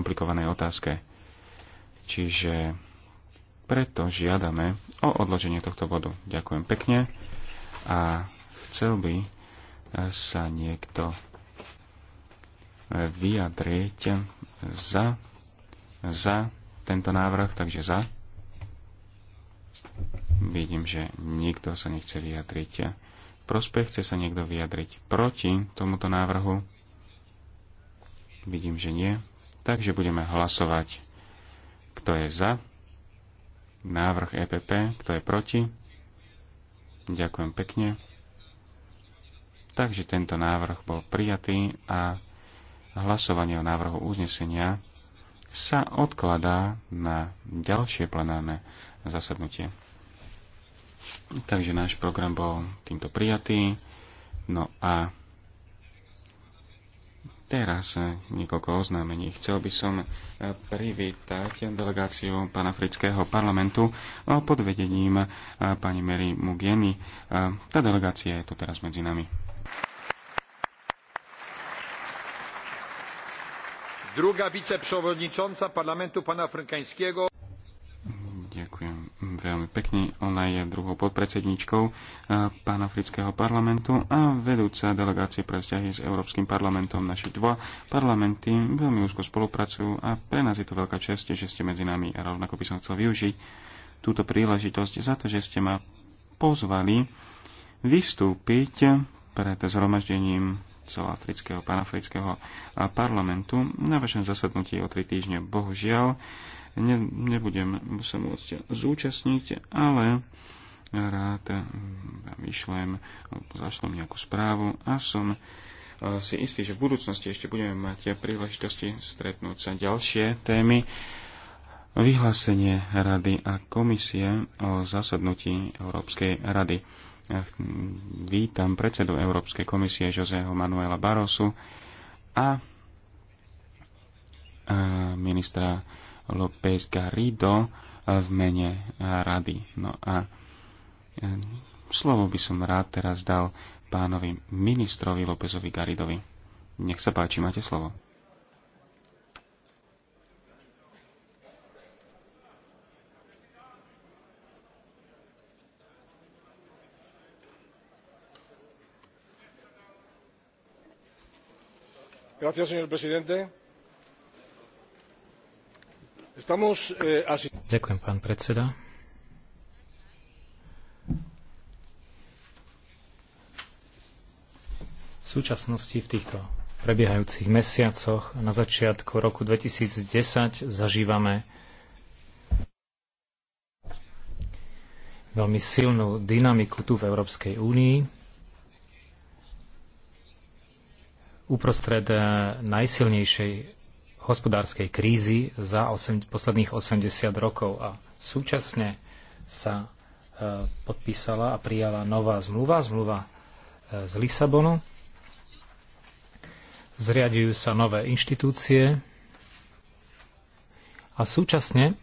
komplikovanej otázke. Čiže preto žiadame o odloženie tohto bodu. Ďakujem pekne a chcel by e, sa niekto e, vyjadriť za, za tento návrh, takže za. Vidím, že nikto sa nechce vyjadriť. Prospech chce sa niekto vyjadriť proti tomuto návrhu. Vidím, že nie. Takže budeme hlasovať, kto je za návrh EPP, kto je proti. Ďakujem pekne. Takže tento návrh bol prijatý a hlasovanie o návrhu uznesenia sa odkladá na ďalšie plenárne zasadnutie. Takže náš program bol týmto prijatý. No a Teraz e, niekoľko oznámení. Chcel by som e, privítať delegáciu panafrického parlamentu e, pod vedením pani Mary Mugieny. Tá delegácia je tu teraz medzi nami. Druga wiceprzewodnicząca Parlamentu Panafrykańskiego veľmi pekne. Ona je druhou podpredsedničkou eh, panafrického parlamentu a vedúca delegácie pre vzťahy s Európskym parlamentom. naši dva parlamenty veľmi úzko spolupracujú a pre nás je to veľká čest, že ste medzi nami a rovnako by som chcel využiť túto príležitosť za to, že ste ma pozvali vystúpiť pred zhromaždením celoafrického panafrického parlamentu na vašom zasadnutí o tri týždne. Bohužiaľ, ne, nebudem sa môcť zúčastniť, ale rád vám vyšlem, zašlem nejakú správu a som e, si istý, že v budúcnosti ešte budeme mať príležitosti stretnúť sa ďalšie témy. Vyhlásenie Rady a komisie o zasadnutí Európskej rady. E, vítam predsedu Európskej komisie Joseho Manuela Barosu a e, ministra López Garrido eh, v mene eh, rady. No a eh, slovo by som rád teraz dal pánovi ministrovi Lópezovi Garidovi. Nech sa páči, máte slovo. Gracias, señor presidente. Eh, Ďakujem, pán predseda. V súčasnosti v týchto prebiehajúcich mesiacoch na začiatku roku 2010 zažívame veľmi silnú dynamiku tu v Európskej únii. Uprostred eh, najsilnejšej hospodárskej krízy za osem, posledných 80 rokov a súčasne sa e, podpísala a prijala nová zmluva, zmluva e, z Lisabonu. Zriadujú sa nové inštitúcie a súčasne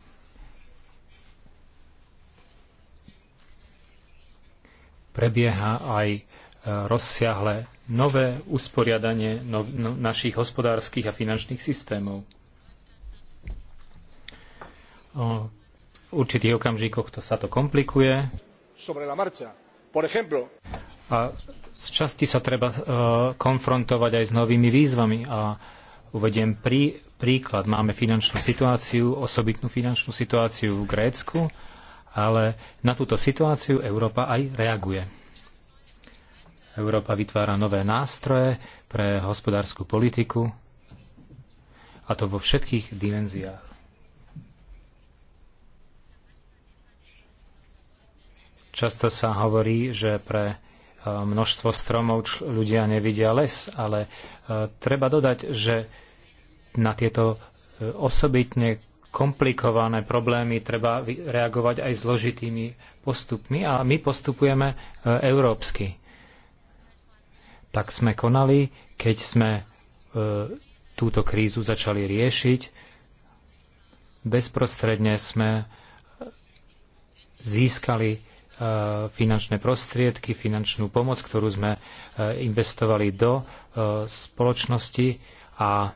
prebieha aj e, rozsiahle nové usporiadanie no, no, našich hospodárskych a finančných systémov. O, v určitých okamžikoch to sa to komplikuje. A z časti sa treba uh, konfrontovať aj s novými výzvami. A uvediem prí, príklad. Máme finančnú situáciu, osobitnú finančnú situáciu v Grécku, ale na túto situáciu Európa aj reaguje. Európa vytvára nové nástroje pre hospodárskú politiku, a to vo všetkých dimenziách. Často sa hovorí, že pre e, množstvo stromov ľudia nevidia les, ale e, treba dodať, že na tieto e, osobitne komplikované problémy treba reagovať aj zložitými postupmi a my postupujeme európsky tak sme konali, keď sme e, túto krízu začali riešiť. Bezprostredne sme e, získali e, finančné prostriedky, finančnú pomoc, ktorú sme e, investovali do spoločnosti a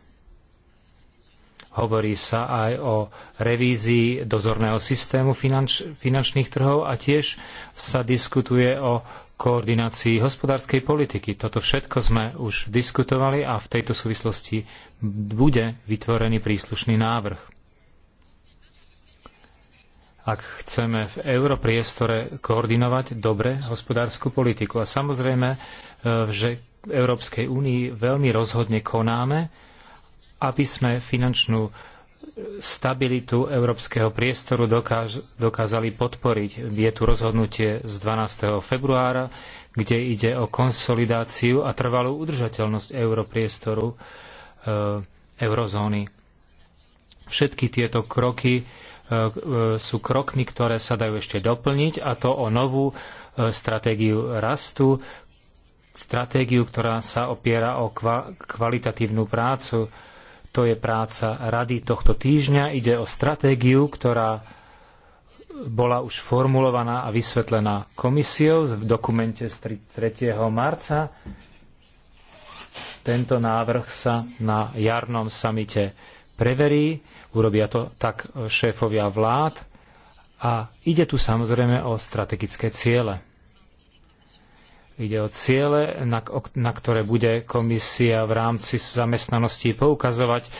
Hovorí sa aj o revízii dozorného systému finanč, finančných trhov a tiež sa diskutuje o koordinácii hospodárskej politiky. Toto všetko sme už diskutovali a v tejto súvislosti bude vytvorený príslušný návrh. Ak chceme v europriestore koordinovať dobre hospodárskú politiku. A samozrejme, e, že v Európskej únii veľmi rozhodne konáme, aby sme finančnú e, stabilitu európskeho priestoru dokáž, dokázali podporiť. Je tu rozhodnutie z 12. februára, kde ide o konsolidáciu a trvalú udržateľnosť europriestoru e, eurozóny. Všetky tieto kroky e, e, sú krokmi, ktoré sa dajú ešte doplniť, a to o novú e, stratégiu rastu, stratégiu, ktorá sa opiera o kva, kvalitatívnu prácu, to je práca rady tohto týždňa. Ide o stratégiu, ktorá bola už formulovaná a vysvetlená komisiou v dokumente z 3. marca. Tento návrh sa na jarnom samite preverí, urobia to tak šéfovia vlád a ide tu samozrejme o strategické ciele. Ide o ciele, na, na ktoré bude komisia v rámci zamestnanosti poukazovať. E,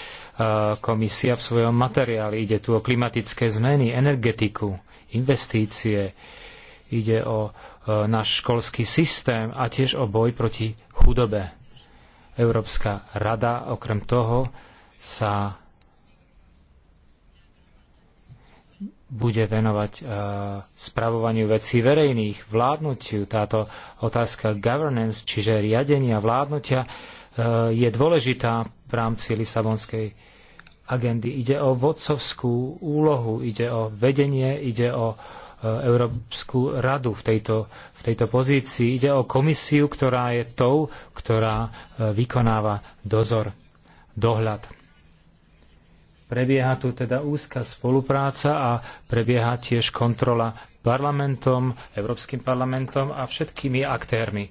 komisia v svojom materiáli ide tu o klimatické zmeny, energetiku, investície, ide o e, náš školský systém a tiež o boj proti chudobe. Európska rada okrem toho sa bude venovať e, spravovaniu vecí verejných, vládnutiu. Táto otázka governance, čiže riadenia vládnutia, e, je dôležitá v rámci Lisabonskej agendy. Ide o vodcovskú úlohu, ide o vedenie, ide o e, Európsku radu v tejto, v tejto pozícii. Ide o komisiu, ktorá je tou, ktorá vykonáva dozor, dohľad Prebieha tu teda úzka spolupráca a prebieha tiež kontrola parlamentom, Európskym parlamentom a všetkými aktérmi.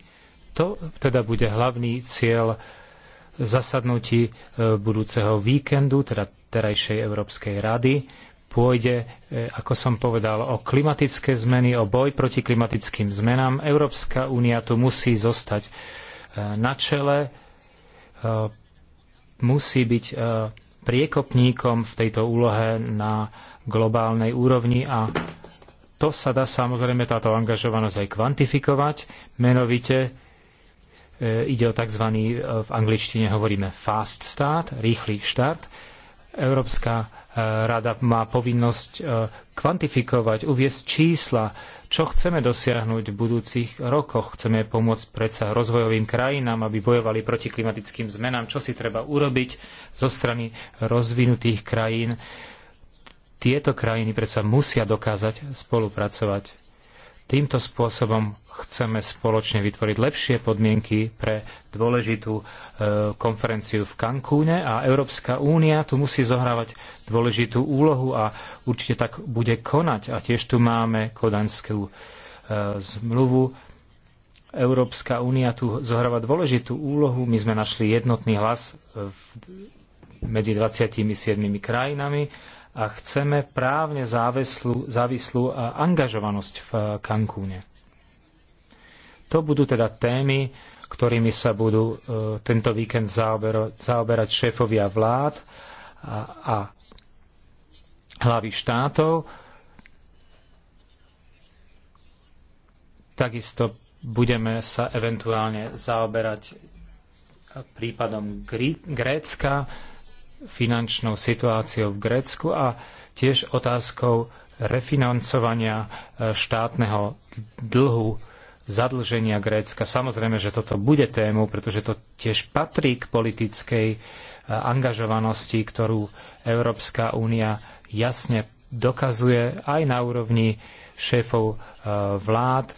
To teda bude hlavný cieľ zasadnutí e, budúceho víkendu, teda terajšej Európskej rady. Pôjde, e, ako som povedal, o klimatické zmeny, o boj proti klimatickým zmenám. Európska únia tu musí zostať e, na čele, musí byť priekopníkom v tejto úlohe na globálnej úrovni a to sa dá samozrejme táto angažovanosť aj kvantifikovať. Menovite e, ide o tzv. E, v angličtine hovoríme fast start, rýchly štart. Európska rada má povinnosť e, kvantifikovať, uviesť čísla, čo chceme dosiahnuť v budúcich rokoch. Chceme pomôcť predsa rozvojovým krajinám, aby bojovali proti klimatickým zmenám, čo si treba urobiť zo strany rozvinutých krajín. Tieto krajiny predsa musia dokázať spolupracovať. Týmto spôsobom chceme spoločne vytvoriť lepšie podmienky pre dôležitú e, konferenciu v Cancúne a Európska únia tu musí zohrávať dôležitú úlohu a určite tak bude konať. A tiež tu máme kodanskú e, zmluvu. Európska únia tu zohráva dôležitú úlohu. My sme našli jednotný hlas medzi 27 krajinami a chceme právne závislú, závislú angažovanosť v Cancúne. To budú teda témy, ktorými sa budú e, tento víkend zaoberať, zaoberať šéfovia vlád a, a hlavy štátov. Takisto budeme sa eventuálne zaoberať prípadom Grécka, finančnou situáciou v Grécku a tiež otázkou refinancovania e, štátneho dlhu, zadlženia Grécka. Samozrejme, že toto bude tému, pretože to tiež patrí k politickej e, angažovanosti, ktorú Európska únia jasne dokazuje aj na úrovni šéfov e, vlád.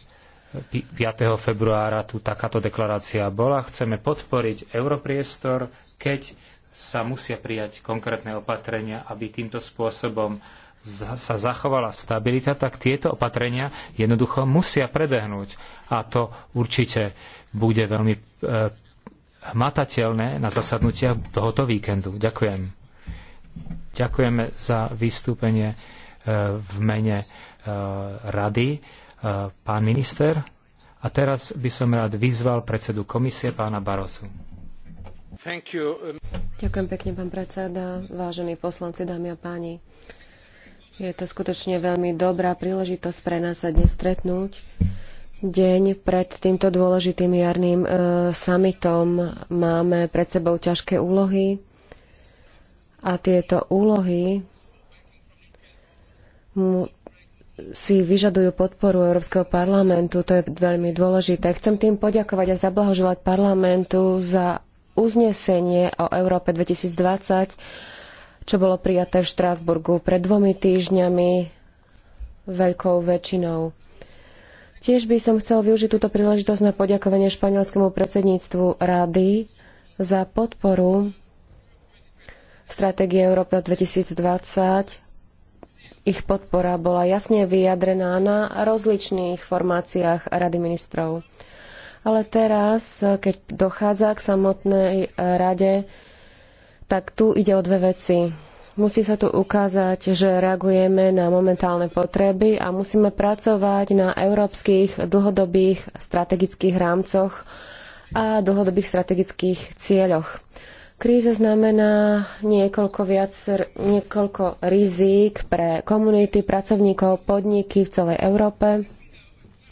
5. februára tu takáto deklarácia bola. Chceme podporiť europriestor, keď sa musia prijať konkrétne opatrenia, aby týmto spôsobom sa zachovala stabilita, tak tieto opatrenia jednoducho musia prebehnúť. A to určite bude veľmi eh, hmatateľné na zasadnutiach tohoto víkendu. Ďakujem. Ďakujeme za vystúpenie eh, v mene eh, rady. Pán minister, a teraz by som rád vyzval predsedu komisie pána Barosu. Ďakujem pekne, pán predseda, vážení poslanci, dámy a páni. Je to skutočne veľmi dobrá príležitosť pre nás sa dnes stretnúť. Deň pred týmto dôležitým jarným e, summitom máme pred sebou ťažké úlohy a tieto úlohy si vyžadujú podporu Európskeho parlamentu. To je veľmi dôležité. Chcem tým poďakovať a zablahoželať parlamentu za uznesenie o Európe 2020, čo bolo prijaté v Štrásburgu pred dvomi týždňami veľkou väčšinou. Tiež by som chcel využiť túto príležitosť na poďakovanie španielskému predsedníctvu Rady za podporu stratégie Európa 2020. Ich podpora bola jasne vyjadrená na rozličných formáciách Rady ministrov. Ale teraz, keď dochádza k samotnej eh, rade, tak tu ide o dve veci. Musí sa tu ukázať, že reagujeme na momentálne potreby a musíme pracovať na európskych dlhodobých strategických rámcoch a dlhodobých strategických cieľoch. Kríza znamená niekoľko, viac, niekoľko rizík pre komunity, pracovníkov, podniky v celej Európe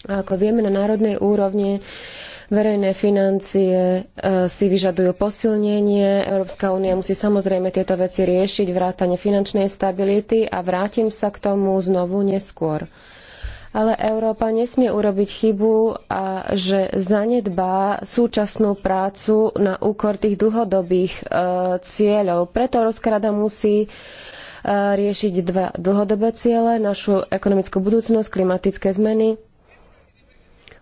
a ako vieme, na národnej úrovni verejné financie e, si vyžadujú posilnenie. Európska únia musí samozrejme tieto veci riešiť, vrátanie finančnej stability a vrátim sa k tomu znovu neskôr. Ale Európa nesmie urobiť chybu, a že zanedbá súčasnú prácu na úkor tých dlhodobých e, cieľov. Preto Európska rada musí e, riešiť dva dlhodobé ciele, našu ekonomickú budúcnosť, klimatické zmeny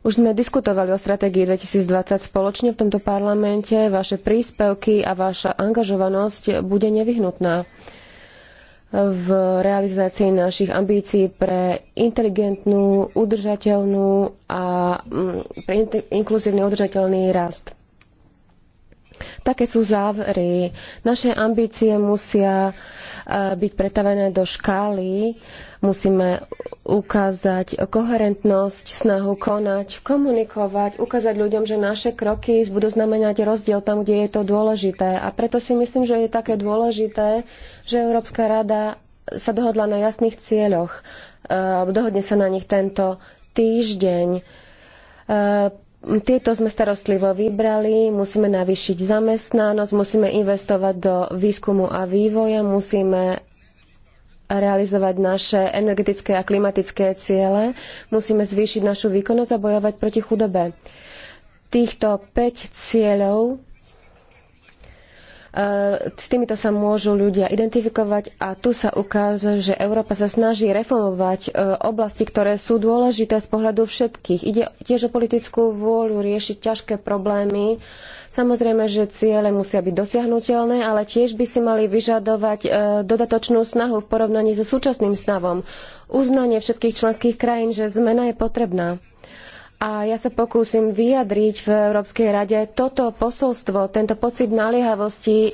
už sme diskutovali o stratégii 2020 spoločne v tomto parlamente. Vaše príspevky a vaša angažovanosť bude nevyhnutná v realizácii našich ambícií pre inteligentnú, udržateľnú a mm, pre inkluzívny udržateľný rast. Také sú závery. Naše ambície musia e, byť pretavené do škály Musíme ukázať koherentnosť, snahu konať, komunikovať, ukázať ľuďom, že naše kroky budú znamenať rozdiel tam, kde je to dôležité. A preto si myslím, že je také dôležité, že Európska rada sa dohodla na jasných cieľoch. Dohodne sa na nich tento týždeň. E, tieto sme starostlivo vybrali, musíme navýšiť zamestnanosť, musíme investovať do výskumu a vývoja, musíme realizovať naše energetické a klimatické ciele, musíme zvýšiť našu výkonnosť a bojovať proti chudobe. Týchto 5 cieľov e, s týmito sa môžu ľudia identifikovať a tu sa ukáže, že Európa sa snaží reformovať e, oblasti, ktoré sú dôležité z pohľadu všetkých. Ide tiež o politickú vôľu riešiť ťažké problémy, Samozrejme, že ciele musia byť dosiahnuteľné, ale tiež by si mali vyžadovať e, dodatočnú snahu v porovnaní so súčasným stavom. Uznanie všetkých členských krajín, že zmena je potrebná. A ja sa pokúsim vyjadriť v Európskej rade toto posolstvo, tento pocit naliehavosti e,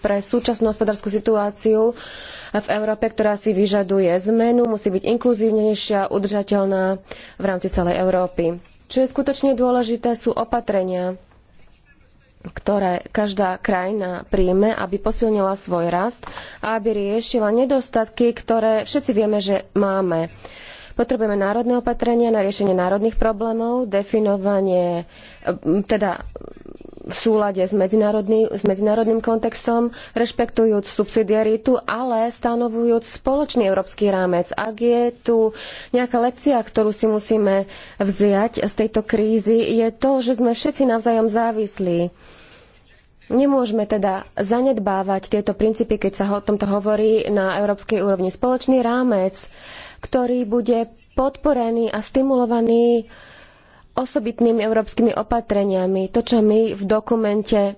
pre súčasnú hospodárskú situáciu v Európe, ktorá si vyžaduje zmenu, musí byť inkluzívnejšia, udržateľná v rámci celej Európy. Čo je skutočne dôležité, sú opatrenia, ktoré každá krajina príjme, aby posilnila svoj rast a aby riešila nedostatky, ktoré všetci vieme, že máme. Potrebujeme národné opatrenia na riešenie národných problémov, definovanie, teda v súlade s, medzinárodný, s medzinárodným kontextom, rešpektujúc subsidiaritu, ale stanovujúc spoločný európsky rámec. Ak je tu nejaká lekcia, ktorú si musíme vziať z tejto krízy, je to, že sme všetci navzájom závislí. Nemôžeme teda zanedbávať tieto princípy, keď sa o tomto hovorí na európskej úrovni. Spoločný rámec, ktorý bude podporený a stimulovaný uh, osobitnými európskymi opatreniami, to, čo my v dokumente e,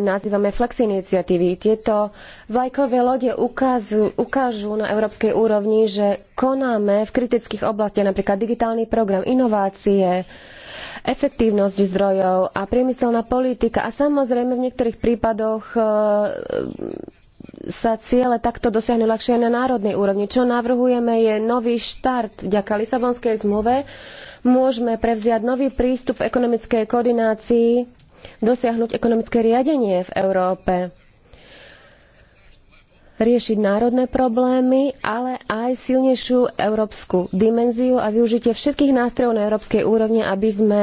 nazývame flex iniciatívy. Tieto vlajkové lode ukážu, ukážu na európskej úrovni, že konáme v kritických oblastiach, napríklad digitálny program, inovácie, efektívnosť zdrojov a priemyselná politika. A samozrejme v niektorých prípadoch e, sa ciele takto dosiahnu ľahšie aj na národnej úrovni. Čo navrhujeme je nový štart vďaka Lisabonskej zmluve, môžeme prevziať nový prístup v ekonomickej koordinácii, dosiahnuť ekonomické riadenie v Európe riešiť národné problémy, ale aj silnejšiu európsku dimenziu a využitie všetkých nástrojov na európskej úrovni, aby sme,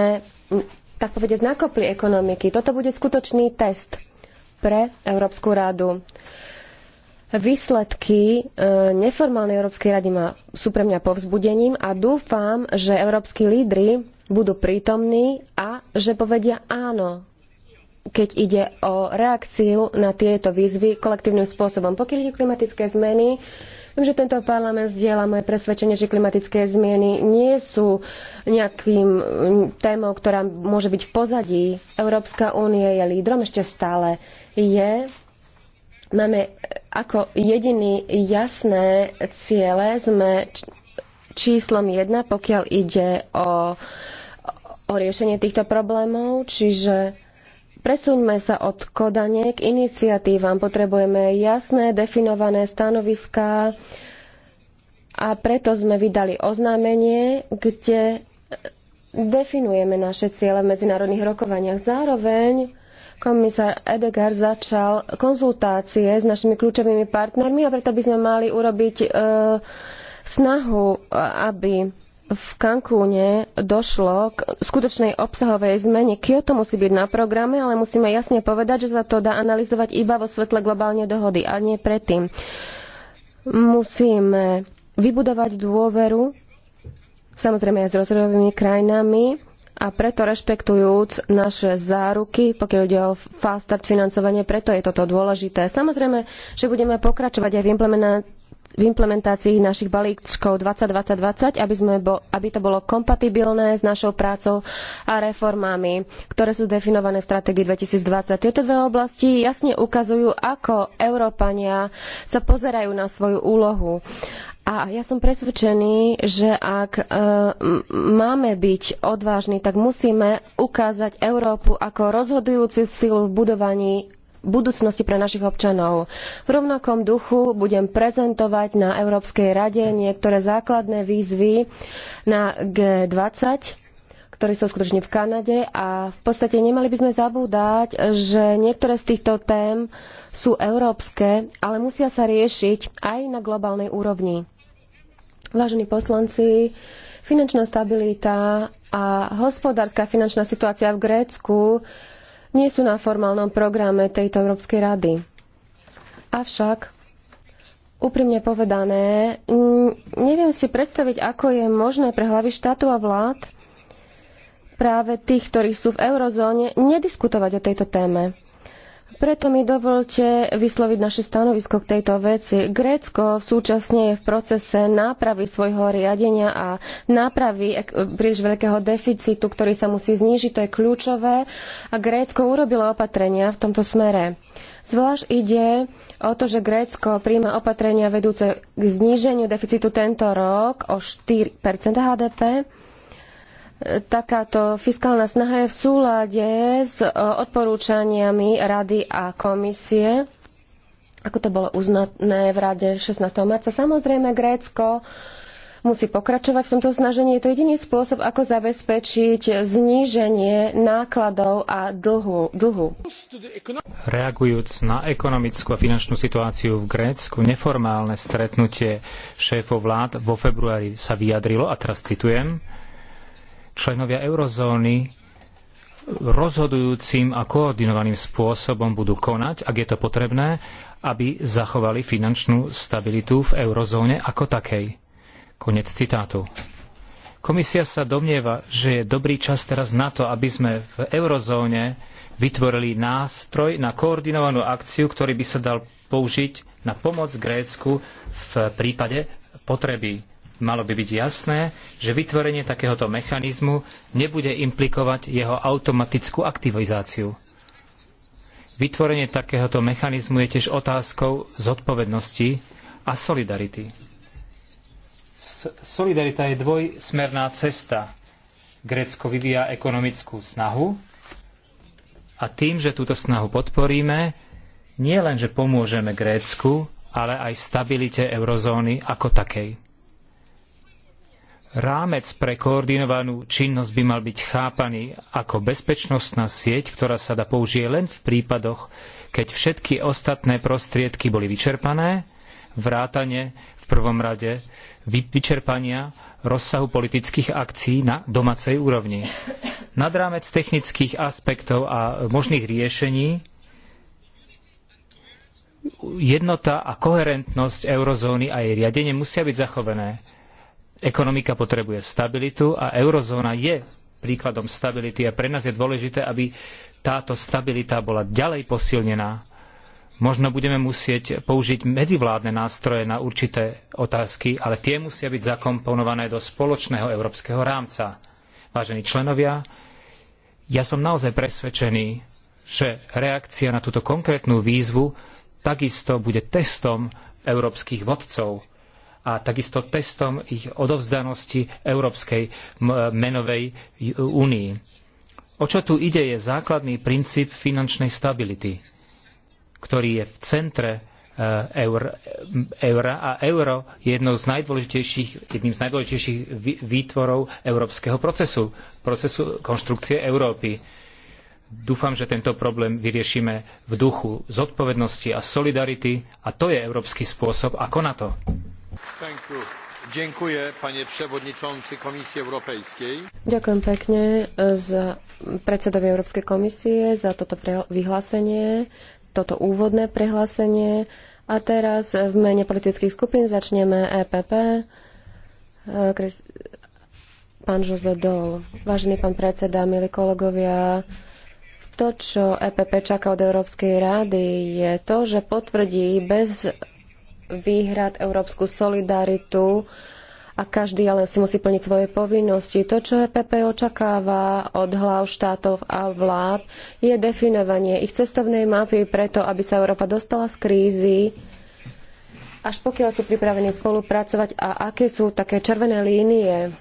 tak povediať, nakopli ekonomiky. Toto bude skutočný test pre Európsku radu. Výsledky e, neformálnej Európskej rady ma, sú pre mňa povzbudením a dúfam, že európsky lídry budú prítomní a že povedia áno, keď ide o reakciu na tieto výzvy kolektívnym spôsobom. Pokiaľ ide klimatické zmeny, viem, že tento parlament zdieľa moje presvedčenie, že klimatické zmieny nie sú nejakým témou, ktorá môže byť v pozadí. Európska únie je lídrom, ešte stále je máme e, ako jediný jasné ciele, sme číslom jedna, pokiaľ ide o, o riešenie týchto problémov, čiže presuňme sa od kodanie k iniciatívam. Potrebujeme jasné, definované stanoviská a preto sme vydali oznámenie, kde e, definujeme naše ciele v medzinárodných rokovaniach. Zároveň komisár Edegar začal konzultácie s našimi kľúčovými partnermi a preto by sme mali urobiť e, snahu, aby v Cancúne došlo k skutočnej obsahovej zmene. Kyoto musí byť na programe, ale musíme jasne povedať, že sa to dá analyzovať iba vo svetle globálnej dohody a nie predtým. Musíme vybudovať dôveru, samozrejme aj s rozvojovými krajinami, a preto rešpektujúc naše záruky, pokiaľ ide o fast start financovanie, preto je toto dôležité. Samozrejme, že budeme pokračovať aj v implementácii v implementácii našich balíčkov 2020 aby, sme bo, aby to bolo kompatibilné s našou prácou a reformami, ktoré sú definované v stratégii 2020. Tieto dve oblasti jasne ukazujú, ako Európania sa pozerajú na svoju úlohu. A ja som presvedčený, že ak e, máme byť odvážni, tak musíme ukázať Európu ako rozhodujúcu silu v budovaní budúcnosti pre našich občanov. V rovnakom duchu budem prezentovať na Európskej rade niektoré základné výzvy na G20 ktoré sú skutočne v Kanade a v podstate nemali by sme zabúdať, že niektoré z týchto tém sú európske, ale musia sa riešiť aj na globálnej úrovni. Vážení poslanci, finančná stabilita a hospodárska finančná situácia v Grécku nie sú na formálnom programe tejto Európskej rady. Avšak, úprimne povedané, neviem si predstaviť, ako je možné pre hlavy štátu a vlád práve tých, ktorí sú v eurozóne, nediskutovať o tejto téme. Preto mi dovolte vysloviť naše stanovisko k tejto veci. Grécko súčasne je v procese nápravy svojho riadenia a nápravy eh, príliš veľkého deficitu, ktorý sa musí znížiť, to je kľúčové. A Grécko urobilo opatrenia v tomto smere. Zvlášť ide o to, že Grécko príjma opatrenia vedúce k zníženiu deficitu tento rok o 4 HDP takáto fiskálna snaha je v súlade s e, odporúčaniami Rady a komisie, ako to bolo uznané v Rade 16. marca. Samozrejme, Grécko musí pokračovať v tomto snažení. Je to jediný spôsob, ako zabezpečiť zníženie nákladov a dlhu. dlhu. Reagujúc na ekonomickú a finančnú situáciu v Grécku, neformálne stretnutie šéfov vlád vo februári sa vyjadrilo, a teraz citujem, členovia eurozóny rozhodujúcim a koordinovaným spôsobom budú konať, ak je to potrebné, aby zachovali finančnú stabilitu v eurozóne ako takej. Konec citátu. Komisia sa domnieva, že je dobrý čas teraz na to, aby sme v eurozóne vytvorili nástroj na koordinovanú akciu, ktorý by sa dal použiť na pomoc Grécku v prípade potreby Malo by byť jasné, že vytvorenie takéhoto mechanizmu nebude implikovať jeho automatickú aktivizáciu. Vytvorenie takéhoto mechanizmu je tiež otázkou zodpovednosti a solidarity. Solidarita je dvojsmerná cesta. Grécko vyvíja ekonomickú snahu a tým, že túto snahu podporíme, nie len, že pomôžeme Grécku, ale aj stabilite eurozóny ako takej. Rámec pre koordinovanú činnosť by mal byť chápaný ako bezpečnostná sieť, ktorá sa dá použije len v prípadoch, keď všetky ostatné prostriedky boli vyčerpané, vrátane v prvom rade vyčerpania rozsahu politických akcií na domácej úrovni. Nad rámec technických aspektov a možných riešení jednota a koherentnosť eurozóny a jej riadenie musia byť zachované Ekonomika potrebuje stabilitu a eurozóna je príkladom stability a pre nás je dôležité, aby táto stabilita bola ďalej posilnená. Možno budeme musieť použiť medzivládne nástroje na určité otázky, ale tie musia byť zakomponované do spoločného európskeho rámca. Vážení členovia, ja som naozaj presvedčený, že reakcia na túto konkrétnu výzvu takisto bude testom európskych vodcov a takisto testom ich odovzdanosti Európskej menovej únii. O čo tu ide je základný princíp finančnej stability, ktorý je v centre e, eura a euro je z najdôležitejších, jedným z najdôležitejších výtvorov európskeho procesu, procesu konštrukcie Európy. Dúfam, že tento problém vyriešime v duchu zodpovednosti a solidarity a to je európsky spôsob, ako na to. Ďakujem, pane Komisie Ďakujem pekne e, za predsedovi Európskej komisie za toto vyhlásenie, toto úvodné prehlásenie. A teraz v mene politických skupín začneme EPP. E, pán Jose Dol. Vážený pán predseda, milí kolegovia, to, čo EPP čaká od Európskej rady, je to, že potvrdí bez výhrad, európsku solidaritu a každý ale si musí plniť svoje povinnosti. To, čo EPP očakáva od hlav štátov a vlád, je definovanie ich cestovnej mapy preto, aby sa Európa dostala z krízy, až pokiaľ sú pripravení spolupracovať a aké sú také červené línie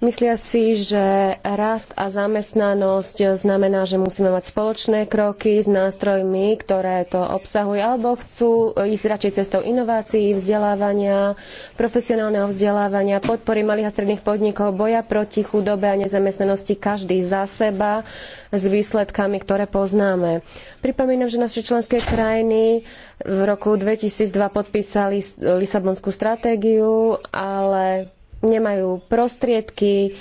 Myslia si, že rast a zamestnanosť znamená, že musíme mať spoločné kroky s nástrojmi, ktoré to obsahujú, alebo chcú ísť radšej cestou inovácií, vzdelávania, profesionálneho vzdelávania, podpory malých a stredných podnikov, boja proti chudobe a nezamestnanosti každý za seba s výsledkami, ktoré poznáme. Pripomínam, že naše členské krajiny v roku 2002 podpísali Lisabonskú stratégiu, ale nemajú prostriedky,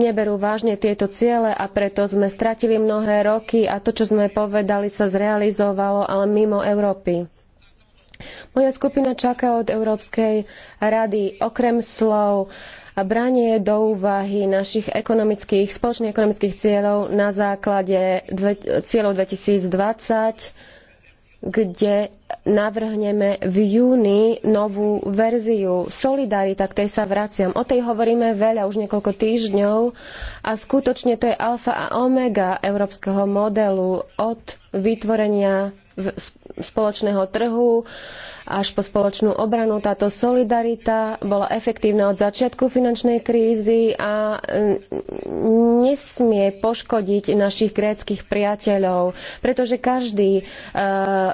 neberú vážne tieto ciele a preto sme stratili mnohé roky a to, čo sme povedali, sa zrealizovalo, ale mimo Európy. Moja skupina čaká od Európskej rady okrem slov a branie do úvahy našich ekonomických, spoločných ekonomických cieľov na základe dve, cieľov 2020 kde navrhneme v júni novú verziu Solidarita, k tej sa vraciam. O tej hovoríme veľa už niekoľko týždňov a skutočne to je alfa a omega európskeho modelu od vytvorenia spoločného trhu až po spoločnú obranu. Táto solidarita bola efektívna od začiatku finančnej krízy a mm, nesmie poškodiť našich gréckych priateľov, pretože každý e,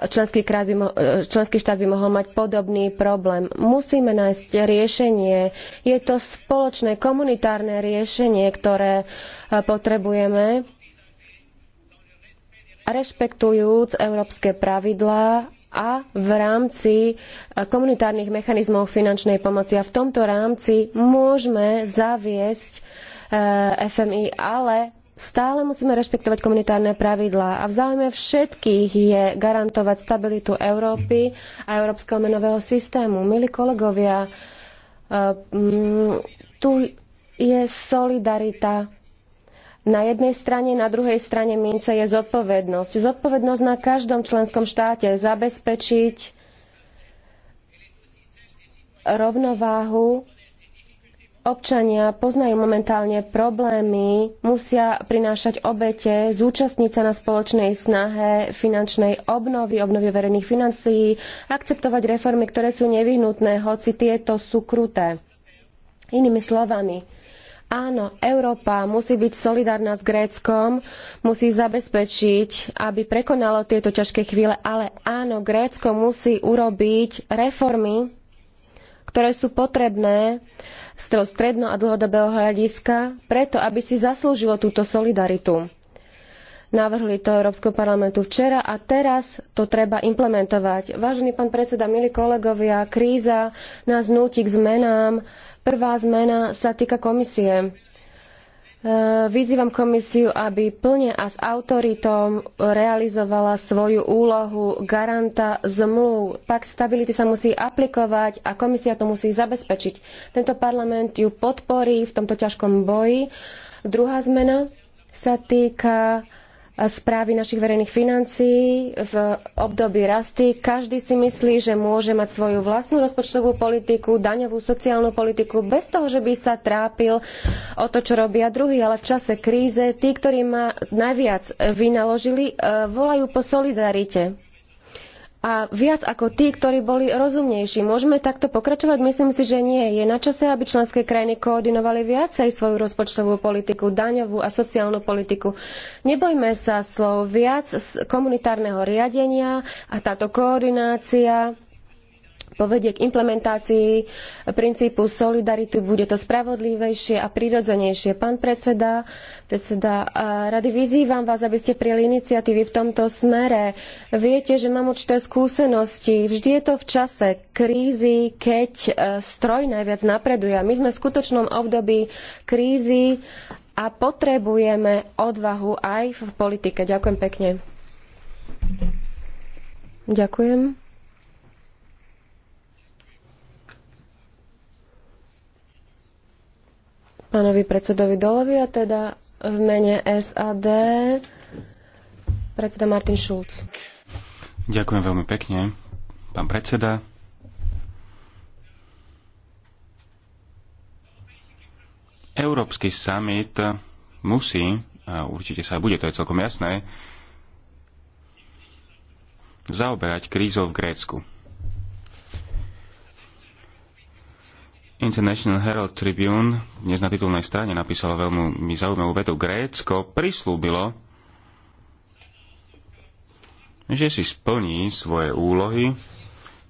členský, by e, členský štát by mohol mať podobný problém. Musíme nájsť riešenie. Je to spoločné komunitárne riešenie, ktoré e, potrebujeme rešpektujúc európske pravidlá a v rámci eh, komunitárnych mechanizmov finančnej pomoci. A v tomto rámci môžeme zaviesť eh, FMI, ale stále musíme rešpektovať komunitárne pravidlá. A v záujme všetkých je garantovať stabilitu Európy a európskeho menového systému. Milí kolegovia, eh, tu je solidarita na jednej strane, na druhej strane mince je zodpovednosť. Zodpovednosť na každom členskom štáte zabezpečiť rovnováhu. Občania poznajú momentálne problémy, musia prinášať obete, zúčastniť sa na spoločnej snahe finančnej obnovy, obnovy verejných financií, akceptovať reformy, ktoré sú nevyhnutné, hoci tieto sú kruté. Inými slovami, Áno, Európa musí byť solidárna s Gréckom, musí zabezpečiť, aby prekonalo tieto ťažké chvíle, ale áno, Grécko musí urobiť reformy, ktoré sú potrebné z toho stredno- a dlhodobého hľadiska, preto aby si zaslúžilo túto solidaritu. Navrhli to Európskeho parlamentu včera a teraz to treba implementovať. Vážený pán predseda, milí kolegovia, kríza nás núti k zmenám, Prvá zmena sa týka komisie. E, vyzývam komisiu, aby plne a s autoritom realizovala svoju úlohu garanta zmluv. Pakt stability sa musí aplikovať a komisia to musí zabezpečiť. Tento parlament ju podporí v tomto ťažkom boji. Druhá zmena sa týka správy našich verejných financií v období rasty. Každý si myslí, že môže mať svoju vlastnú rozpočtovú politiku, daňovú, sociálnu politiku, bez toho, že by sa trápil o to, čo robia druhí. Ale v čase kríze tí, ktorí ma najviac vynaložili, e, volajú po solidarite a viac ako tí, ktorí boli rozumnejší. Môžeme takto pokračovať? Myslím si, že nie. Je na čase, aby členské krajiny koordinovali viacej svoju rozpočtovú politiku, daňovú a sociálnu politiku. Nebojme sa slov viac z komunitárneho riadenia a táto koordinácia povedie k implementácii princípu solidarity, bude to spravodlivejšie a prirodzenejšie. Pán predseda, predseda rady, vyzývam vás, aby ste prijeli iniciatívy v tomto smere. Viete, že mám určité skúsenosti. Vždy je to v čase krízy, keď e, stroj najviac napreduje. My sme v skutočnom období krízy a potrebujeme odvahu aj v politike. Ďakujem pekne. Ďakujem. pánovi predsedovi Dolovi a teda v mene SAD predseda Martin Schulz. Ďakujem veľmi pekne, pán predseda. Európsky summit musí, a určite sa aj bude, to je celkom jasné, zaoberať krízou v Grécku. International Herald Tribune dnes na titulnej strane napísalo veľmi zaujímavú vetu. Grécko prislúbilo, že si splní svoje úlohy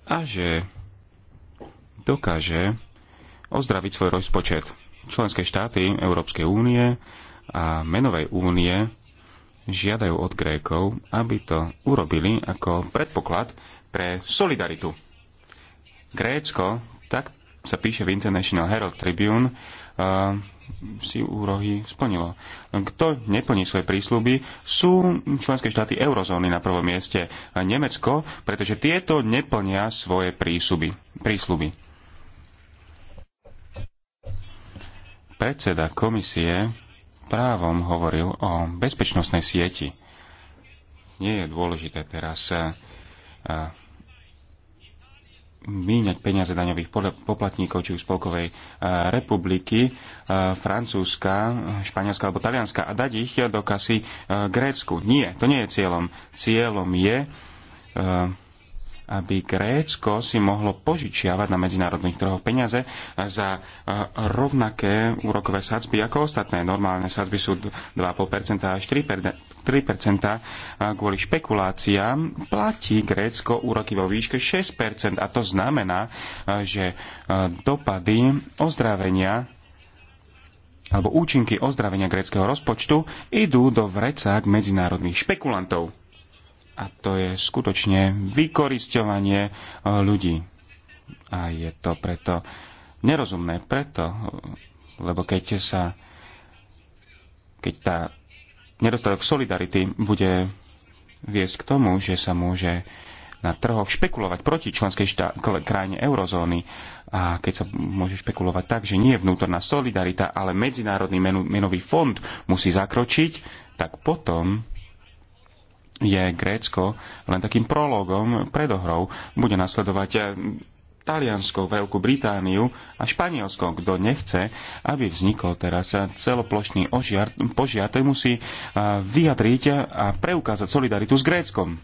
a že dokáže ozdraviť svoj rozpočet. Členské štáty Európskej únie a Menovej únie žiadajú od Grékov, aby to urobili ako predpoklad pre solidaritu. Grécko tak sa píše v International Herald Tribune, si úrohy splnilo. Kto neplní svoje prísľuby, sú členské štáty eurozóny na prvom mieste a Nemecko, pretože tieto neplnia svoje prísľuby. prísľuby. Predseda komisie právom hovoril o bezpečnostnej sieti. Nie je dôležité teraz míňať peniaze daňových poplatníkov, či už Spolkovej eh, republiky, eh, Francúzska, Španielska alebo Talianska a dať ich do kasy eh, Grécku. Nie, to nie je cieľom. Cieľom je aby Grécko si mohlo požičiavať na medzinárodných trhoch peniaze za e, rovnaké úrokové sadzby ako ostatné. Normálne sadzby sú 2,5% až 3%, 3% kvôli špekuláciám. Platí Grécko úroky vo výške 6% a to znamená, e, že e, dopady ozdravenia alebo účinky ozdravenia gréckého rozpočtu idú do vreca medzinárodných špekulantov. A to je skutočne vykorisťovanie e, ľudí. A je to preto nerozumné, preto, lebo keď sa keď tá nedostatok solidarity bude viesť k tomu, že sa môže na trhoch špekulovať proti členskej štá- krajine eurozóny a keď sa môže špekulovať tak, že nie je vnútorná solidarita, ale Medzinárodný menový fond musí zakročiť, tak potom je Grécko len takým prologom, predohrou. Bude nasledovať eh, Taliansko, Veľkú Britániu a Španielsko. Kto nechce, aby vznikol teraz celoplošný ožiar, požiar, ten musí eh, vyjadriť a preukázať solidaritu s Gréckom.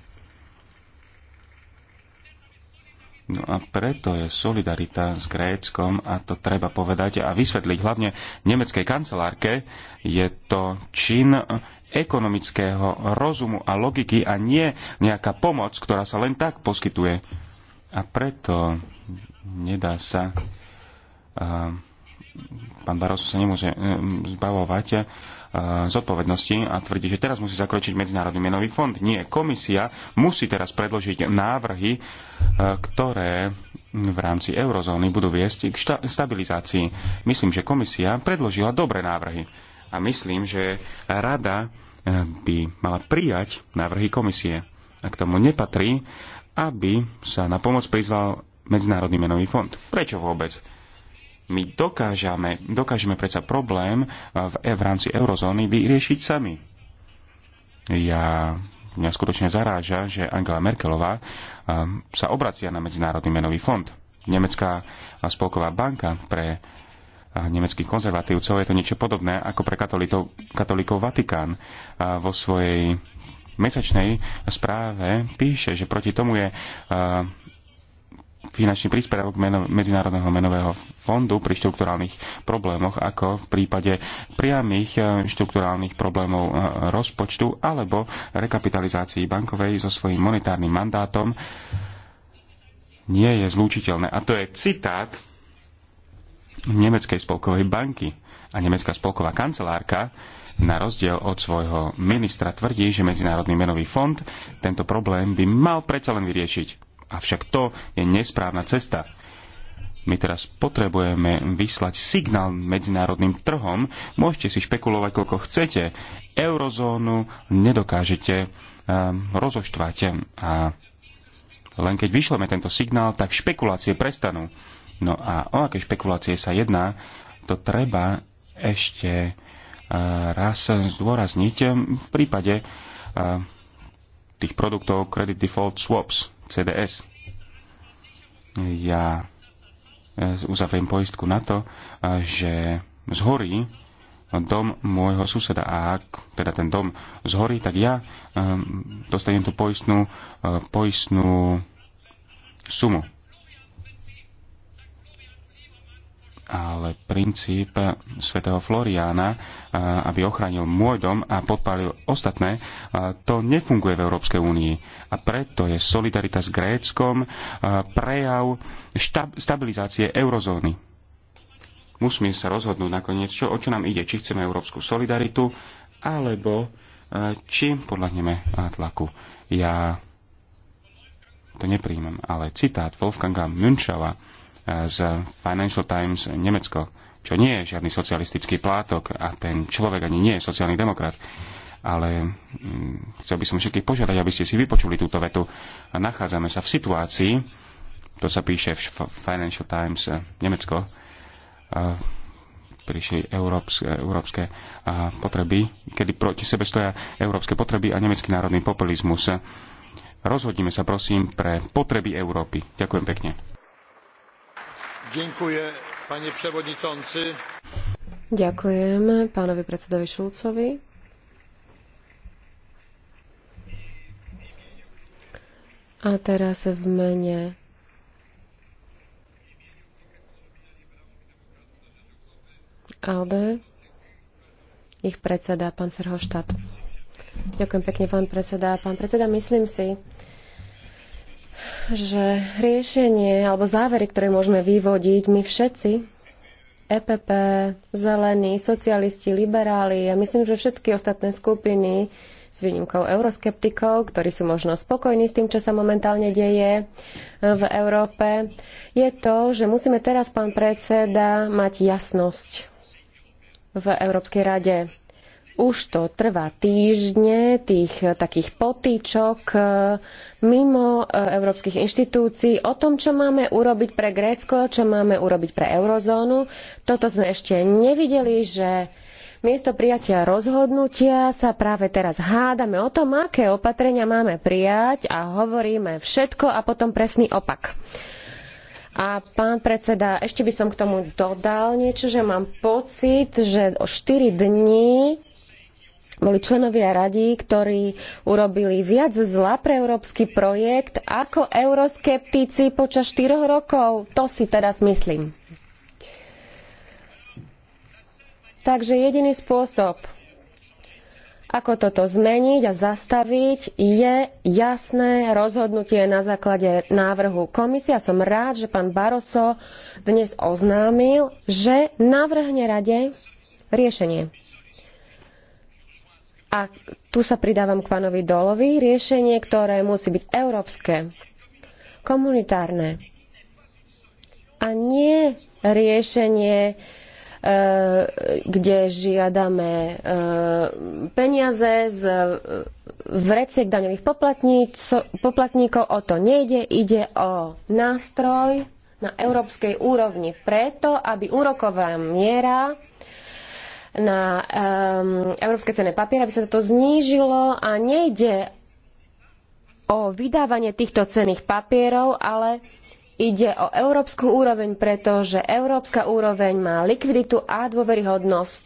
No a preto je solidarita s Gréckom, a to treba povedať a vysvetliť hlavne nemeckej kancelárke, je to čin ekonomického rozumu a logiky a nie nejaká pomoc, ktorá sa len tak poskytuje. A preto nedá sa... Uh, pán Barosu sa nemôže zbavovať zodpovednosti a tvrdí, že teraz musí zakročiť Medzinárodný menový fond. Nie, komisia musí teraz predložiť návrhy, ktoré v rámci eurozóny budú viesť k stabilizácii. Myslím, že komisia predložila dobré návrhy a myslím, že rada eh, by mala prijať návrhy komisie. A k tomu nepatrí, aby sa na pomoc prizval Medzinárodný menový fond. Prečo vôbec? My dokážeme, dokážeme predsa problém eh, v, eh, v rámci eurozóny vyriešiť sami. Ja mňa skutočne zaráža, že Angela Merkelová sa obracia na Medzinárodný menový fond. Nemecká spolková banka pre nemeckých konzervatívcov. Je to niečo podobné ako pre katolíkov, katolíkov Vatikán. A vo svojej mesačnej správe píše, že proti tomu je finančný príspevok meno, Medzinárodného menového fondu pri štrukturálnych problémoch, ako v prípade priamých štrukturálnych problémov rozpočtu alebo rekapitalizácii bankovej so svojím monetárnym mandátom nie je zlúčiteľné. A to je citát Nemeckej spolkovej banky a Nemecká spolková kancelárka na rozdiel od svojho ministra tvrdí, že Medzinárodný menový fond tento problém by mal predsa len vyriešiť. Avšak to je nesprávna cesta. My teraz potrebujeme vyslať signál medzinárodným trhom. Môžete si špekulovať, koľko chcete. Eurozónu nedokážete um, rozoštvať. A len keď vyšleme tento signál, tak špekulácie prestanú. No a o aké špekulácie sa jedná, to treba ešte e, raz zdôrazniť v prípade e, tých produktov Credit Default Swaps, CDS. Ja e, uzavriem poistku na to, že zhorí dom môjho suseda. A ak teda ten dom zhorí, tak ja dostanem tú poistnú, poistnú sumu. ale princíp svätého Floriána, aby ochránil môj dom a podpálil ostatné, to nefunguje v Európskej únii. A preto je solidarita s Gréckom prejav stabilizácie eurozóny. Musíme sa rozhodnúť nakoniec, čo, o čo nám ide. Či chceme európsku solidaritu, alebo či podľahneme tlaku. Ja to nepríjmem, ale citát Wolfganga Münchava z Financial Times Nemecko, čo nie je žiadny socialistický plátok a ten človek ani nie je sociálny demokrat. Ale mm, chcel by som všetkých požiadať, aby ste si vypočuli túto vetu. Nachádzame sa v situácii, to sa píše v Financial Times eh, Nemecko, eh, prišli európske, európske eh, potreby, kedy proti sebe stoja európske potreby a nemecký národný populizmus. Rozhodnime sa prosím pre potreby Európy. Ďakujem pekne. Ďakujem pánovi predsedovi Šulcovi. A teraz v mene ALDE ich predseda, pán Ferhoštát. Ďakujem pekne, pán predseda. Pán predseda, myslím si, že riešenie alebo závery, ktoré môžeme vyvodiť my všetci, EPP, zelení, socialisti, liberáli a myslím, že všetky ostatné skupiny s výnimkou euroskeptikov, ktorí sú možno spokojní s tým, čo sa momentálne deje e, v Európe, je to, že musíme teraz, pán predseda, mať jasnosť v Európskej rade už to trvá týždne tých eh, takých potýčok eh, mimo eh, európskych inštitúcií o tom, čo máme urobiť pre Grécko, čo máme urobiť pre eurozónu. Toto sme ešte nevideli, že miesto prijatia rozhodnutia sa práve teraz hádame o tom, aké opatrenia máme prijať a hovoríme všetko a potom presný opak. A pán predseda, ešte by som k tomu dodal niečo, že mám pocit, že o 4 dní boli členovia radí, ktorí urobili viac zla pre európsky projekt ako euroskeptici počas 4 rokov. To si teraz myslím. Takže jediný spôsob, ako toto zmeniť a zastaviť, je jasné rozhodnutie na základe návrhu komisie. A som rád, že pán Barroso dnes oznámil, že navrhne rade riešenie a tu sa pridávam k pánovi Dolovi. Riešenie, ktoré musí byť európske, komunitárne. A nie riešenie, e, kde žiadame e, peniaze z e, vreciek daňových poplatníkov. O to nejde. Ide o nástroj na európskej úrovni preto, aby úroková miera na um, európske cenné papiere, aby sa toto znížilo a nejde o vydávanie týchto cenných papierov, ale ide o európsku úroveň, pretože európska úroveň má likviditu a dôveryhodnosť.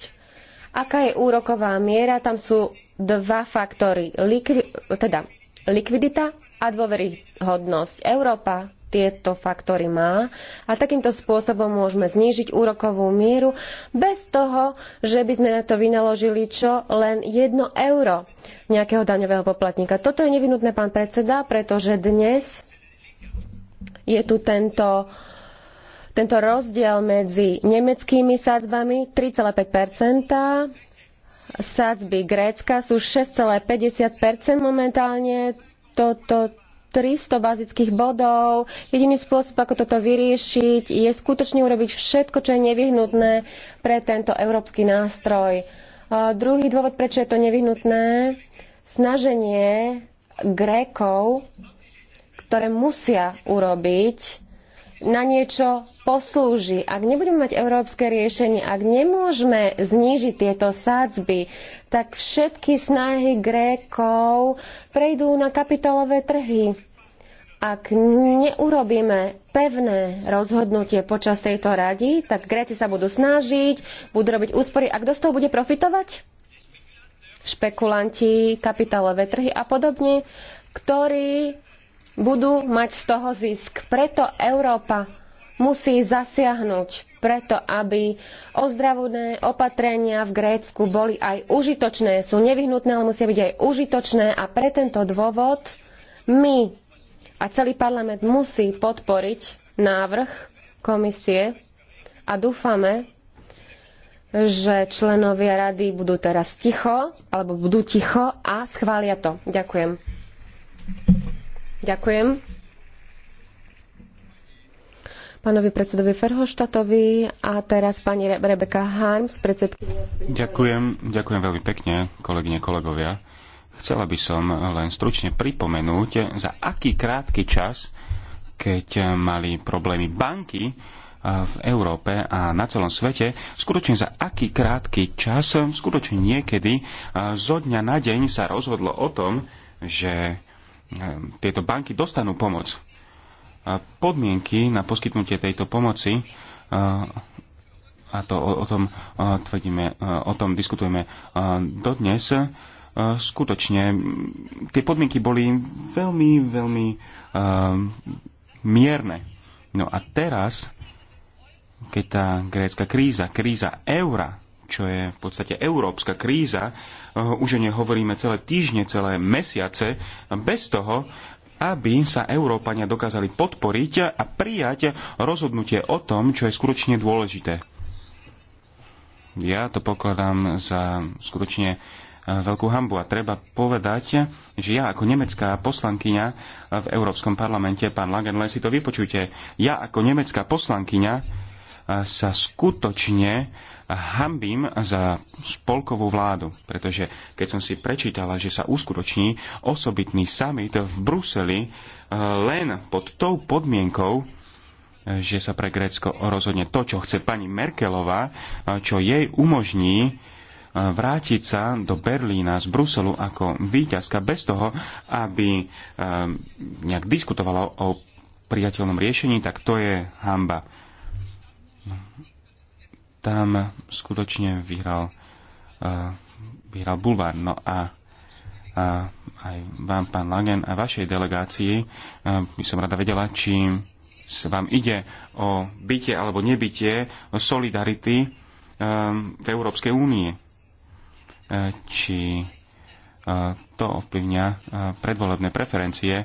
Aká je úroková miera? Tam sú dva faktory, likvi, teda likvidita a dôveryhodnosť. Európa tieto faktory má. A takýmto spôsobom môžeme znížiť úrokovú mieru bez toho, že by sme na to vynaložili čo len jedno euro nejakého daňového poplatníka. Toto je nevinutné, pán predseda, pretože dnes je tu tento tento rozdiel medzi nemeckými sadzbami 3,5 sadzby Grécka sú 6,50 momentálne. Toto 300 bazických bodov. Jediný spôsob, ako toto vyriešiť, je skutočne urobiť všetko, čo je nevyhnutné pre tento európsky nástroj. A druhý dôvod, prečo je to nevyhnutné, snaženie Grékov, ktoré musia urobiť, na niečo poslúži. Ak nebudeme mať európske riešenie, ak nemôžeme znížiť tieto sádzby, tak všetky snahy Grékov prejdú na kapitolové trhy. Ak neurobíme pevné rozhodnutie počas tejto rady, tak Gréci sa budú snažiť, budú robiť úspory. A kto z toho bude profitovať? Špekulanti, kapitálové trhy a podobne, ktorí budú mať z toho zisk. Preto Európa musí zasiahnuť, preto aby ozdravné opatrenia v Grécku boli aj užitočné. Sú nevyhnutné, ale musia byť aj užitočné a pre tento dôvod my a celý parlament musí podporiť návrh komisie a dúfame, že členovia rady budú teraz ticho, alebo budú ticho a schvália to. Ďakujem. Ďakujem. Pánovi predsedovi Ferhoštatovi a teraz pani Rebeka Harms, predsedkynia. Ďakujem, ďakujem veľmi pekne, kolegyne, kolegovia. Chcela by som len stručne pripomenúť, za aký krátky čas, keď mali problémy banky, eh, v Európe a na celom svete, skutočne za aký krátky čas, skutočne niekedy eh, zo dňa na deň sa rozhodlo o tom, že Ehm, tieto banky dostanú pomoc. A podmienky na poskytnutie tejto pomoci eh, a to o, o tom eh, tvrdíme, eh, o tom diskutujeme dodnes, skutočne tie podmienky boli veľmi, veľmi mierne. No a teraz, keď tá grécka kríza, kríza eura čo je v podstate európska kríza. Eh, už o nej hovoríme celé týždne, celé mesiace, bez toho, aby sa Európania dokázali podporiť a prijať rozhodnutie o tom, čo je skutočne dôležité. Ja to pokladám za skutočne eh, veľkú hambu a treba povedať, že ja ako nemecká poslankyňa v Európskom parlamente, pán Lagenle, si to vypočujte, ja ako nemecká poslankyňa sa skutočne hambím za spolkovú vládu, pretože keď som si prečítala, že sa uskutoční osobitný summit v Bruseli e, len pod tou podmienkou, e, že sa pre Grécko rozhodne to, čo chce pani Merkelová, e, čo jej umožní vrátiť sa do Berlína z Bruselu ako víťazka bez toho, aby nejak diskutovala o priateľnom riešení, tak to je hamba tam skutočne vyhral, uh, vyhral bulvár. No a, a aj vám, pán Lagen, a vašej delegácii uh, by som rada vedela, či vám ide o bytie alebo nebytie o solidarity um, v Európskej únii. či to ovplyvňa predvolebné preferencie,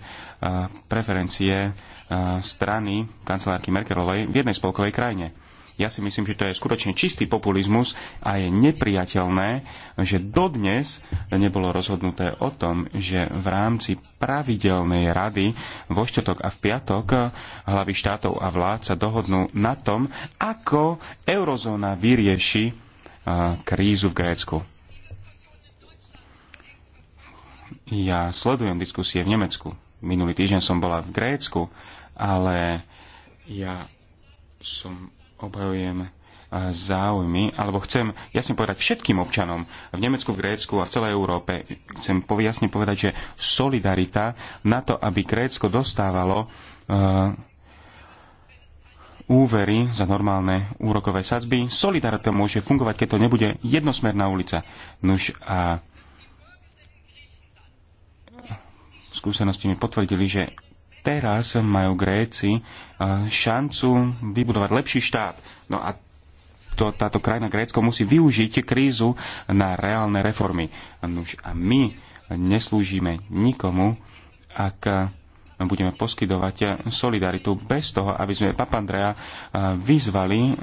preferencie strany kancelárky Merkelovej v jednej spolkovej krajine ja si myslím, že to je skutočne čistý populizmus a je nepriateľné, že dodnes nebolo rozhodnuté o tom, že v rámci pravidelnej rady vo štotok a v piatok hlavy štátov a vlád sa dohodnú na tom, ako eurozóna vyrieši krízu v Grécku. Ja sledujem diskusie v Nemecku. Minulý týždeň som bola v Grécku, ale ja som obhajujem eh, záujmy, alebo chcem jasne povedať všetkým občanom v Nemecku, v Grécku a v celej Európe, chcem jasne povedať, že solidarita na to, aby Grécko dostávalo uh, úvery za normálne úrokové sadzby, solidarita môže fungovať, keď to nebude jednosmerná ulica. Nuž a skúsenosti mi potvrdili, že teraz majú Gréci eh, šancu vybudovať lepší štát. No a to, táto krajina Grécko musí využiť krízu na reálne reformy. a my neslúžime nikomu, ak eh, budeme poskytovať solidaritu bez toho, aby sme Papandrea eh, vyzvali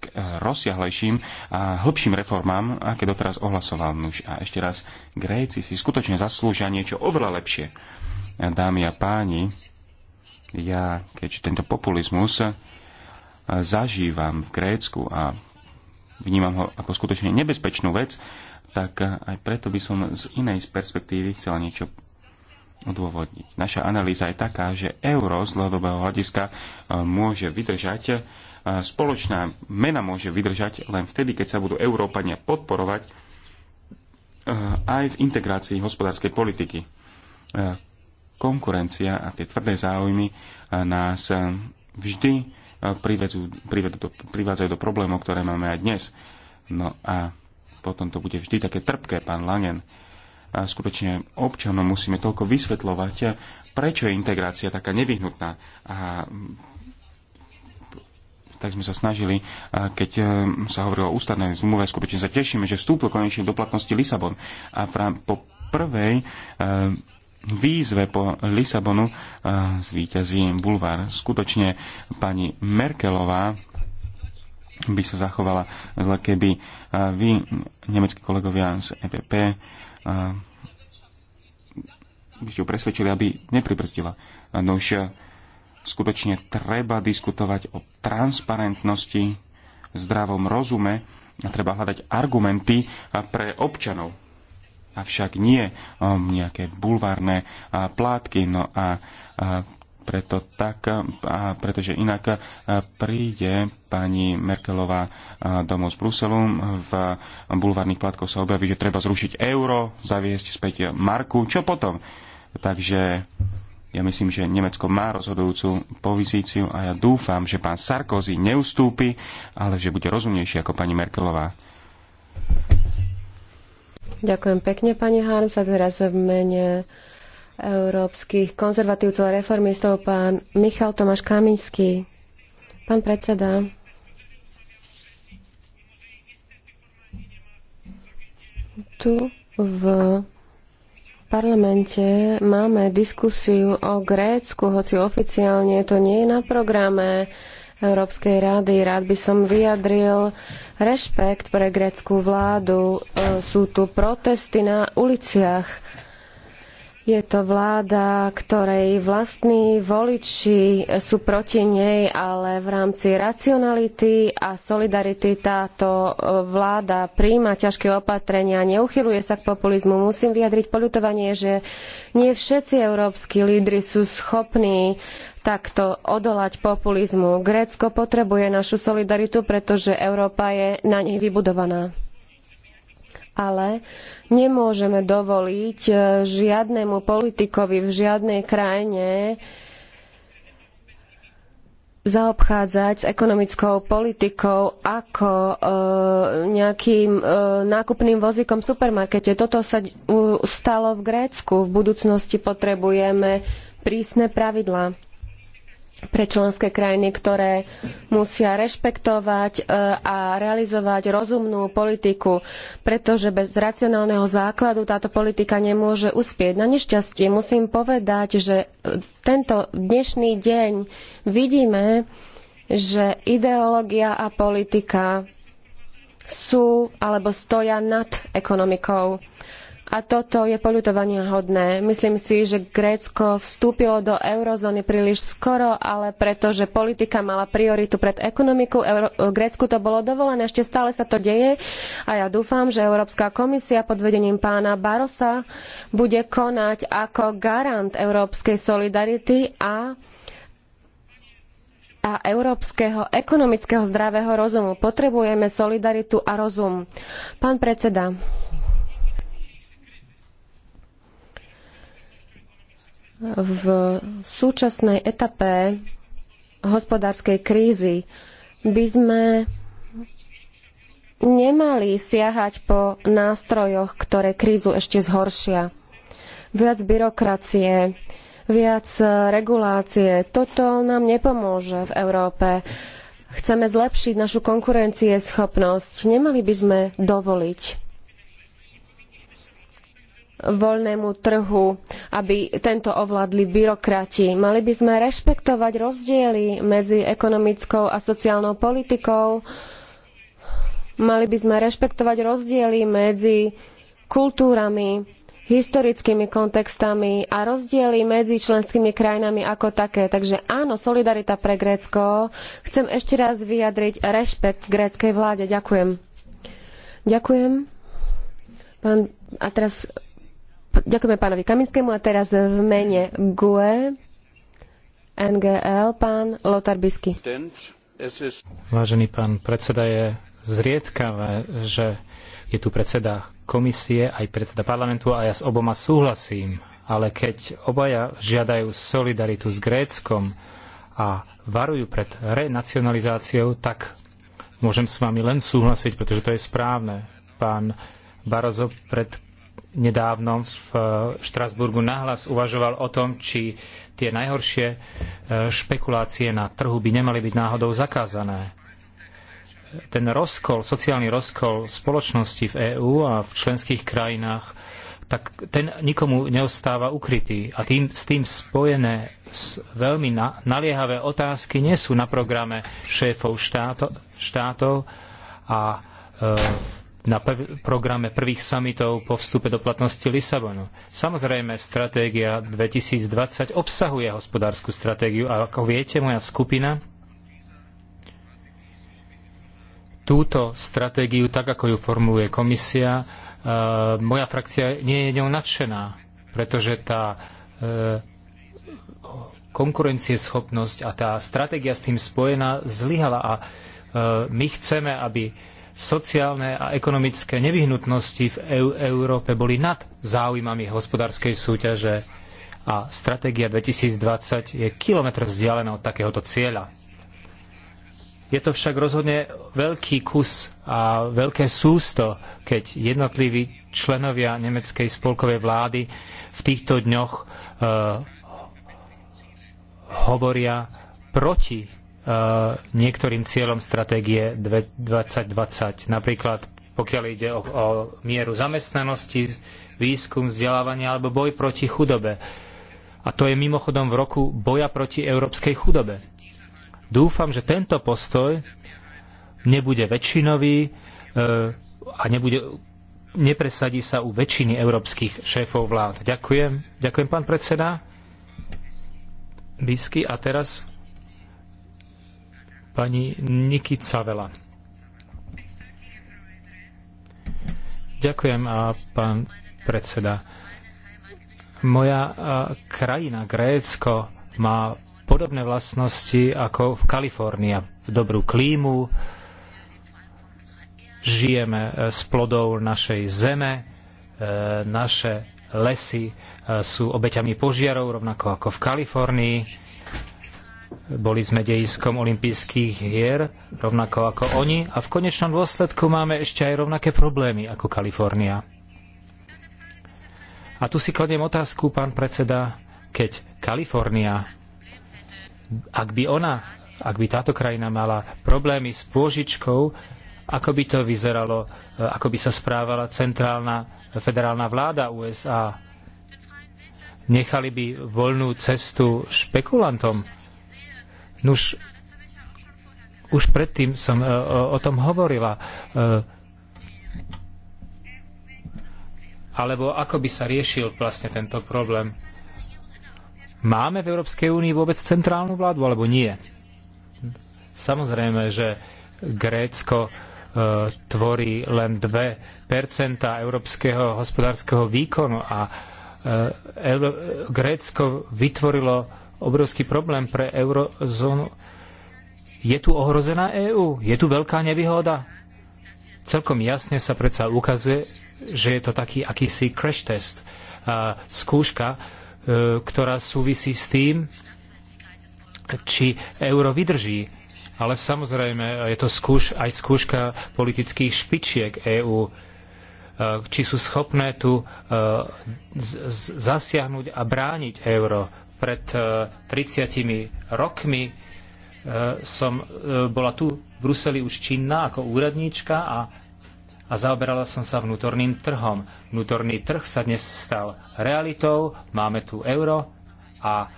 k rozsiahlejším a hĺbším reformám, aké doteraz ohlasoval muž. A ešte raz, Gréci si skutočne zaslúžia niečo oveľa lepšie. Dámy a páni, ja, keďže tento populizmus eh, zažívam v Grécku a vnímam ho ako skutočne nebezpečnú vec, tak eh, aj preto by som z inej perspektívy chcel niečo odôvodniť. Naša analýza je taká, že euro z dlhodobého hľadiska eh, môže vydržať, spoločná mena môže vydržať len vtedy, keď sa budú Európania podporovať aj v integrácii hospodárskej politiky konkurencia a tie tvrdé záujmy eh, nás eh, vždy eh, do, privádzajú do problémov, ktoré máme aj dnes. No a potom to bude vždy také trpké, pán Langen. A skutočne občanom musíme toľko vysvetľovať, prečo je integrácia taká nevyhnutná. A mm, tak sme sa snažili, keď sa hovorilo o ústavnej zmluve, skutočne sa tešíme, že vstúpil konečne do platnosti Lisabon. A po prvej výzve po Lisabonu e, zvíťazí bulvár. Skutočne pani Merkelová by sa zachovala zle, keby e, vy, nemeckí kolegovia z EPP, e, by ste ju presvedčili, aby nepribrzdila. No už skutočne treba diskutovať o transparentnosti, zdravom rozume a treba hľadať argumenty pre občanov avšak nie um, nejaké bulvárne uh, plátky. No a uh, preto tak, uh, a pretože inak príde pani Merkelová domov z Bruselu. Um, v bulvárnych plátkoch sa objaví, že treba zrušiť euro, zaviesť späť marku. Čo potom? Takže ja myslím, že Nemecko má rozhodujúcu povizíciu a ja dúfam, že pán Sarkozy neustúpi, ale že bude rozumnejší ako pani Merkelová. Ďakujem pekne, pani Harms. A teraz v mene európskych konzervatívcov a reformistov pán Michal Tomáš Kaminský. Pán predseda. Tu v parlamente máme diskusiu o Grécku, hoci oficiálne to nie je na programe. Európskej rady. Rád by som vyjadril rešpekt pre grécku vládu. E, sú tu protesty na uliciach je to vláda, ktorej vlastní voliči sú proti nej, ale v rámci racionality a solidarity táto e, vláda príjma ťažké opatrenia, neuchyluje sa k populizmu. Musím vyjadriť poľutovanie, že nie všetci európski lídri sú schopní takto odolať populizmu. Grécko potrebuje našu solidaritu, pretože Európa je na nej vybudovaná ale nemôžeme dovoliť e, žiadnemu politikovi v žiadnej krajine zaobchádzať s ekonomickou politikou ako e, nejakým e, nákupným vozíkom v supermarkete. Toto sa stalo v Grécku. V budúcnosti potrebujeme prísne pravidlá pre členské krajiny, ktoré musia rešpektovať e, a realizovať rozumnú politiku, pretože bez racionálneho základu táto politika nemôže uspieť. Na nešťastie musím povedať, že e, tento dnešný deň vidíme, že ideológia a politika sú alebo stoja nad ekonomikou. A toto je poľutovania hodné. Myslím si, že Grécko vstúpilo do eurozóny príliš skoro, ale pretože politika mala prioritu pred ekonomiku, Euro- Grécku to bolo dovolené, ešte stále sa to deje a ja dúfam, že Európska komisia pod vedením pána Barosa bude konať ako garant európskej solidarity a a európskeho ekonomického zdravého rozumu. Potrebujeme solidaritu a rozum. Pán predseda, v súčasnej etape hospodárskej krízy by sme nemali siahať po nástrojoch, ktoré krízu ešte zhoršia. Viac byrokracie, viac regulácie. Toto nám nepomôže v Európe. Chceme zlepšiť našu konkurencieschopnosť. Nemali by sme dovoliť voľnému trhu, aby tento ovládli byrokrati. Mali by sme rešpektovať rozdiely medzi ekonomickou a sociálnou politikou. Mali by sme rešpektovať rozdiely medzi kultúrami, historickými kontextami a rozdiely medzi členskými krajinami ako také. Takže áno, solidarita pre Grécko. Chcem ešte raz vyjadriť rešpekt gréckej vláde. Ďakujem. Ďakujem. Pán, a teraz Ďakujeme pánovi Kaminskému a teraz v mene GUE NGL pán Lotar Bisky. Vážený pán predseda, je zriedkavé, že je tu predseda komisie, aj predseda parlamentu a ja s oboma súhlasím, ale keď obaja žiadajú solidaritu s Gréckom a varujú pred renacionalizáciou, tak môžem s vami len súhlasiť, pretože to je správne. Pán Barozo pred nedávno v e, Štrasburgu nahlas uvažoval o tom, či tie najhoršie e, špekulácie na trhu by nemali byť náhodou zakázané. Ten rozkol, sociálny rozkol spoločnosti v EÚ a v členských krajinách, tak ten nikomu neostáva ukrytý. A tým, s tým spojené veľmi na, naliehavé otázky nie sú na programe šéfov štáto, štátov a e, na prv, programe prvých samitov po vstupe do platnosti Lisabonu. Samozrejme, stratégia 2020 obsahuje hospodársku stratégiu a ako viete, moja skupina túto stratégiu, tak ako ju formuluje komisia, e, moja frakcia nie je ňou nadšená, pretože tá e, konkurencieschopnosť a tá stratégia s tým spojená zlyhala a e, my chceme, aby sociálne a ekonomické nevyhnutnosti v EU- Európe boli nad záujmami hospodárskej súťaže a stratégia 2020 je kilometr vzdialená od takéhoto cieľa. Je to však rozhodne veľký kus a veľké sústo, keď jednotliví členovia nemeckej spolkovej vlády v týchto dňoch eh, hovoria proti E, niektorým cieľom stratégie 2020. Napríklad pokiaľ ide o, o mieru zamestnanosti, výskum, vzdelávania alebo boj proti chudobe. A to je mimochodom v roku boja proti európskej chudobe. Dúfam, že tento postoj nebude väčšinový e, a nebude, nepresadí sa u väčšiny európskych šéfov vlád. Ďakujem. Ďakujem, pán predseda. Bisky a teraz pani Niky Cavela. Ďakujem, pán predseda. Moja krajina, Grécko, má podobné vlastnosti ako v Kalifornia. Dobrú klímu, žijeme e, z plodov našej zeme, e, naše lesy e, sú obeťami požiarov, rovnako ako v Kalifornii boli sme dejiskom olympijských hier, rovnako ako oni, a v konečnom dôsledku máme ešte aj rovnaké problémy ako Kalifornia. A tu si kladiem otázku, pán predseda, keď Kalifornia, ak by ona, ak by táto krajina mala problémy s pôžičkou, ako by to vyzeralo, ako by sa správala centrálna federálna vláda USA. Nechali by voľnú cestu špekulantom Nuž, už predtým som e, e, o tom hovorila. E, alebo ako by sa riešil vlastne tento problém? Máme v Európskej únii vôbec centrálnu vládu, alebo nie? Samozrejme, že Grécko tvorí len 2 európskeho hospodárskeho výkonu a Grécko vytvorilo obrovský problém pre eurozónu. Je tu ohrozená EÚ? Je tu veľká nevýhoda? Celkom jasne sa predsa ukazuje, že je to taký akýsi crash test, a skúška, e, ktorá súvisí s tým, či euro vydrží. Ale samozrejme, je to skúš, aj skúška politických špičiek EÚ e, či sú schopné tu e, zasiahnuť a brániť euro pred 30 e, rokmi e, som e, bola tu v Bruseli už činná ako úradníčka a, a zaoberala som sa vnútorným trhom. Vnútorný trh sa dnes stal realitou, máme tu euro a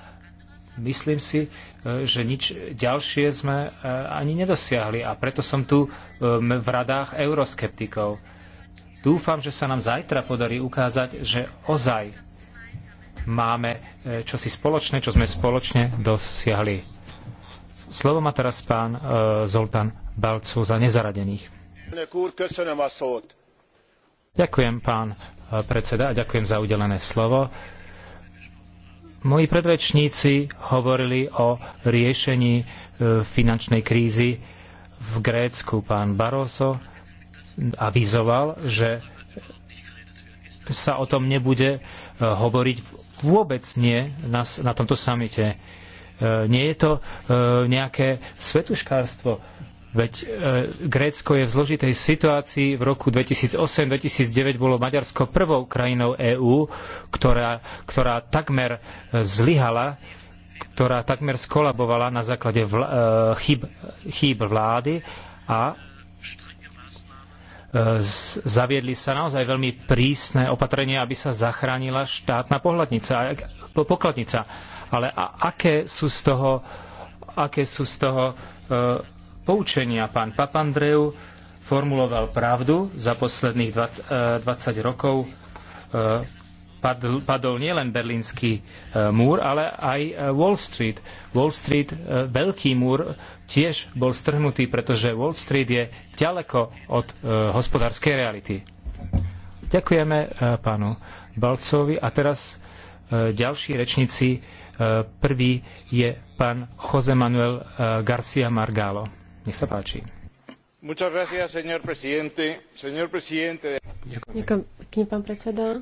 myslím si, že nič ďalšie sme ani nedosiahli a preto som tu v radách euroskeptikov. Dúfam, že sa nám zajtra podarí ukázať, že ozaj máme e, čosi spoločné, čo sme spoločne dosiahli. Slovo má teraz pán e, Zoltán Balcu za nezaradených. Ďakujem, pán e, predseda, a ďakujem za udelené slovo. Moji predrečníci hovorili o riešení finančnej krízy v Grécku. Pán Barroso avizoval, že sa o tom nebude hovoriť. Vôbec nie na, na tomto samite. E, nie je to e, nejaké svetuškárstvo. Veď e, Grécko je v zložitej situácii. V roku 2008-2009 bolo Maďarsko prvou krajinou EÚ, ktorá, ktorá takmer zlyhala ktorá takmer skolabovala na základe vl- chýb, chýb vlády a zaviedli sa naozaj veľmi prísne opatrenia, aby sa zachránila štátna pohľadnica, pokladnica. Ale aké sú z toho, aké sú z toho e, poučenia? Pán Papandreou formuloval pravdu za posledných 20 e, rokov. E, padl, padol nielen berlínsky e, múr, ale aj e, Wall Street. Wall Street, veľký múr, tiež bol strhnutý, pretože Wall Street je ďaleko od e, hospodárskej reality. Ďakujeme e, pánu Balcovi a teraz e, ďalší rečníci. Prvý je pán Jose Manuel Garcia Margalo. Nech sa páči. Ďakujem pán predseda.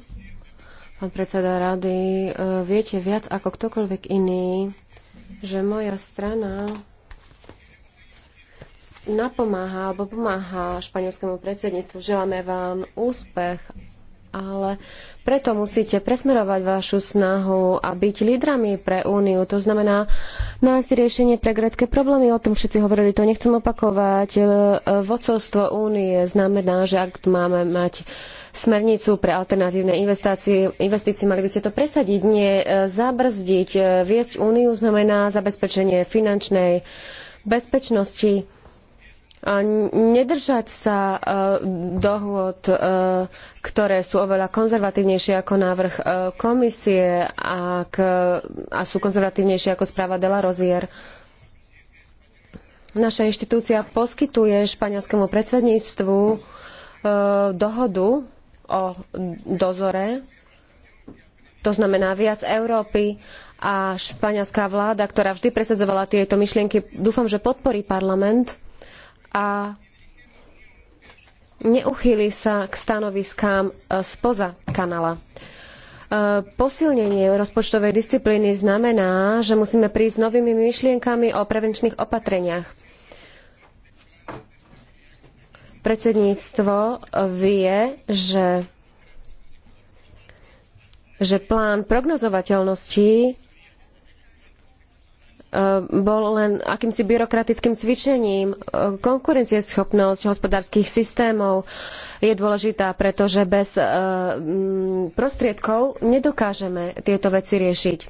Pán predseda rady, viete viac ako ktokoľvek iný, že moja strana napomáha alebo pomáha španielskému predsedníctvu. Želáme vám úspech, ale preto musíte presmerovať vašu snahu a byť lídrami pre Úniu. To znamená nájsť riešenie pre grecké problémy. O tom všetci hovorili, to nechcem opakovať. E, vodcovstvo Únie znamená, že ak máme mať smernicu pre alternatívne investície, investície mali by ste to presadiť, nie e, zabrzdiť. E, viesť Úniu znamená zabezpečenie finančnej bezpečnosti nedržať sa e, dohôd, e, ktoré sú oveľa konzervatívnejšie ako návrh e, komisie a, k, a sú konzervatívnejšie ako správa de la Rozier. Naša inštitúcia poskytuje španielskému predsedníctvu dohodu o dozore, to znamená viac Európy a španielská vláda, ktorá vždy presadzovala tieto myšlienky, dúfam, že podporí parlament a neuchýli sa k stanoviskám e, spoza kanála. E, posilnenie rozpočtovej disciplíny znamená, že musíme prísť s novými myšlienkami o prevenčných opatreniach. Predsedníctvo vie, že, že plán prognozovateľnosti E, bol len akýmsi byrokratickým cvičením. E, konkurencieschopnosť hospodárskych systémov je dôležitá, pretože bez e, prostriedkov nedokážeme tieto veci riešiť.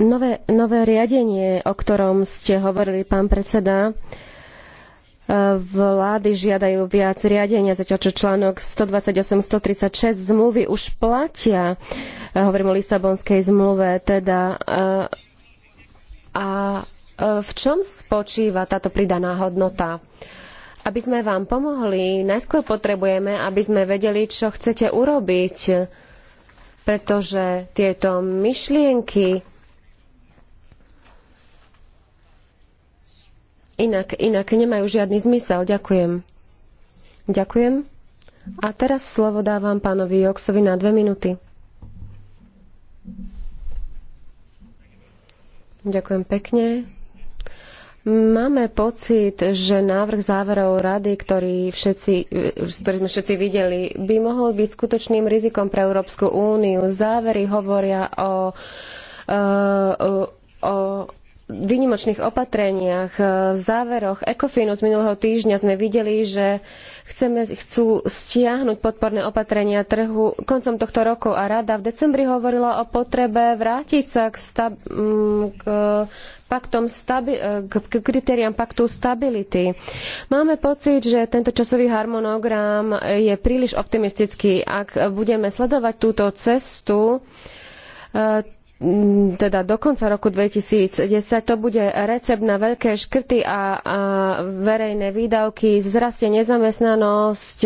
Nové, nové riadenie, o ktorom ste hovorili, pán predseda, vlády žiadajú viac riadenia, zatiaľ čo článok 128-136 zmluvy už platia. Eh, hovorím o Lisabonskej zmluve, teda eh, a eh, v čom spočíva táto pridaná hodnota? Aby sme vám pomohli, najskôr potrebujeme, aby sme vedeli, čo chcete urobiť, pretože tieto myšlienky inak, inak nemajú žiadny zmysel. Ďakujem. Ďakujem. A teraz slovo dávam pánovi Joksovi na dve minúty. Ďakujem pekne. Máme pocit, že návrh záverov rady, ktorý, všetci, ktorý sme všetci videli, by mohol byť skutočným rizikom pre Európsku úniu. Závery hovoria o, e, o, o výnimočných opatreniach, e, v záveroch ECOFINu z minulého týždňa sme videli, že chceme, chcú stiahnuť podporné opatrenia trhu koncom tohto roku a rada v decembri hovorila o potrebe vrátiť sa k, stab, mm, k, e, paktom stabi, e, k kritériám paktu stability. Máme pocit, že tento časový harmonogram je príliš optimistický. Ak budeme sledovať túto cestu, Mm, teda do konca roku 2010 to bude recept na veľké škrty a, a verejné výdavky, zrastie nezamestnanosť,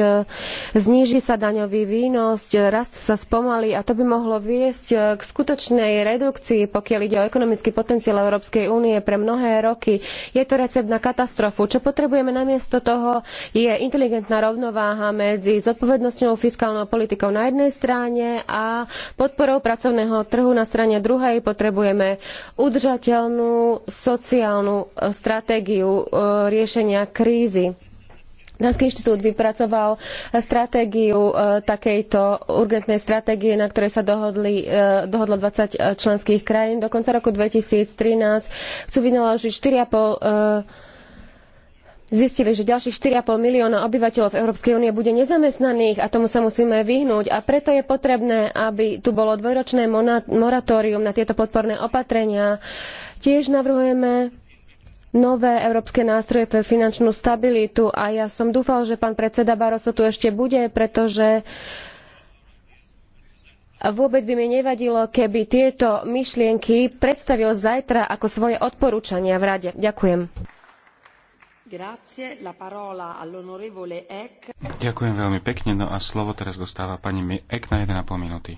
zníži sa daňový výnos, rast sa spomalí a to by mohlo viesť e, k skutočnej redukcii, pokiaľ ide o ekonomický potenciál Európskej únie pre mnohé roky. Je to recept na katastrofu. Čo potrebujeme namiesto toho je inteligentná rovnováha medzi zodpovednosťou fiskálnou politikou na jednej strane a podporou pracovného trhu na strane druhej potrebujeme udržateľnú sociálnu e, stratégiu e, riešenia krízy. Dánsky inštitút vypracoval stratégiu e, takejto urgentnej stratégie, na ktorej sa dohodli, dohodlo 20 členských krajín. Do konca roku 2013 chcú vynaložiť 4,5 zistili, že ďalších 4,5 milióna obyvateľov v Európskej únie bude nezamestnaných a tomu sa musíme vyhnúť. A preto je potrebné, aby tu bolo dvojročné moratórium na tieto podporné opatrenia. Tiež navrhujeme nové európske nástroje pre finančnú stabilitu a ja som dúfal, že pán predseda Barroso tu ešte bude, pretože vôbec by mi nevadilo, keby tieto myšlienky predstavil zajtra ako svoje odporúčania v Rade. Ďakujem. Ďakujem veľmi pekne, no a slovo teraz dostáva pani Ek na 1,5 minúty.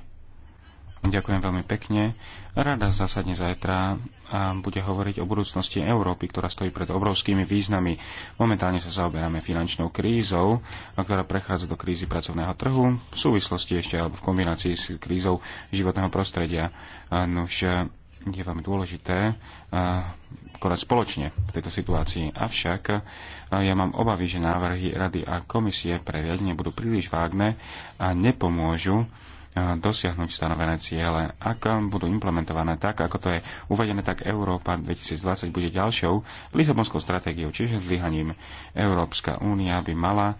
Ďakujem veľmi pekne. Rada zasadne zajtra a bude hovoriť o budúcnosti Európy, ktorá stojí pred obrovskými významy. Momentálne sa zaoberáme finančnou krízou, ktorá prechádza do krízy pracovného trhu, v súvislosti ešte alebo v kombinácii s krízou životného prostredia. Nuž je veľmi dôležité konať spoločne v tejto situácii. Avšak e, ja mám obavy, že návrhy Rady a komisie pre riadenie budú príliš vágne a nepomôžu e, dosiahnuť stanovené ciele. Ak budú implementované tak, ako to je uvedené, tak Európa 2020 bude ďalšou Lisabonskou stratégiou, čiže zlyhaním Európska únia by mala e,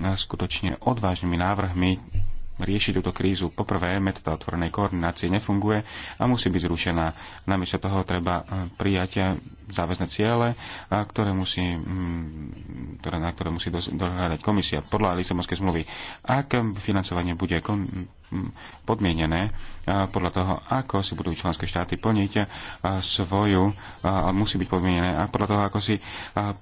skutočne odvážnymi návrhmi riešiť túto krízu. Poprvé, metóda otvorenej koordinácie nefunguje a musí byť zrušená. Namiesto toho treba e, prijať e, záväzne ciele, ktoré musí, mm, ktoré, na ktoré musí dohľadať komisia podľa Lisabonskej zmluvy. Ak financovanie bude kon podmienené podľa toho, ako si budú členské štáty plniť svoju, musí byť podmienené a podľa toho, ako si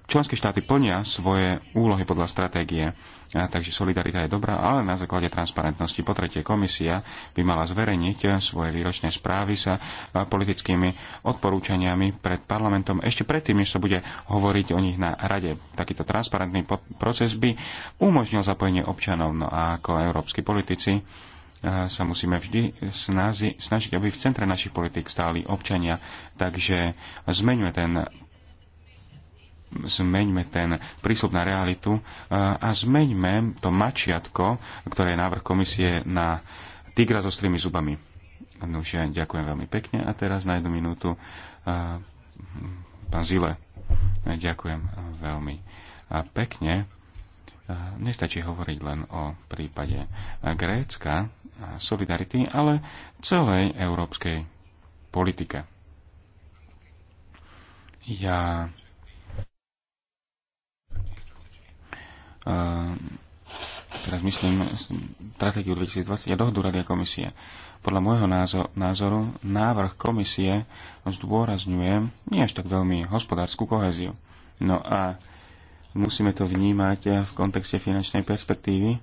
členské štáty plnia svoje úlohy podľa stratégie. Takže solidarita je dobrá, ale na základe transparentnosti. Po tretie, komisia by mala zverejniť e, svoje výročné správy sa politickými odporúčaniami pred parlamentom ešte predtým, než sa bude hovoriť o nich na rade. Takýto transparentný proces by umožnil zapojenie občanov. No a ako európsky politici sa musíme vždy snazi, snažiť, aby v centre našich politik stáli občania. Takže zmeňme ten zmeňme ten prístup na realitu a zmeňme to mačiatko, ktoré je návrh komisie na tigra so strými zubami. Nože, ďakujem veľmi pekne a teraz na jednu minútu pán Zile. Ďakujem veľmi pekne. Nestačí hovoriť len o prípade Grécka, a solidarity, ale celej európskej politike. Ja e, teraz myslím stratégiu 2020 ja dohodu Rady a komisie. Podľa môjho názoru návrh komisie zdôrazňuje nie až tak veľmi hospodárskú koheziu. No a musíme to vnímať v kontexte finančnej perspektívy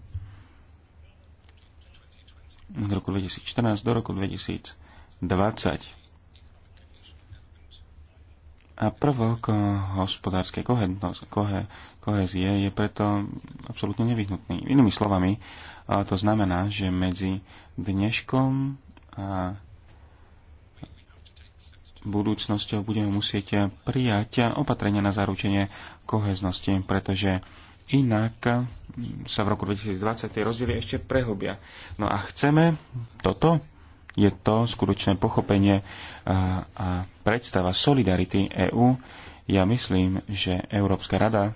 z roku 2014 do roku 2020. A prvok hospodárskej kohézie je preto absolútne nevyhnutný. Inými slovami, to znamená, že medzi dneškom a budúcnosťou budeme musieť prijať opatrenia na zaručenie koheznosti, pretože inak mm, sa v roku 2020 tie rozdiely ešte prehobia. No a chceme toto, je to skutočné pochopenie a, a predstava solidarity EÚ. Ja myslím, že Európska rada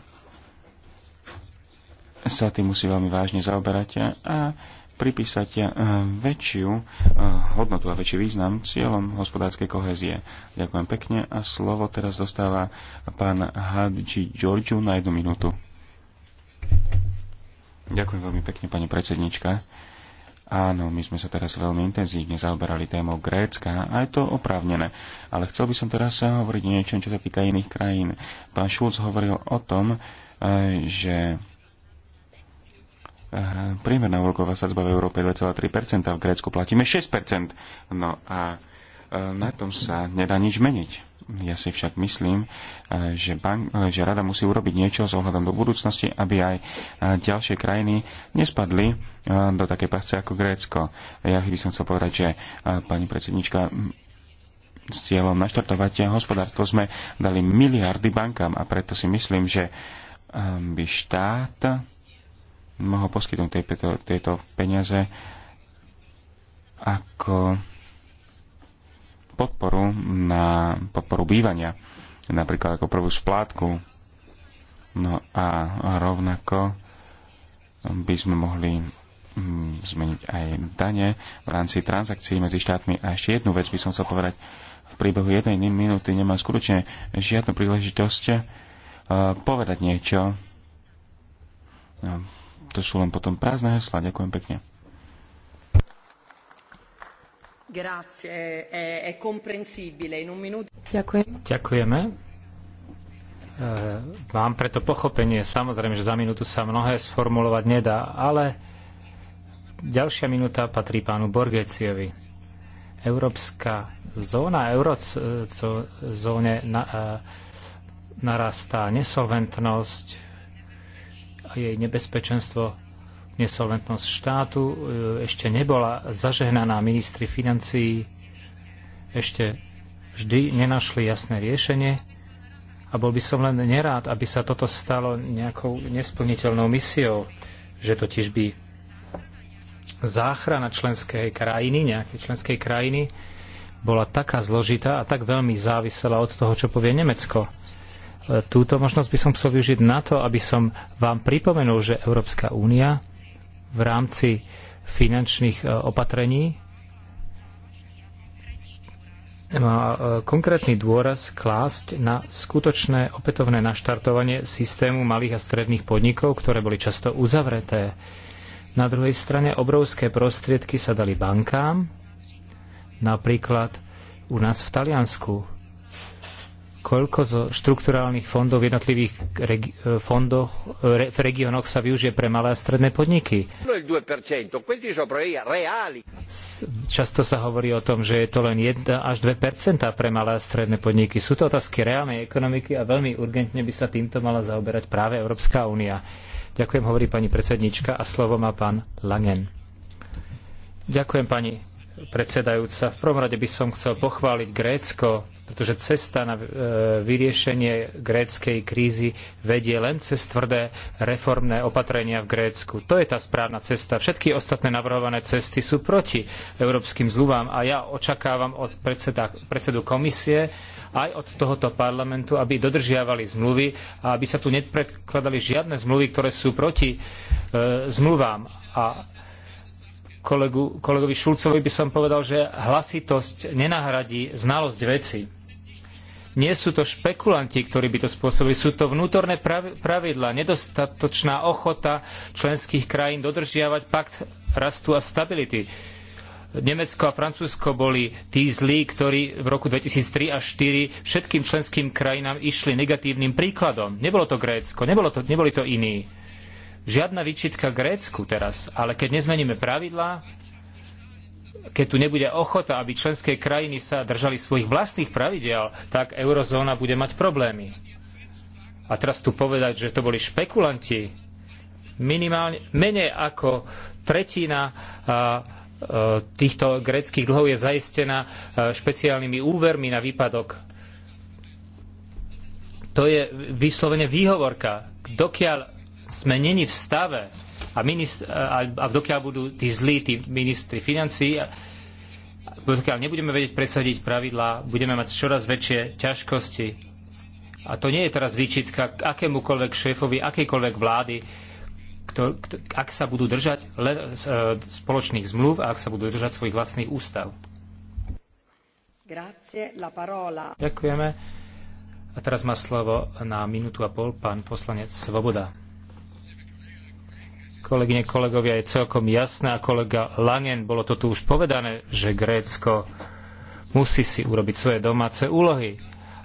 sa tým musí veľmi vážne zaoberať a pripísať väčšiu hodnotu a väčší význam cieľom hospodárskej kohezie. Ďakujem pekne a slovo teraz dostáva pán Hadži Georgiu na jednu minútu. Ďakujem veľmi pekne, pani predsednička. Áno, my sme sa teraz veľmi intenzívne zaoberali témou Grécka a je to oprávnené. Ale chcel by som teraz sa hovoriť o niečom, čo sa týka iných krajín. Pán Šulc hovoril o tom, e, že e, priemerná úroková sadzba v Európe je 2,3%, v Grécku platíme 6%. No a e, na tom sa nedá nič meniť. Ja si však myslím, e, že, bank, e, že rada musí urobiť niečo s ohľadom do budúcnosti, aby aj e, ďalšie krajiny nespadli do také pasce ako Grécko. Ja by som chcel povedať, že pani predsednička s cieľom naštartovať hospodárstvo sme dali miliardy bankám a preto si myslím, že by štát mohol poskytnúť tieto, tieto peniaze ako podporu na podporu bývania, napríklad ako prvú splátku. No a rovnako by sme mohli mm, zmeniť aj dane v rámci transakcií medzi štátmi. A ešte jednu vec by som chcel povedať. V priebehu jednej minúty nemám skutočne žiadnu príležitosť eh, povedať niečo. No, to sú len potom prázdne hesla. Ďakujem pekne. Ďakujem. Ďakujeme. E, mám preto pochopenie, samozrejme, že za minútu sa mnohé sformulovať nedá, ale ďalšia minúta patrí pánu Borgeciovi. Európska zóna, eurozóne e, narastá nesolventnosť a jej nebezpečenstvo nesolventnosť štátu e, ešte nebola zažehnaná. Ministri financií ešte vždy nenašli jasné riešenie a bol by som len nerád, aby sa toto stalo nejakou nesplniteľnou misiou, že totiž by záchrana členskej krajiny, nejakej členskej krajiny, bola taká zložitá a tak veľmi závisela od toho, čo povie Nemecko e, túto možnosť by som chcel využiť na to, aby som vám pripomenul, že Európska únia v rámci finančných e, opatrení má no e, konkrétny dôraz klásť na skutočné opätovné naštartovanie systému malých a stredných podnikov, ktoré boli často uzavreté. Na druhej strane obrovské prostriedky sa dali bankám, napríklad u nás v Taliansku koľko zo štrukturálnych fondov v jednotlivých regi- e, fondoch e, re, v regiónoch sa využije pre malé a stredné podniky. Často sa hovorí o tom, že je to len 1 až 2 pre malé a stredné podniky. Sú to otázky reálnej ekonomiky a veľmi urgentne by sa týmto mala zaoberať práve Európska únia. Ďakujem, hovorí pani predsednička a slovo má pán Langen. Ďakujem pani predsedajúca. V prvom rade by som chcel pochváliť Grécko, pretože cesta na e, vyriešenie gréckej krízy vedie len cez tvrdé reformné opatrenia v Grécku. To je tá správna cesta. Všetky ostatné navrhované cesty sú proti európskym zmluvám a ja očakávam od predseda, predsedu komisie aj od tohoto parlamentu, aby dodržiavali zmluvy a aby sa tu nepredkladali žiadne zmluvy, ktoré sú proti e, zmluvám. A kolegu, kolegovi Šulcovi by som povedal, že hlasitosť nenahradí znalosť veci. Nie sú to špekulanti, ktorí by to spôsobili, sú to vnútorné pravidlá, nedostatočná ochota členských krajín dodržiavať pakt rastu a stability. Nemecko a Francúzsko boli tí zlí, ktorí v roku 2003 a 2004 všetkým členským krajinám išli negatívnym príkladom. Nebolo to Grécko, nebolo to, neboli to iní. Žiadna výčitka Grécku teraz, ale keď nezmeníme pravidlá, keď tu nebude ochota, aby členské krajiny sa držali svojich vlastných pravidel, tak eurozóna bude mať problémy. A teraz tu povedať, že to boli špekulanti, minimálne menej ako tretina týchto gréckych dlhov je zaistená špeciálnymi úvermi na výpadok. To je vyslovene výhovorka. Dokiaľ sme není v stave a, a, a dokiaľ budú tí zlí, tí ministri financií, dokiaľ nebudeme vedieť presadiť pravidlá, budeme mať čoraz väčšie ťažkosti. A to nie je teraz výčitka k akémukoľvek šéfovi, akejkoľvek vlády, ak sa budú držať le, e, spoločných zmluv a ak sa budú držať svojich vlastných ústav. Grazie, Ďakujeme. A teraz má slovo na minútu a pol pán poslanec Svoboda. Kolegyne, kolegovia, je celkom jasné a kolega Langen, bolo to tu už povedané, že Grécko musí si urobiť svoje domáce úlohy.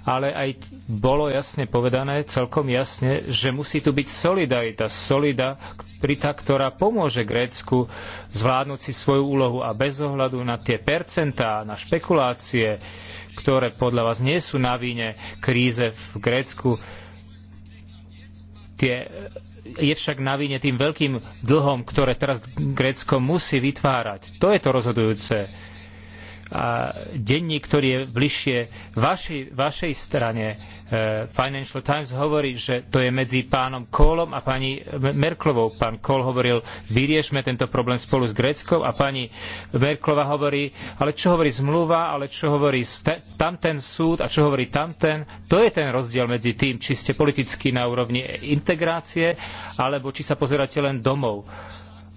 Ale aj bolo jasne povedané, celkom jasne, že musí tu byť solidarita. Solida, prita, ktorá pomôže Grécku zvládnuť si svoju úlohu a bez ohľadu na tie percentá, na špekulácie, ktoré podľa vás nie sú na víne kríze v Grécku, Tie, je však na vine tým veľkým dlhom, ktoré teraz Grécko musí vytvárať. To je to rozhodujúce denník, ktorý je bližšie vašej, vašej strane, e, Financial Times, hovorí, že to je medzi pánom Kohlom a pani Merklovou. Pán Kohl hovoril, vyriešme tento problém spolu s Gréckou a pani Merklova hovorí, ale čo hovorí zmluva, ale čo hovorí tamten súd a čo hovorí tamten. To je ten rozdiel medzi tým, či ste politicky na úrovni integrácie, alebo či sa pozeráte len domov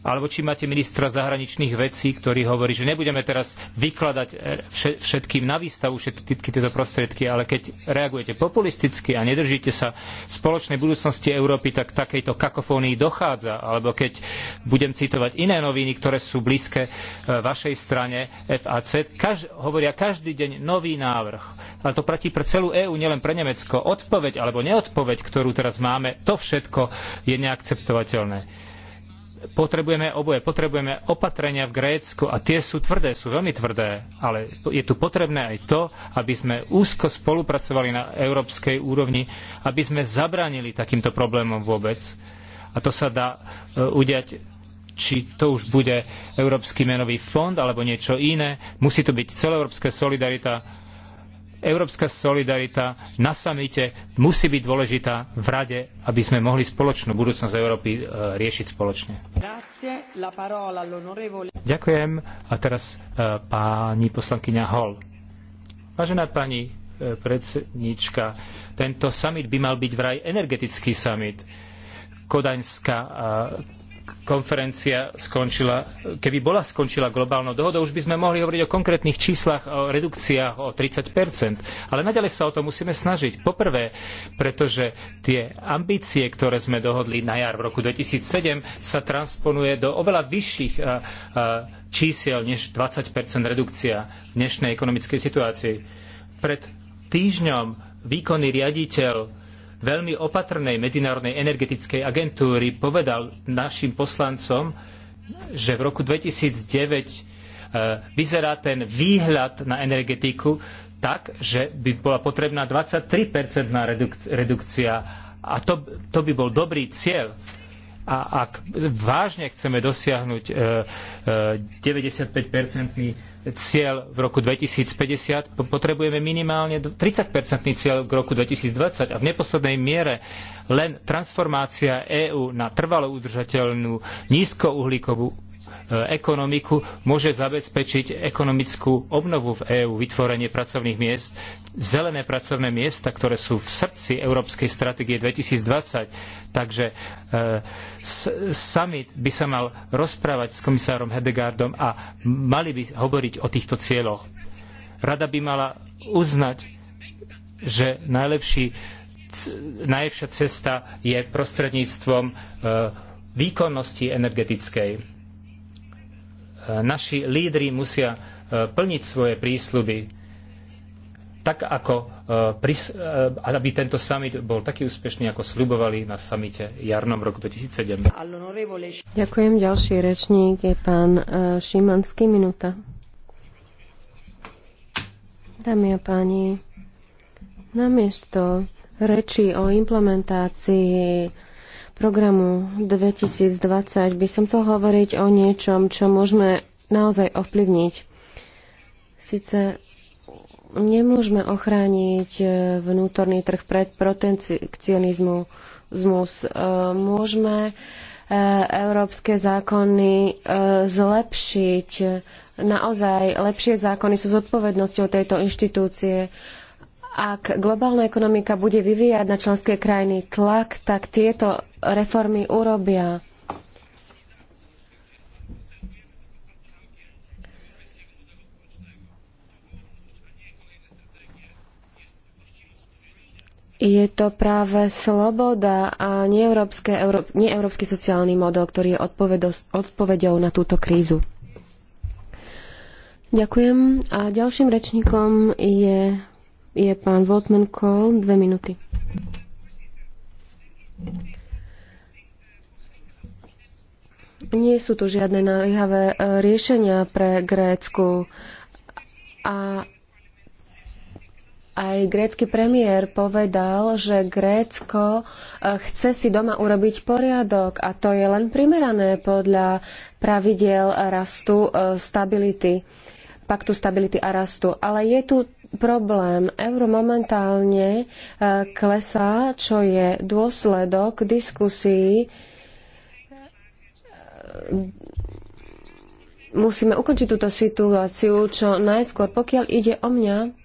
alebo či máte ministra zahraničných vecí, ktorý hovorí, že nebudeme teraz vykladať eh, všetkým na výstavu všetky tieto prostriedky, ale keď reagujete populisticky a nedržíte sa spoločnej budúcnosti Európy, tak takejto kakofónii dochádza. Alebo keď budem citovať iné noviny, ktoré sú blízke eh, vašej strane FAC, kaž, hovoria každý deň nový návrh. Ale to platí pre celú EÚ, nielen pre Nemecko. Odpoveď alebo neodpoveď, ktorú teraz máme, to všetko je neakceptovateľné potrebujeme oboje. Potrebujeme opatrenia v Grécku a tie sú tvrdé, sú veľmi tvrdé, ale je tu potrebné aj to, aby sme úzko spolupracovali na európskej úrovni, aby sme zabránili takýmto problémom vôbec. A to sa dá e, udiať či to už bude Európsky menový fond alebo niečo iné. Musí to byť celoeurópska solidarita Európska solidarita na samite musí byť dôležitá v Rade, aby sme mohli spoločnú budúcnosť Európy e, riešiť spoločne. Ďakujem. A teraz e, pani poslankyňa Hall. Vážená pani e, predsedníčka, tento summit by mal byť vraj energetický summit. Kodaňská konferencia skončila, keby bola skončila globálnou dohodou, už by sme mohli hovoriť o konkrétnych číslach, o redukciách o 30 Ale naďalej sa o to musíme snažiť. Poprvé, pretože tie ambície, ktoré sme dohodli na jar v roku 2007, sa transponuje do oveľa vyšších čísiel než 20 redukcia v dnešnej ekonomickej situácii. Pred týždňom výkonný riaditeľ veľmi opatrnej Medzinárodnej energetickej agentúry povedal našim poslancom, že v roku 2009 e, vyzerá ten výhľad na energetiku tak, že by bola potrebná 23-percentná redukcia a to, to by bol dobrý cieľ. A ak vážne chceme dosiahnuť 95-percentný e, e, cieľ v roku 2050, potrebujeme minimálne 30-percentný cieľ v roku 2020 a v neposlednej miere len transformácia EÚ na trvalo udržateľnú nízkouhlíkovú E, ekonomiku, môže zabezpečiť ekonomickú obnovu v EÚ, vytvorenie pracovných miest, zelené pracovné miesta, ktoré sú v srdci Európskej stratégie 2020. Takže e, summit by sa mal rozprávať s komisárom Hedegardom a mali by hovoriť o týchto cieľoch. Rada by mala uznať, že najlepší najlepšia cesta je prostredníctvom e, výkonnosti energetickej naši lídri musia e, plniť svoje prísľuby, tak ako e, e, aby tento summit bol taký úspešný, ako sľubovali na samite jarnom roku 2007. Ďakujem. Ďalší rečník je pán Šimanský. Minúta. Dámy a páni, namiesto reči o implementácii programu 2020 by som chcel hovoriť o niečom, čo môžeme naozaj ovplyvniť. Sice nemôžeme ochrániť e, vnútorný trh pred protekcionizmus. E, môžeme e, európske zákony zlepšiť. Naozaj lepšie zákony sú zodpovednosťou tejto inštitúcie. Ak globálna ekonomika bude vyvíjať na členské krajiny tlak, tak tieto reformy urobia. Je to práve sloboda a neeurópsky sociálny model, ktorý je odpovedou na túto krízu. Ďakujem. A ďalším rečníkom je je pán Votman Kohl, dve minúty. Nie sú tu žiadne naliehavé e, riešenia pre Grécku a aj grécky premiér povedal, že Grécko e, chce si doma urobiť poriadok a to je len primerané podľa pravidiel rastu e, stability paktu stability a rastu. Ale je tu problém. Euro momentálne e, klesá, čo je dôsledok diskusí. Musíme ukončiť túto situáciu čo najskôr. Pokiaľ ide o mňa,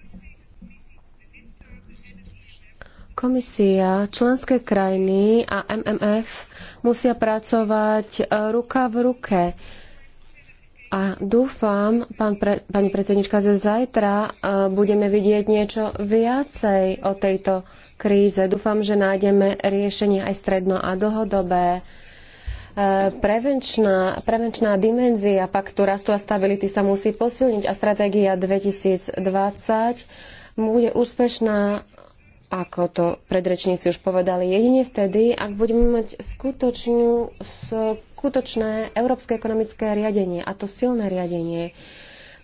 komisia, členské krajiny a MMF musia pracovať e, ruka v ruke a dúfam, pán pre, pani predsednička, že zajtra e, budeme vidieť niečo viacej o tejto kríze. Dúfam, že nájdeme riešenie aj stredno a dlhodobé. E, prevenčná, prevenčná dimenzia paktu rastu a stability sa musí posilniť a stratégia 2020 bude úspešná ako to predrečníci už povedali, jedine vtedy, ak budeme mať skutočnú, skutočné európske ekonomické riadenie, a to silné riadenie.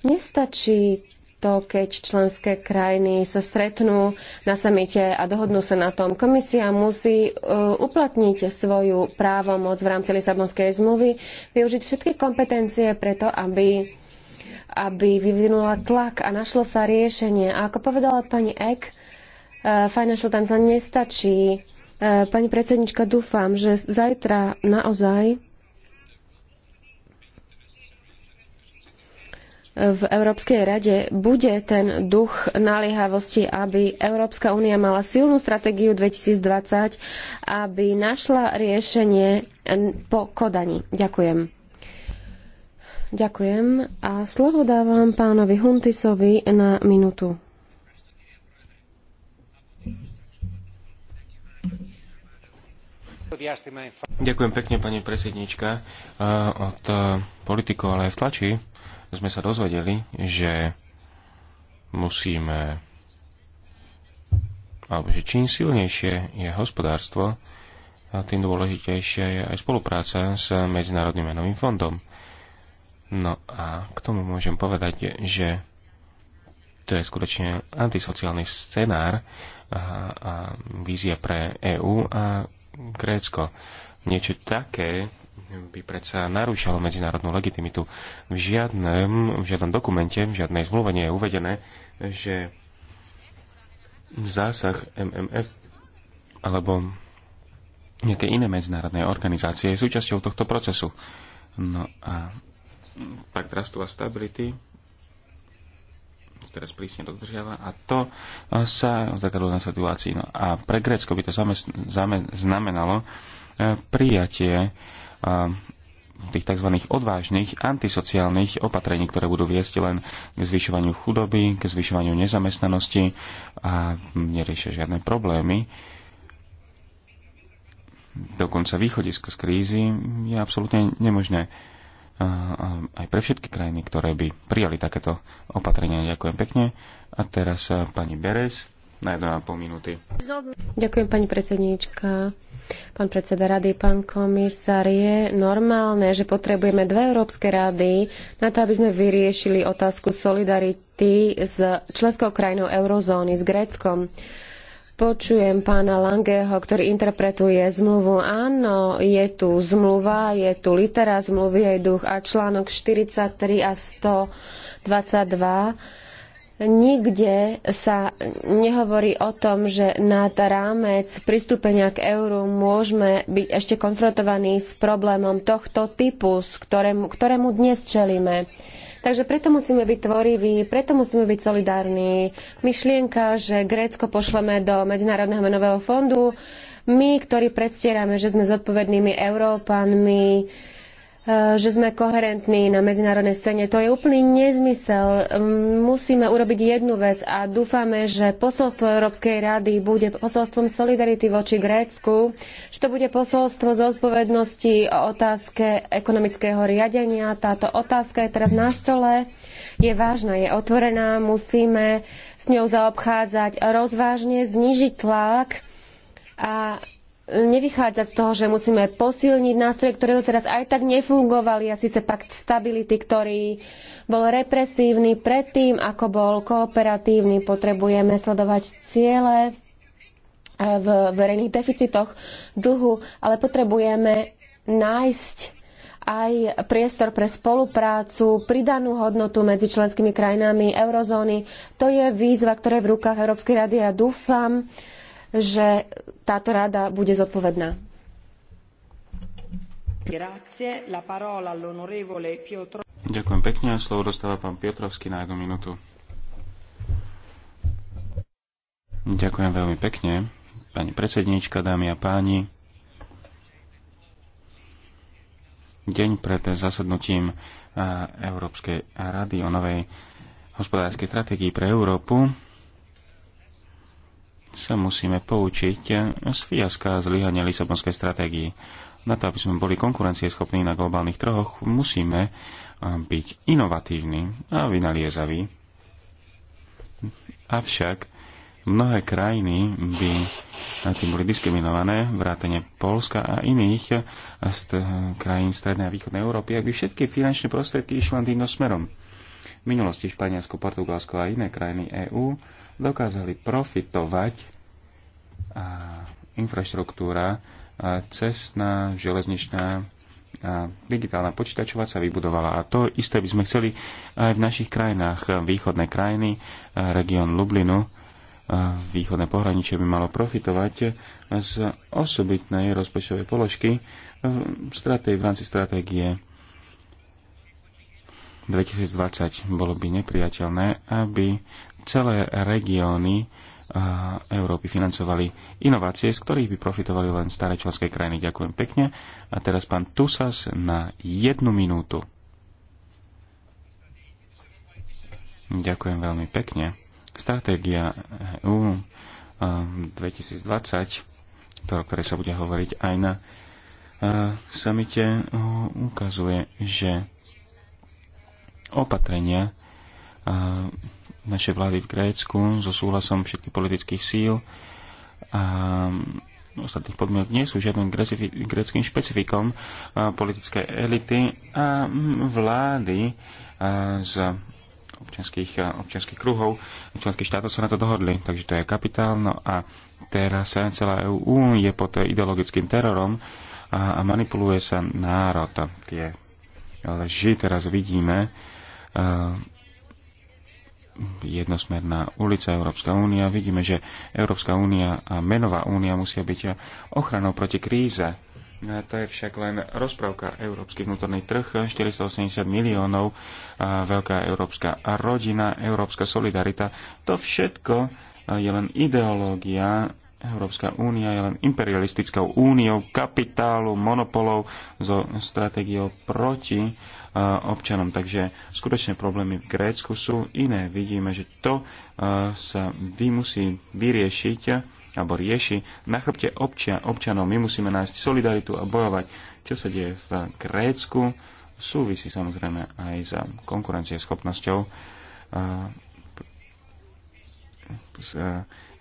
Nestačí to, keď členské krajiny sa stretnú na samite a dohodnú sa na tom. Komisia musí uh, uplatniť svoju právomoc v rámci Lisabonskej zmluvy, využiť všetky kompetencie preto, aby aby vyvinula tlak a našlo sa riešenie. A ako povedala pani Ek, Eh, financial Times len nestačí. Eh, pani predsednička, dúfam, že zajtra naozaj v Európskej rade bude ten duch naliehavosti, aby Európska únia mala silnú stratégiu 2020, aby našla riešenie po Kodani. Ďakujem. Ďakujem a slovo dávam pánovi Huntisovi na minútu. Ďakujem pekne, pani predsednička. E, od e, politikov, ale aj v tlači sme sa dozvedeli, že musíme alebo že čím silnejšie je hospodárstvo, tým dôležitejšia je aj spolupráca s Medzinárodným menovým fondom. No a k tomu môžem povedať, že to je skutočne antisociálny scenár a, a vízia pre EÚ a Grécko. Niečo také by predsa narúšalo medzinárodnú legitimitu. V žiadnom, v žiadnom dokumente, v žiadnej zmluve nie je uvedené, že zásah MMF alebo nejaké iné medzinárodné organizácie je súčasťou tohto procesu. No a pak rastu a stability teraz prísne dodržiava a to sa zakladlo na situácii. No a pre Grécko by to znamenalo e, prijatie e, tých tzv. odvážnych antisociálnych opatrení, ktoré budú viesť len k zvyšovaniu chudoby, k zvyšovaniu nezamestnanosti a neriešia žiadne problémy. Dokonca východisko z krízy je absolútne nemožné aj pre všetky krajiny, ktoré by prijali takéto opatrenia. Ďakujem pekne. A teraz pani Beres na 1,5 minúty. Ďakujem pani predsedníčka. Pán predseda rady, pán komisár, je normálne, že potrebujeme dve európske rady na to, aby sme vyriešili otázku solidarity s členskou krajinou eurozóny, s Gréckom. Počujem pána Langeho, ktorý interpretuje zmluvu. Áno, je tu zmluva, je tu litera zmluvy, jej duch a článok 43 a 122 Nikde sa nehovorí o tom, že nad rámec pristúpenia k euru môžeme byť ešte konfrontovaní s problémom tohto typu, ktorému, ktorému dnes čelíme. Takže preto musíme byť tvoriví, preto musíme byť solidárni. Myšlienka, že Grécko pošleme do Medzinárodného menového fondu, my, ktorí predstierame, že sme zodpovednými Európanmi, Eh, že sme koherentní na medzinárodnej scéne. To je úplný nezmysel. Mm, musíme urobiť jednu vec a dúfame, že posolstvo Európskej rady bude posolstvom solidarity voči Grécku, že to bude posolstvo zodpovednosti o otázke ekonomického riadenia. Táto otázka je teraz na stole, je vážna, je otvorená, musíme s ňou zaobchádzať rozvážne, znížiť tlak a nevychádzať z toho, že musíme posilniť nástroje, ktoré doteraz aj tak nefungovali, a síce pakt stability, ktorý bol represívny predtým, ako bol kooperatívny. Potrebujeme sledovať ciele e, v verejných deficitoch dlhu, ale potrebujeme nájsť aj priestor pre spoluprácu, pridanú hodnotu medzi členskými krajinami eurozóny. To je výzva, ktorá je v rukách Európskej rady a ja dúfam, že táto rada bude zodpovedná. Ďakujem pekne a slovo dostáva pán Piotrovský na jednu minútu. Ďakujem veľmi pekne, pani predsedníčka, dámy a páni. Deň pred zasadnutím Európskej rady o novej hospodárskej stratégii pre Európu sa musíme poučiť z fiaska a zlyhania Lisabonskej stratégii. Na to, aby sme boli konkurencieschopní na globálnych trhoch, musíme eh, byť inovatívni a vynaliezaví. Avšak mnohé krajiny by tým boli diskriminované, vrátane Polska a iných eh, krajín Strednej a Východnej Európy, ak by všetky finančné prostriedky išli len týmto smerom. V minulosti Španielsko, Portugalsko a iné krajiny EÚ dokázali profitovať a infraštruktúra a cestná, železničná a digitálna počítačová sa vybudovala. A to isté by sme chceli aj v našich krajinách. Východné krajiny, región Lublinu, východné pohraničie by malo profitovať z osobitnej rozpočtovej položky v, v rámci stratégie 2020. Bolo by nepriateľné, aby celé regióny Európy financovali inovácie, z ktorých by profitovali len staré členské krajiny. Ďakujem pekne. A teraz pán Tusas na jednu minútu. Ďakujem veľmi pekne. Stratégia EU 2020, to, o ktorej sa bude hovoriť aj na samite, ukazuje, že opatrenia našej vlády v Grécku so súhlasom všetkých politických síl a ostatných podmienok nie sú žiadnym greckým špecifikom politické elity a vlády z občanských, občanských kruhov, občanských štátov sa na to dohodli. Takže to je kapitál. No a teraz celá EU je pod ideologickým terorom a, a manipuluje sa národ. Tie lži teraz vidíme Eh, jednosmerná ulica Európska únia. Vidíme, že Európska únia a menová únia musia byť ochranou proti kríze. A to je však len rozprávka Európsky vnútorný trh, 480 miliónov, a veľká európska rodina, európska solidarita. To všetko eh, je len ideológia. Európska únia je len imperialistickou úniou kapitálu, monopolov so stratégiou proti občanom. Takže skutočné problémy v Grécku sú iné. Vidíme, že to sa vy musí vyriešiť alebo rieši na chrbte občia, občanov. My musíme nájsť solidaritu a bojovať. Čo sa deje v Grécku, súvisí samozrejme aj s konkurencieschopnosťou s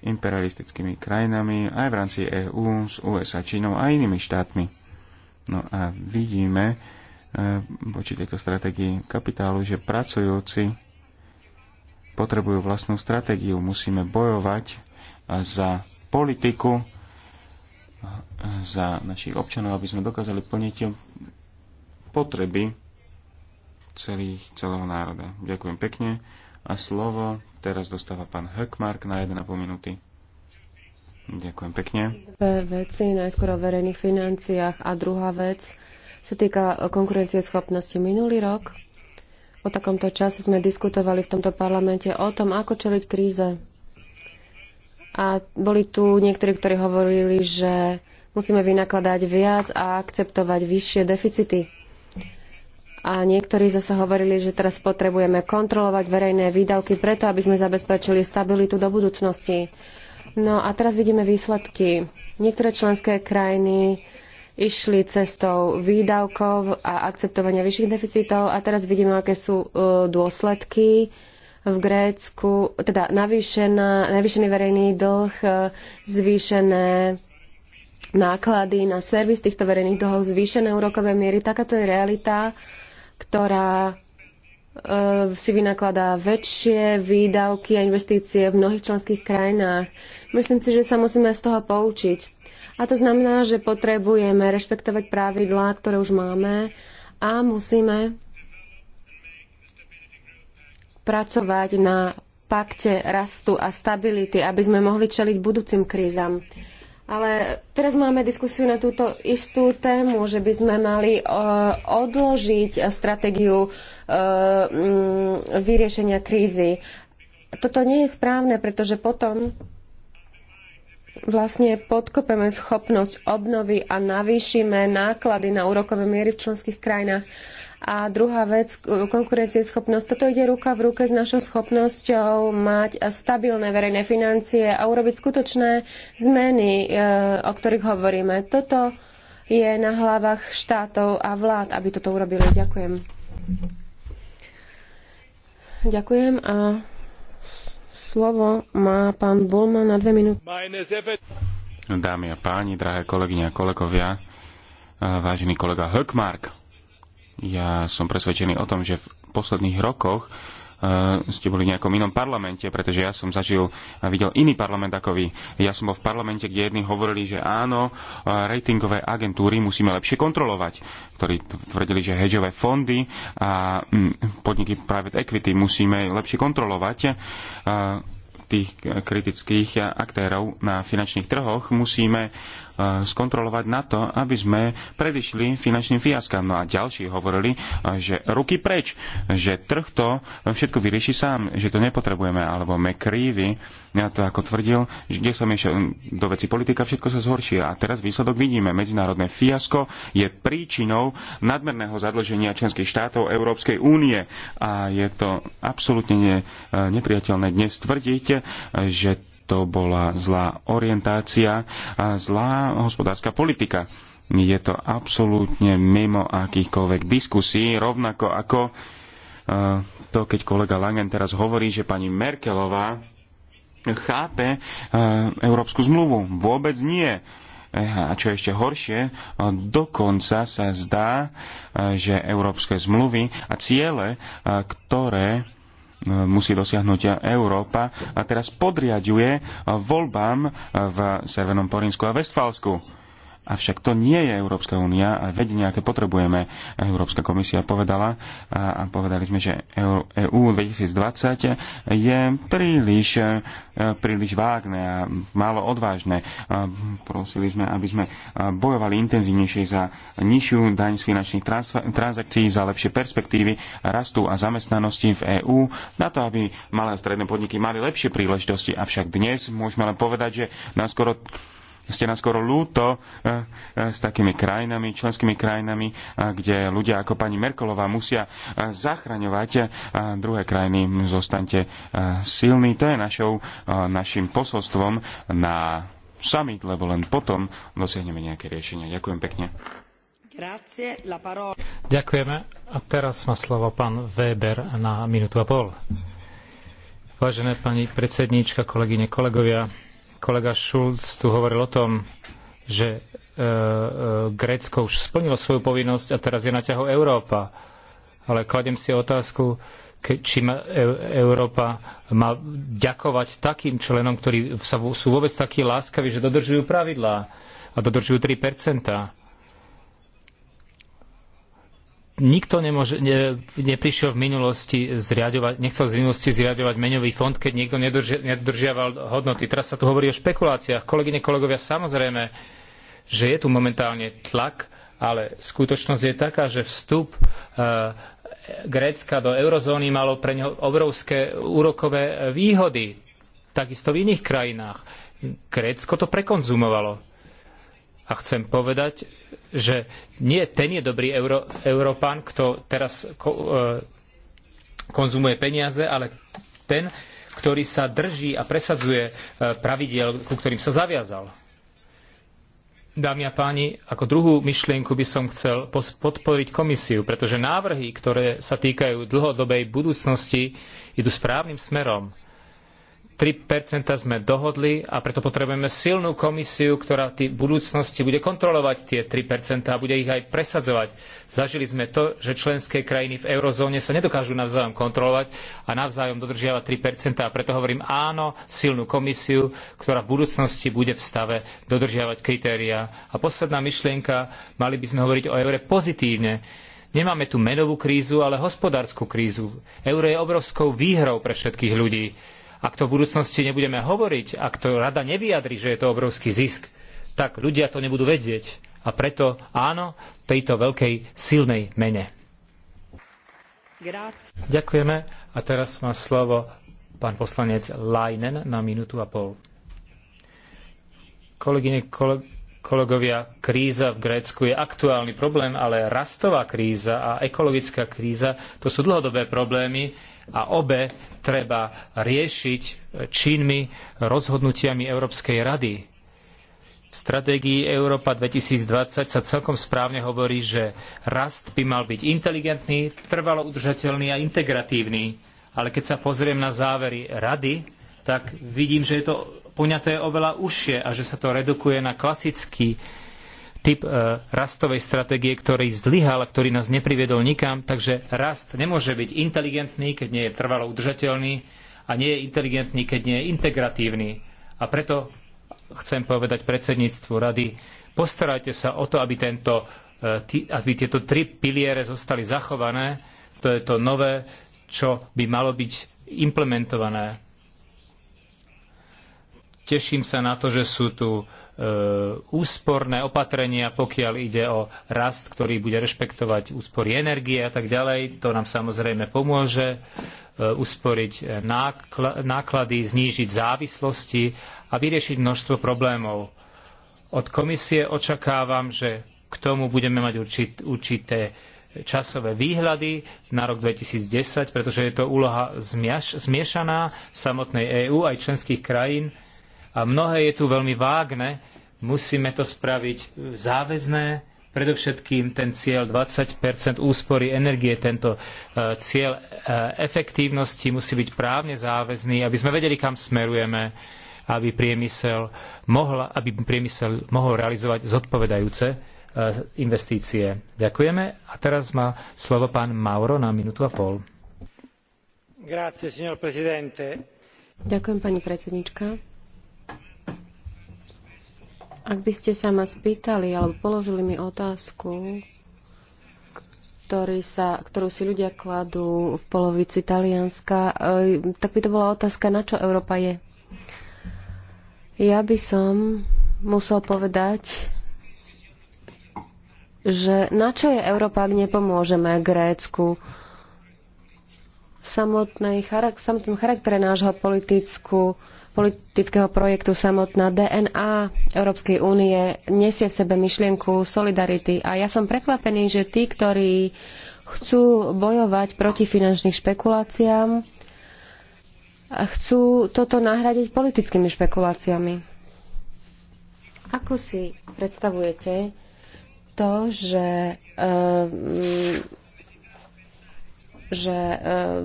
imperialistickými krajinami aj v rámci EÚ, s USA, Čínou a inými štátmi. No a vidíme, E, voči tejto stratégii kapitálu, že pracujúci potrebujú vlastnú stratégiu. Musíme bojovať za politiku, za našich občanov, aby sme dokázali plniť potreby celých, celého národa. Ďakujem pekne. A slovo teraz dostáva pán Hökmark na 1,5 minúty. Ďakujem pekne. Dve veci, najskôr o verejných financiách a druhá vec sa týka eh, konkurencie schopnosti minulý rok. O takomto čase sme diskutovali v tomto parlamente o tom, ako čeliť kríze. A boli tu niektorí, ktorí hovorili, že musíme vynakladať viac a akceptovať vyššie deficity. A niektorí zase hovorili, že teraz potrebujeme kontrolovať verejné výdavky preto, aby sme zabezpečili stabilitu do budúcnosti. No a teraz vidíme výsledky. Niektoré členské krajiny išli cestou výdavkov a akceptovania vyšších deficitov a teraz vidíme, aké sú e, dôsledky v Grécku, teda navýšená, navýšený verejný dlh, e, zvýšené náklady na servis týchto verejných dlhov, zvýšené úrokové miery. Takáto je realita, ktorá e, si vynakladá väčšie výdavky a investície v mnohých členských krajinách. Myslím si, že sa musíme z toho poučiť a to znamená, že potrebujeme rešpektovať pravidlá, ktoré už máme a musíme pracovať na pakte rastu a stability, aby sme mohli čeliť budúcim krízam. Ale teraz máme diskusiu na túto istú tému, že by sme mali e, odložiť stratégiu e, vyriešenia krízy. Toto nie je správne, pretože potom vlastne podkopeme schopnosť obnovy a navýšime náklady na úrokové miery v členských krajinách. A druhá vec, konkurencieschopnosť. Toto ide ruka v ruke s našou schopnosťou mať stabilné verejné financie a urobiť skutočné zmeny, e, o ktorých hovoríme. Toto je na hlavách štátov a vlád, aby toto urobili. Ďakujem. Ďakujem a Slovo má pán Bulman na dve minúty. Dámy a páni, drahé kolegyne a kolegovia, eh, vážený kolega Hökmark, ja som presvedčený o tom, že v posledných rokoch Eh, ste boli v nejakom inom parlamente, pretože ja som zažil a videl iný parlament ako vy. Ja som bol v parlamente, kde jedni hovorili, že áno, eh, ratingové agentúry musíme lepšie kontrolovať, ktorí tvrdili, že hedžové fondy a hm, podniky private equity musíme lepšie kontrolovať eh, tých kritických aktérov na finančných trhoch musíme skontrolovať na to, aby sme predišli finančným fiaskám. No a ďalší hovorili, že ruky preč, že trh to všetko vyrieši sám, že to nepotrebujeme, alebo McCreevy, ja to ako tvrdil, že kde sa mieša do veci politika, všetko sa zhorší. A teraz výsledok vidíme. Medzinárodné fiasko je príčinou nadmerného zadlženia členských štátov Európskej únie. A je to absolútne e, nepriateľné dnes tvrdiť, e, že to bola zlá orientácia a zlá hospodárska politika. Je to absolútne mimo akýchkoľvek diskusí, rovnako ako e, to, keď kolega Langen teraz hovorí, že pani Merkelová chápe e, Európsku zmluvu. Vôbec nie. E, a čo ešte horšie, dokonca sa zdá, že európske zmluvy a ciele, ktoré musí dosiahnuť Európa a teraz podriaduje voľbám v Severnom Porinsku a Vestfálsku Avšak to nie je Európska únia a veď nejaké potrebujeme. Európska komisia povedala a, a povedali sme, že EU 2020 e je príliš, e, príliš vágne a málo odvážne. Prosili sme, aby sme e, bojovali intenzívnejšie za nižšiu daň z finančných transakcií, za lepšie perspektívy rastu a zamestnanosti v EÚ, na to, aby malé a stredné podniky mali lepšie príležitosti. Avšak dnes môžeme len povedať, že nás skoro ste nám skoro lúto e, e, s takými krajinami, členskými krajinami, e, kde ľudia ako pani Merkelová musia zachraňovať druhé krajiny. Zostaňte silní. To je našou, našim posolstvom na summit, lebo len potom dosiahneme nejaké riešenie. Ďakujem pekne. Ďakujeme. A teraz má slovo pán Weber na minútu a pol. Vážené pani predsedníčka, kolegyne, kolegovia, Kolega Schulz tu hovoril o tom, že e, e, Grécko už splnilo svoju povinnosť a teraz je na ťahu Európa. Ale kladem si otázku, či má e, Európa má ďakovať takým členom, ktorí sú vôbec takí láskaví, že dodržujú pravidlá a dodržujú 3 nikto nemôže, ne, neprišiel v minulosti zriadovať, nechcel z minulosti zriadovať menový fond, keď niekto nedrži, nedržiaval hodnoty. Teraz sa tu hovorí o špekuláciách. Kolegyne, kolegovia, samozrejme, že je tu momentálne tlak, ale skutočnosť je taká, že vstup uh, Grécka do eurozóny malo pre ňo obrovské úrokové výhody. Takisto v iných krajinách. Grécko to prekonzumovalo. A chcem povedať, že nie ten je dobrý Euro, Európan, kto teraz ko, e, konzumuje peniaze, ale ten, ktorý sa drží a presadzuje e, pravidiel, ku ktorým sa zaviazal. Dámy a páni, ako druhú myšlienku by som chcel podporiť komisiu, pretože návrhy, ktoré sa týkajú dlhodobej budúcnosti, idú správnym smerom. 3% sme dohodli a preto potrebujeme silnú komisiu, ktorá v budúcnosti bude kontrolovať tie 3% a bude ich aj presadzovať. Zažili sme to, že členské krajiny v eurozóne sa nedokážu navzájom kontrolovať a navzájom dodržiavať 3% a preto hovorím áno, silnú komisiu, ktorá v budúcnosti bude v stave dodržiavať kritériá. A posledná myšlienka, mali by sme hovoriť o eure pozitívne. Nemáme tu menovú krízu, ale hospodársku krízu. Euro je obrovskou výhrou pre všetkých ľudí ak to v budúcnosti nebudeme hovoriť, ak to rada nevyjadri, že je to obrovský zisk, tak ľudia to nebudú vedieť. A preto áno, tejto veľkej silnej mene. Grazie. Ďakujeme. A teraz má slovo pán poslanec Leinen na minútu a pol. Kolegyne, kolegovia, kríza v Grécku je aktuálny problém, ale rastová kríza a ekologická kríza to sú dlhodobé problémy a obe treba riešiť činmi, rozhodnutiami Európskej rady. V stratégii Európa 2020 sa celkom správne hovorí, že rast by mal byť inteligentný, trvalo udržateľný a integratívny. Ale keď sa pozriem na závery rady, tak vidím, že je to poňaté oveľa užšie a že sa to redukuje na klasický typ e, rastovej stratégie, ktorý zlyhal a ktorý nás nepriviedol nikam. Takže rast nemôže byť inteligentný, keď nie je trvalo udržateľný a nie je inteligentný, keď nie je integratívny. A preto chcem povedať predsedníctvu rady, postarajte sa o to, aby, tento, e, aby tieto tri piliere zostali zachované. To je to nové, čo by malo byť implementované. Teším sa na to, že sú tu E, úsporné opatrenia, pokiaľ ide o rast, ktorý bude rešpektovať úspory energie a tak ďalej. To nám samozrejme pomôže e, usporiť náklady, znížiť závislosti a vyriešiť množstvo problémov. Od komisie očakávam, že k tomu budeme mať určit, určité časové výhľady na rok 2010, pretože je to úloha zmiaš, zmiešaná samotnej EÚ aj členských krajín a mnohé je tu veľmi vágne. Musíme to spraviť e, záväzné, predovšetkým ten cieľ 20 úspory energie, tento e, cieľ e, efektívnosti musí byť právne záväzný, aby sme vedeli, kam smerujeme, aby priemysel mohol, aby priemysel mohol realizovať zodpovedajúce investície. Ďakujeme. A teraz má slovo pán Mauro na minútu a pol. Grazie, Ďakujem, pani predsednička. Ak by ste sa ma spýtali alebo položili mi otázku, ktorý sa, ktorú si ľudia kladú v polovici Talianska, e, tak by to bola otázka, na čo Európa je. Ja by som musel povedať, že na čo je Európa, ak nepomôžeme Grécku, v samotnej, samotnom charaktere nášho politickú politického projektu samotná DNA Európskej únie nesie v sebe myšlienku solidarity. A ja som prekvapený, že tí, ktorí chcú bojovať proti finančným špekuláciám, chcú toto nahradiť politickými špekuláciami. Ako si predstavujete to, že ehm, že e,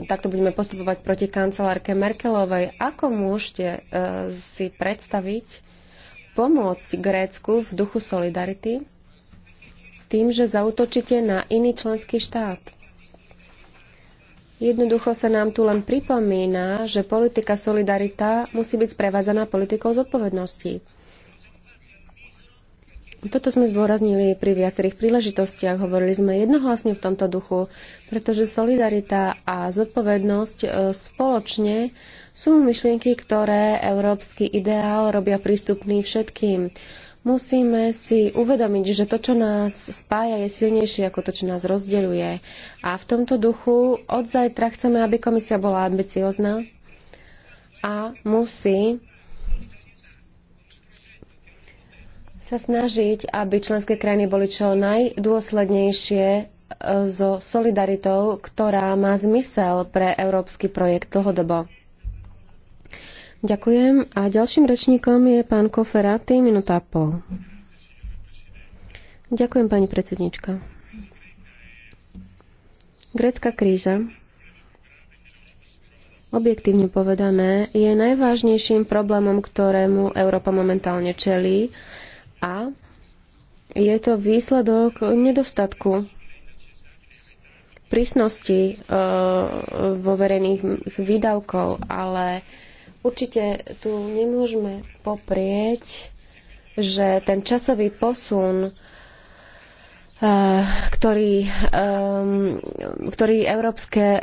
takto budeme postupovať proti kancelárke Merkelovej. Ako môžete e, si predstaviť pomôcť Grécku v duchu solidarity tým, že zautočíte na iný členský štát? Jednoducho sa nám tu len pripomína, že politika solidarita musí byť sprevádzaná politikou zodpovednosti. Toto sme zdôraznili pri viacerých príležitostiach, hovorili sme jednohlasne v tomto duchu, pretože solidarita a zodpovednosť e, spoločne sú myšlienky, ktoré európsky ideál robia prístupný všetkým. Musíme si uvedomiť, že to, čo nás spája, je silnejšie ako to, čo nás rozdeľuje. A v tomto duchu od zajtra chceme, aby komisia bola ambiciozná a musí sa snažiť, aby členské krajiny boli čo najdôslednejšie e, so solidaritou, ktorá má zmysel pre európsky projekt dlhodobo. Ďakujem. A ďalším rečníkom je pán Koferáty, minúta a pol. Ďakujem, pani predsednička. Grécka kríza, objektívne povedané, je najvážnejším problémom, ktorému Európa momentálne čelí a je to výsledok nedostatku prísnosti e, vo verejných výdavkov, ale určite tu nemôžeme poprieť, že ten časový posun Eh, ktorý, ktorý európske eh,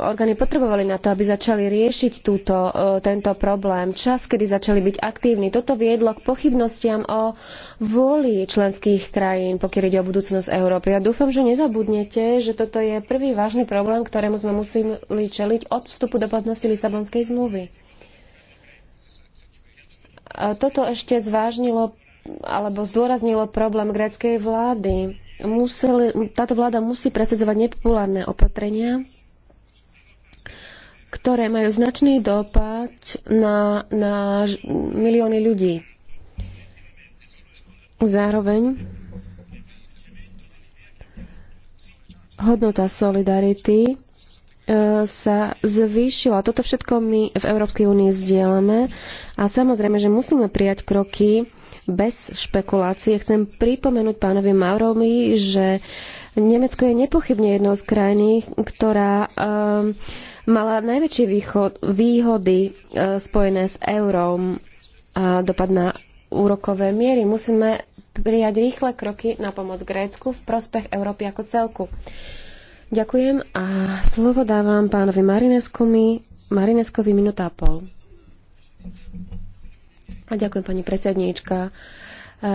orgány potrebovali na to, aby začali riešiť túto, eh, tento problém. Čas, kedy začali byť aktívni, toto viedlo k pochybnostiam o vôli členských krajín, pokiaľ ide o budúcnosť Európy. Ja dúfam, že nezabudnete, že toto je prvý vážny problém, ktorému sme museli čeliť od vstupu do platnosti Lisabonskej zmluvy. Toto ešte zvážnilo alebo zdôraznilo problém gréckej vlády. Museli, táto vláda musí presadzovať nepopulárne opatrenia, ktoré majú značný dopad na, na milióny ľudí. Zároveň hodnota solidarity e, sa zvýšila. Toto všetko my v Európskej únii zdieľame a samozrejme, že musíme prijať kroky, bez špekulácie. Chcem pripomenúť pánovi Maurovi, že Nemecko je nepochybne jednou z krajín, ktorá um, mala najväčšie východ, výhody uh, spojené s eurom a dopad na úrokové miery. Musíme prijať rýchle kroky na pomoc Grécku v prospech Európy ako celku. Ďakujem a slovo dávam pánovi Marineskovi, Marineskovi minúta a pol. Ďakujem, pani predsedníčka. E,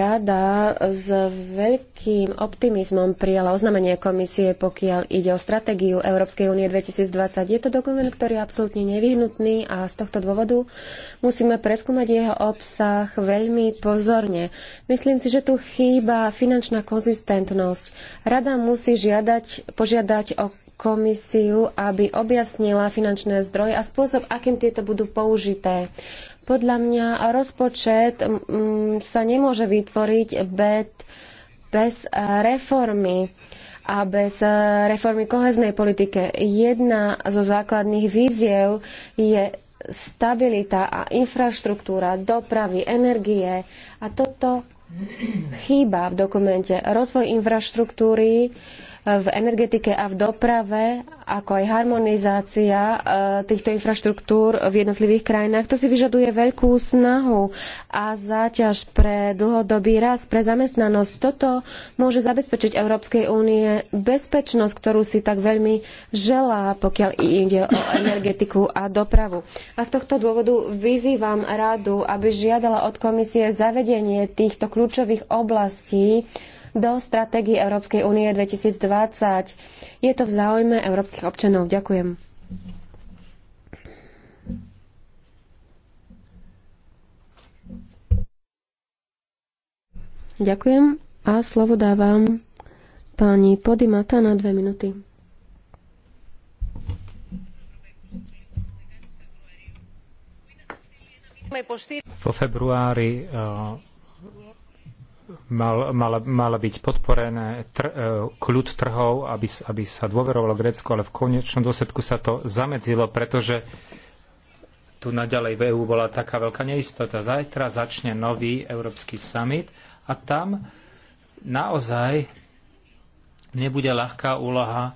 rada s veľkým optimizmom prijala oznámenie komisie, pokiaľ ide o stratégiu Európskej únie 2020. Je to dokument, ktorý je absolútne nevyhnutný a z tohto dôvodu musíme preskúmať jeho obsah veľmi pozorne. Myslím si, že tu chýba finančná konzistentnosť. Rada musí žiadať, požiadať o komisiu, aby objasnila finančné zdroje a spôsob, akým tieto budú použité. Podľa mňa rozpočet mm, sa nemôže vytvoriť bez reformy a bez reformy koheznej politike. Jedna zo základných víziev je stabilita a infraštruktúra dopravy, energie a toto chýba v dokumente. Rozvoj infraštruktúry v energetike a v doprave, ako aj harmonizácia e, týchto infraštruktúr v jednotlivých krajinách. To si vyžaduje veľkú snahu a záťaž pre dlhodobý rast, pre zamestnanosť. Toto môže zabezpečiť Európskej únie bezpečnosť, ktorú si tak veľmi želá, pokiaľ ide o energetiku a dopravu. A z tohto dôvodu vyzývam radu, aby žiadala od komisie zavedenie týchto kľúčových oblastí, do stratégie Európskej únie 2020. Je to v záujme európskych občanov. Ďakujem. Ďakujem a slovo dávam pani Podimata na dve minúty. Po februári eh, mal, mala, byť podporené tr, e, kľud trhov, aby, aby sa dôverovalo Grécku, ale v konečnom dôsledku sa to zamedzilo, pretože tu naďalej v EÚ bola taká veľká neistota. Zajtra začne nový Európsky summit a tam naozaj nebude ľahká úloha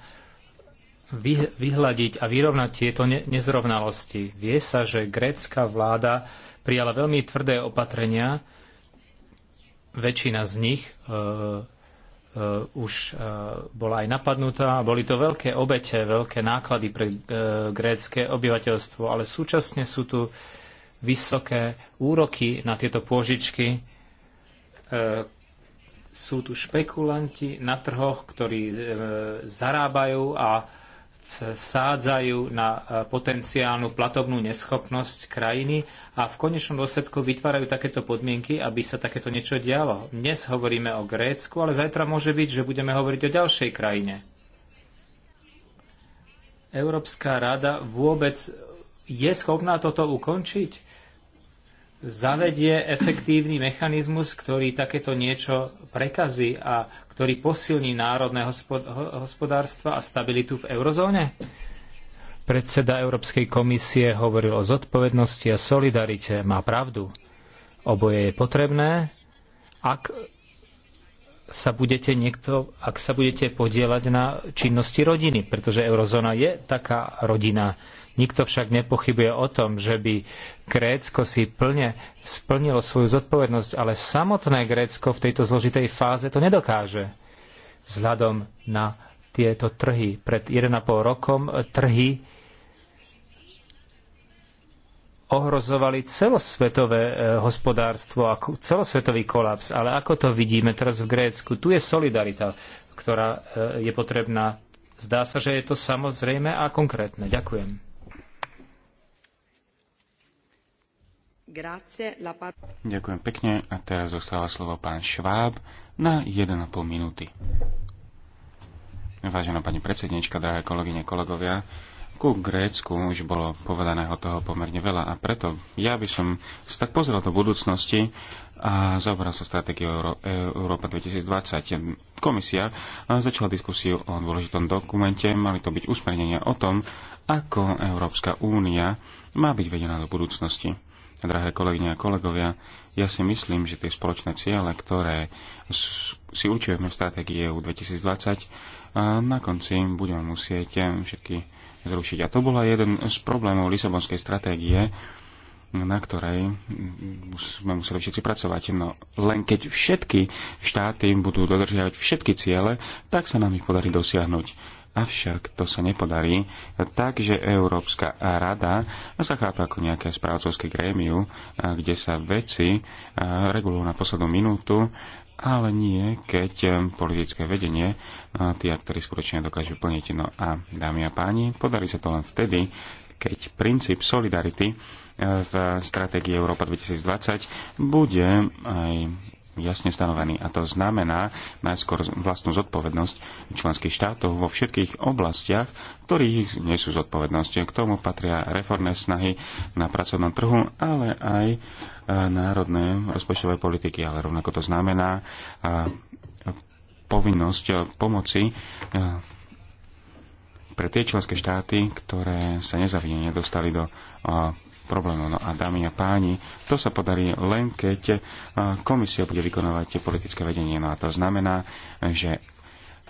vyhľadiť a vyrovnať tieto nezrovnalosti. Vie sa, že grécka vláda prijala veľmi tvrdé opatrenia, väčšina z nich e, e, už e, bola aj napadnutá. Boli to veľké obete, veľké náklady pre grécké obyvateľstvo, ale súčasne sú tu vysoké úroky na tieto pôžičky. Sú tu špekulanti na trhoch, ktorí zarábajú a sádzajú na e, potenciálnu platobnú neschopnosť krajiny a v konečnom dôsledku vytvárajú takéto podmienky, aby sa takéto niečo dialo. Dnes hovoríme o Grécku, ale zajtra môže byť, že budeme hovoriť o ďalšej krajine. Európska rada vôbec je schopná toto ukončiť? Zavedie efektívny mechanizmus, ktorý takéto niečo prekazí a ktorý posilní národné hospodárstva a stabilitu v eurozóne? Predseda Európskej komisie hovoril o zodpovednosti a solidarite. Má pravdu. Oboje je potrebné, ak sa budete niekto, ak sa budete podielať na činnosti rodiny, pretože eurozóna je taká rodina Nikto však nepochybuje o tom, že by Grécko si plne splnilo svoju zodpovednosť, ale samotné Grécko v tejto zložitej fáze to nedokáže. Vzhľadom na tieto trhy. Pred 1,5 rokom trhy ohrozovali celosvetové eh, hospodárstvo a celosvetový kolaps. Ale ako to vidíme teraz v Grécku? Tu je solidarita, ktorá eh, je potrebná. Zdá sa, že je to samozrejme a konkrétne. Ďakujem. Ďakujem pekne a teraz zostáva slovo pán Šváb na 1,5 minúty. Vážená pani predsednička, drahé kolegyne, kolegovia, ku Grécku už bolo povedaného toho pomerne veľa a preto ja by som sa tak pozrel do budúcnosti a zaoberal sa stratégiou Euró- Európa 2020. Komisia začala diskusiu o dôležitom dokumente, mali to byť usmernenia o tom, ako Európska únia má byť vedená do budúcnosti drahé kolegyne a kolegovia, ja si myslím, že tie spoločné ciele, ktoré si určujeme v stratégii EU 2020, a na konci budeme musieť eh, všetky zrušiť. A to bola jeden z problémov Lisabonskej stratégie, na ktorej sme museli všetci pracovať. No len keď všetky štáty budú dodržiavať všetky ciele, tak sa nám ich podarí dosiahnuť. Avšak to sa nepodarí, takže Európska rada sa chápe ako nejaké správcovské grémiu, kde sa veci regulujú na poslednú minútu, ale nie, keď politické vedenie, tí ktorí skutočne dokážu plniť. No a dámy a páni, podarí sa to len vtedy, keď princíp solidarity v stratégii Európa 2020 bude aj jasne stanovený. A to znamená najskôr vlastnú zodpovednosť členských štátov vo všetkých oblastiach, ktorých nie sú zodpovednosti. K tomu patria reformné snahy na pracovnom trhu, ale aj e, národné rozpočtové politiky. Ale rovnako to znamená e, povinnosť pomoci e, pre tie členské štáty, ktoré sa nezavinenie dostali do problémov. No a dámy a páni, to sa podarí len keď e, komisia bude vykonávať politické vedenie. No a to znamená, že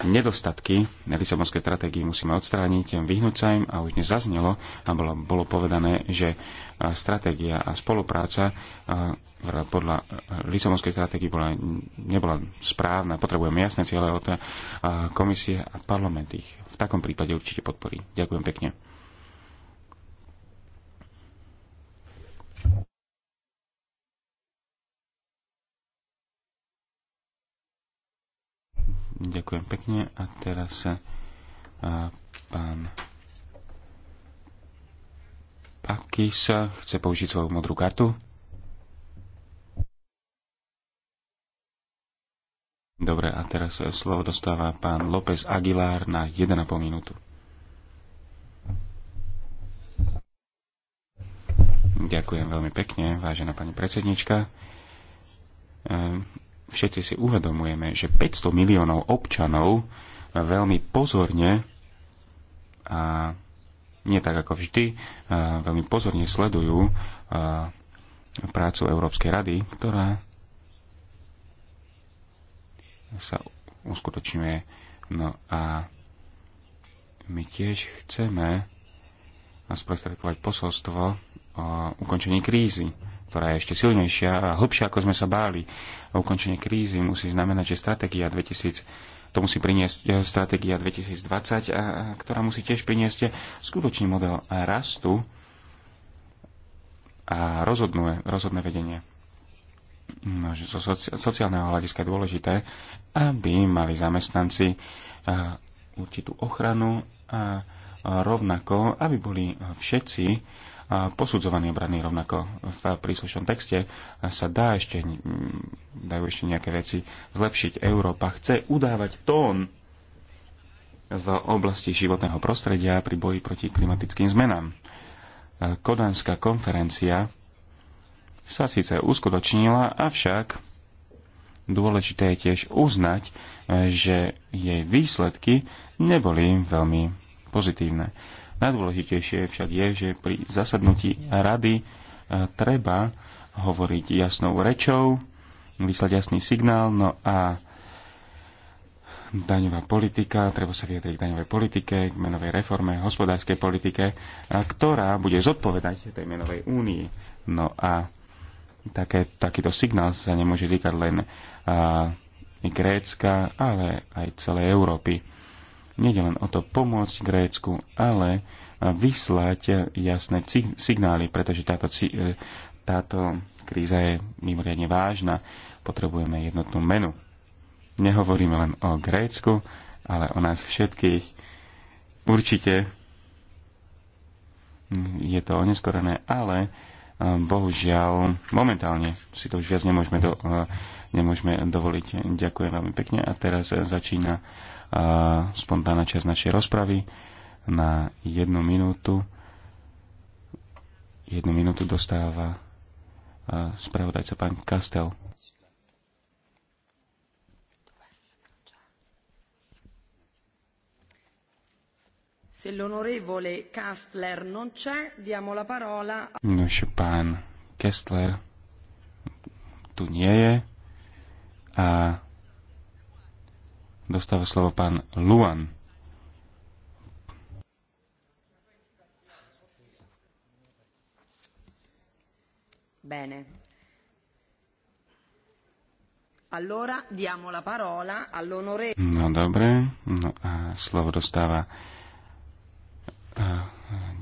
nedostatky Lisabonskej stratégie musíme odstrániť, vyhnúť sa im a už nezaznelo zaznelo a bolo, bolo povedané, že e, stratégia a spolupráca e, podľa Lisabonskej stratégie bola, nebola správna. Potrebujeme jasné ciele od komisie a parlament ich v takom prípade určite podporí. Ďakujem pekne. Ďakujem pekne. A teraz a eh, pán Pakis eh, chce použiť svoju modrú kartu. Dobre, a teraz eh, slovo dostáva pán López Aguilar na 1,5 minútu. Ďakujem veľmi pekne, vážená pani predsednička všetci si uvedomujeme, že 500 miliónov občanov veľmi pozorne a nie tak ako vždy, e, veľmi pozorne sledujú e, prácu Európskej rady, ktorá sa uskutočňuje. No a my tiež chceme sprostredkovať posolstvo o ukončení krízy ktorá je ešte silnejšia a hlbšia, ako sme sa báli. ukončenie krízy musí znamenať, že stratégia 2000, to musí priniesť eh, stratégia 2020, a, ktorá musí tiež priniesť skutočný model rastu a rozhodné, rozhodné vedenie. No, že zo sociálneho hľadiska je dôležité, aby mali zamestnanci a, eh, určitú ochranu a, a rovnako, aby boli všetci posudzovaný obranný rovnako v príslušnom texte sa dá ešte, dajú ešte nejaké veci zlepšiť. Európa chce udávať tón v oblasti životného prostredia pri boji proti klimatickým zmenám. E, Kodanská konferencia sa síce uskutočnila, avšak dôležité je tiež uznať, e, že jej výsledky neboli veľmi pozitívne. Najdôležitejšie však je, že pri zasadnutí rady e, treba hovoriť jasnou rečou, vyslať jasný signál, no a daňová politika, treba sa vyjadriť k daňovej politike, k menovej reforme, hospodárskej politike, ktorá bude zodpovedať tej menovej únii. No a také, takýto signál sa nemôže týkať len a, Grécka, ale aj celej Európy nejde len o to pomôcť Grécku, ale e, vyslať e, jasné signály, pretože táto, e, táto kríza je mimoriadne vážna. Potrebujeme jednotnú menu. Nehovoríme len o Grécku, ale o nás všetkých. Určite je to oneskorené, ale bohužiaľ momentálne si to už viac nemôžeme, do, nemôžeme dovoliť. Ďakujem veľmi pekne a teraz začína spontánna časť našej rozpravy na jednu minútu. Jednu minútu dostáva spravodajca pán Kastel. Se l'onorevole Kastler non c'è, diamo la parola... Nuž pán Kestler tu nie je a dostáva slovo pán Luan. Bene. Allora diamo la parola all'onore... No dobre, no a slovo dostáva a,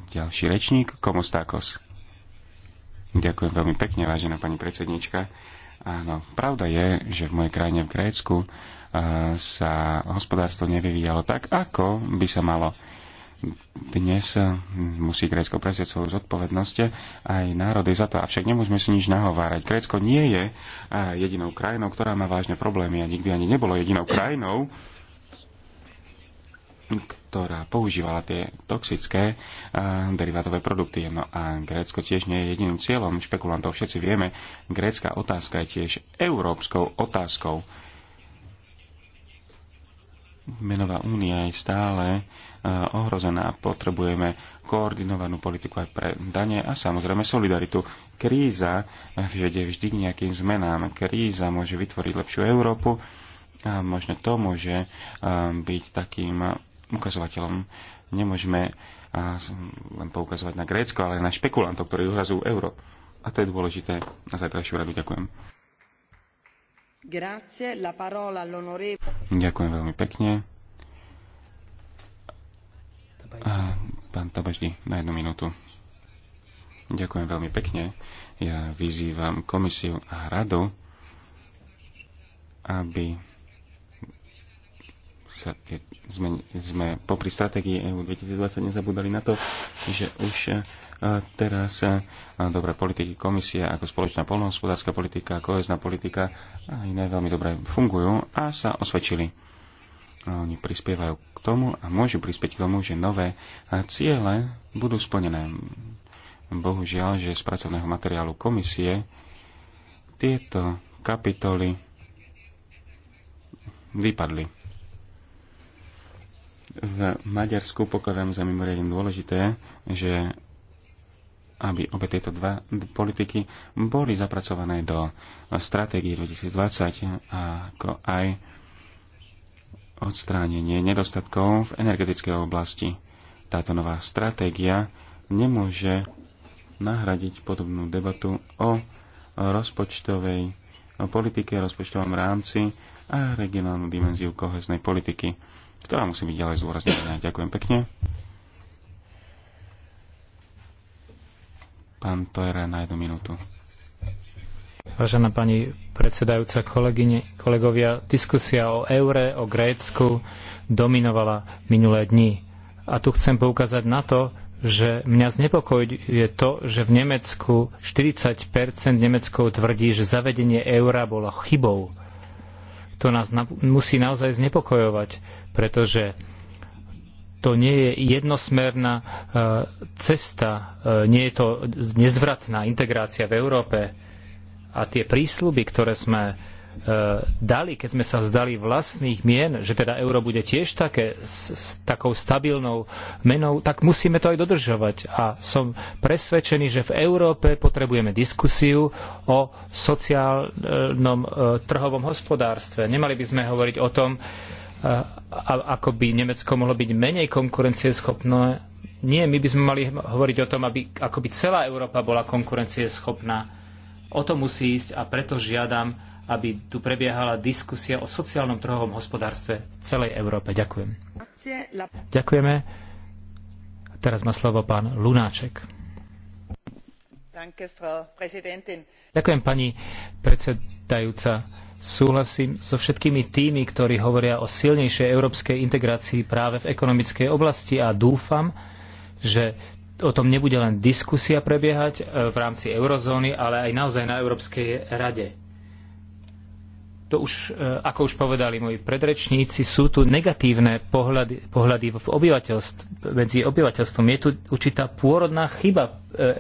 ďalší rečník, Komostakos. Ďakujem veľmi pekne, vážená pani predsednička. Áno, pravda je, že v mojej krajine v Grécku eh, sa hospodárstvo nevyvíjalo tak, ako by sa malo. Dnes eh, musí Grécko prevziať svoju zodpovednosť eh, aj národy za to. Avšak nemusíme si nič nahovárať. Grécko nie je jedinou krajinou, ktorá má vážne problémy a nikdy ani nebolo jedinou krajinou, ktorá používala tie toxické eh, derivátové produkty. No a Grécko tiež nie je jediným cieľom špekulantov. Všetci vieme, grécka otázka je tiež európskou otázkou. Menová únia je stále eh, ohrozená. Potrebujeme koordinovanú politiku aj pre dane a samozrejme solidaritu. Kríza eh, vede vždy k nejakým zmenám. Kríza môže vytvoriť lepšiu Európu a možno to môže byť takým ukazovateľom. Nemôžeme len poukazovať na Grécko, ale aj na špekulantov, ktorí uhrazujú euro. A to je dôležité. Na zajtrajšiu radu ďakujem. Grazie, la parola Ďakujem veľmi pekne. A pán Tabaždi, na jednu minútu. Ďakujem veľmi pekne. Ja vyzývam komisiu a radu, aby sa, keď sme, sme popri stratégii EU 2020 nezabudali na to, že už e, teraz e, dobré politiky komisie ako spoločná polnohospodárska politika, kohezná politika a iné veľmi dobre fungujú a sa osvedčili. Oni prispievajú k tomu a môžu prispieť k tomu, že nové e, ciele budú splnené. Bohužiaľ, že z pracovného materiálu komisie tieto kapitoly vypadli v Maďarsku pokladám za mimoriadne dôležité, že aby obe tieto dva politiky boli zapracované do stratégie 2020 ako aj odstránenie nedostatkov v energetickej oblasti. Táto nová stratégia nemôže nahradiť podobnú debatu o rozpočtovej o politike, rozpočtovom rámci a regionálnu dimenziu koheznej politiky ktorá musí byť ďalej zúraznená. Ďakujem pekne. Pán Tojera na jednu minútu. Vážená pani predsedajúca, kolegyne, kolegovia, diskusia o eure, o Grécku dominovala minulé dni. A tu chcem poukázať na to, že mňa znepokojí je to, že v Nemecku 40% Nemeckov tvrdí, že zavedenie eura bolo chybou to nás na, musí naozaj znepokojovať, pretože to nie je jednosmerná e, cesta, e, nie je to nezvratná integrácia v Európe. A tie prísľuby, ktoré sme E, dali, keď sme sa vzdali vlastných mien, že teda euro bude tiež také, s, s takou stabilnou menou, tak musíme to aj dodržovať. A som presvedčený, že v Európe potrebujeme diskusiu o sociálnom e, trhovom hospodárstve. Nemali by sme hovoriť o tom, e, ako by Nemecko mohlo byť menej konkurencieschopné. Nie, my by sme mali hovoriť o tom, aby, ako by celá Európa bola konkurencieschopná. O to musí ísť a preto žiadam aby tu prebiehala diskusia o sociálnom trhovom hospodárstve v celej Európe. Ďakujem. Ďakujeme. Teraz má slovo pán Lunáček. Ďakujem, pani predsedajúca. Súhlasím so všetkými tými, ktorí hovoria o silnejšej európskej integrácii práve v ekonomickej oblasti a dúfam, že o tom nebude len diskusia prebiehať e, v rámci eurozóny, ale aj naozaj na Európskej rade to už, e, ako už povedali moji predrečníci, sú tu negatívne pohľady, pohľady v obyvateľstv, medzi obyvateľstvom. Je tu určitá pôrodná chyba e, e,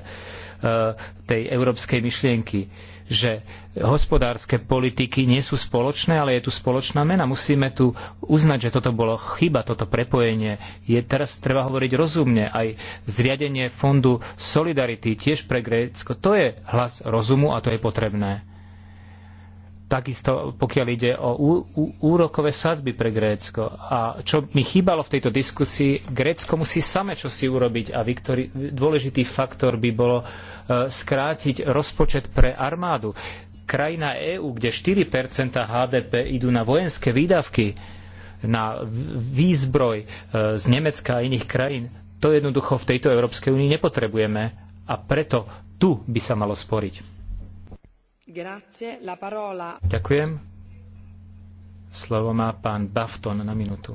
tej európskej myšlienky, že hospodárske politiky nie sú spoločné, ale je tu spoločná mena. Musíme tu uznať, že toto bolo chyba, toto prepojenie. Je teraz treba hovoriť rozumne. Aj zriadenie fondu Solidarity tiež pre Grécko. To je hlas rozumu a to je potrebné. Takisto pokiaľ ide o úrokové sadzby pre Grécko. A čo mi chýbalo v tejto diskusii, Grécko musí same čo si urobiť a Viktori, dôležitý faktor by bolo e, skrátiť rozpočet pre armádu. Krajina EÚ, kde 4% HDP idú na vojenské výdavky, na výzbroj e, z Nemecka a iných krajín, to jednoducho v tejto Európskej únii nepotrebujeme a preto tu by sa malo sporiť. Ďakujem. Slovo má pán Bafton na minútu.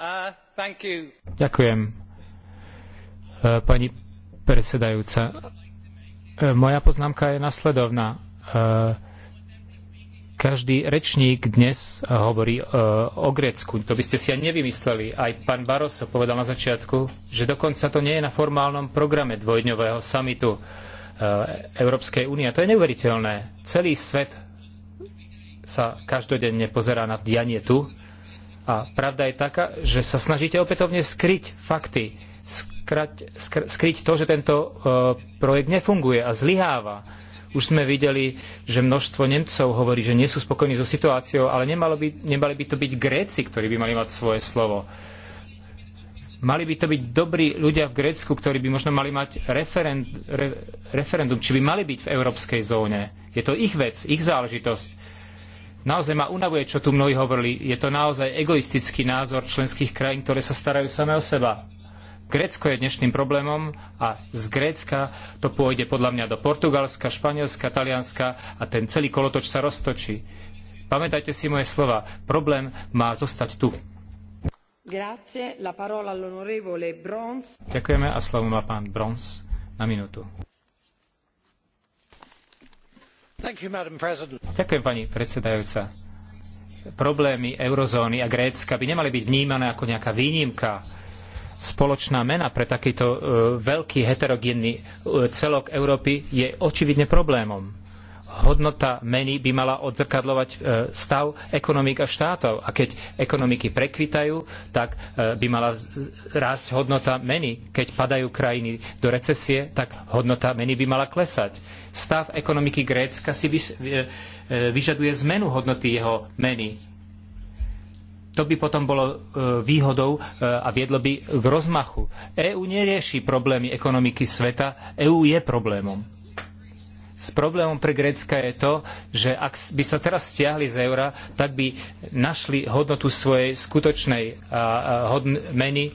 Uh, Ďakujem. Uh, pani predsedajúca, uh, moja poznámka je nasledovná. Každý rečník dnes hovorí o Grécku. To by ste si ani nevymysleli. Aj pán Barroso povedal na začiatku, že dokonca to nie je na formálnom programe dvojdňového samitu. Eh, Európskej únie. To je neuveriteľné. Celý svet sa každodenne pozerá na dianie tu a pravda je taká, že sa snažíte opätovne skryť fakty, skrať, skr, skryť to, že tento uh, projekt nefunguje a zlyháva. Už sme videli, že množstvo Nemcov hovorí, že nie sú spokojní so situáciou, ale by, nemali by to byť Gréci, ktorí by mali mať svoje slovo. Uh, Mali by to byť dobrí ľudia v Grécku, ktorí by možno mali mať referend, re, referendum, či by mali byť v európskej zóne. Je to ich vec, ich záležitosť. Naozaj ma unavuje, čo tu mnohí hovorili. Je to naozaj egoistický názor členských krajín, ktoré sa starajú same o seba. Grécko je dnešným problémom a z Grécka to pôjde podľa mňa do Portugalska, Španielska, Talianska a ten celý kolotoč sa roztočí. Pamätajte si moje slova. Problém má zostať tu. Grazie, Ďakujeme a slovo má pán Brons na minútu. Ďakujem, pani predsedajúca. Problémy eurozóny a Grécka by nemali byť vnímané ako nejaká výnimka spoločná mena pre takýto e, veľký heterogénny e, celok Európy je očividne problémom hodnota meny by mala odzrkadľovať e, stav ekonomík a štátov. A keď ekonomiky prekvitajú, tak e, by mala rásť hodnota meny. Keď padajú krajiny do recesie, tak hodnota meny by mala klesať. Stav ekonomiky Grécka si e, vyžaduje zmenu hodnoty jeho meny. To by potom bolo výhodou a viedlo by k rozmachu. EÚ nerieši problémy ekonomiky sveta, EÚ je problémom. S problémom pre Grécka je to, že ak by sa teraz stiahli z eura, tak by našli hodnotu svojej skutočnej meny,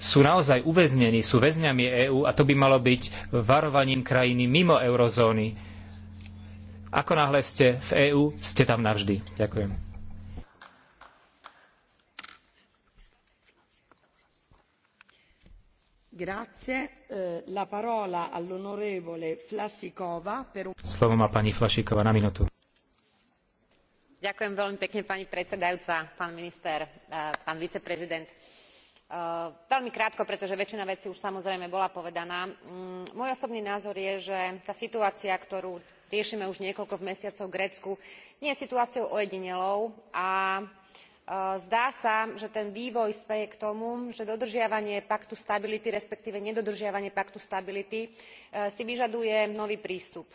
sú naozaj uväznení, sú väzňami EÚ a to by malo byť varovaním krajiny mimo eurozóny. Ako náhle ste v EÚ, ste tam navždy. Ďakujem. Eh, Slovo má pani Flašíková na minútu. Ďakujem veľmi pekne, pani predsedajúca, pán minister, eh, pán viceprezident. Eh, veľmi krátko, pretože väčšina vecí už samozrejme bola povedaná. Mm, môj osobný názor je, že tá situácia, ktorú riešime už niekoľko mesiacov v Grécku, nie je situáciou ojedinelou a zdá sa že ten vývoj speje k tomu že dodržiavanie paktu stability respektíve nedodržiavanie paktu stability e, si vyžaduje nový prístup.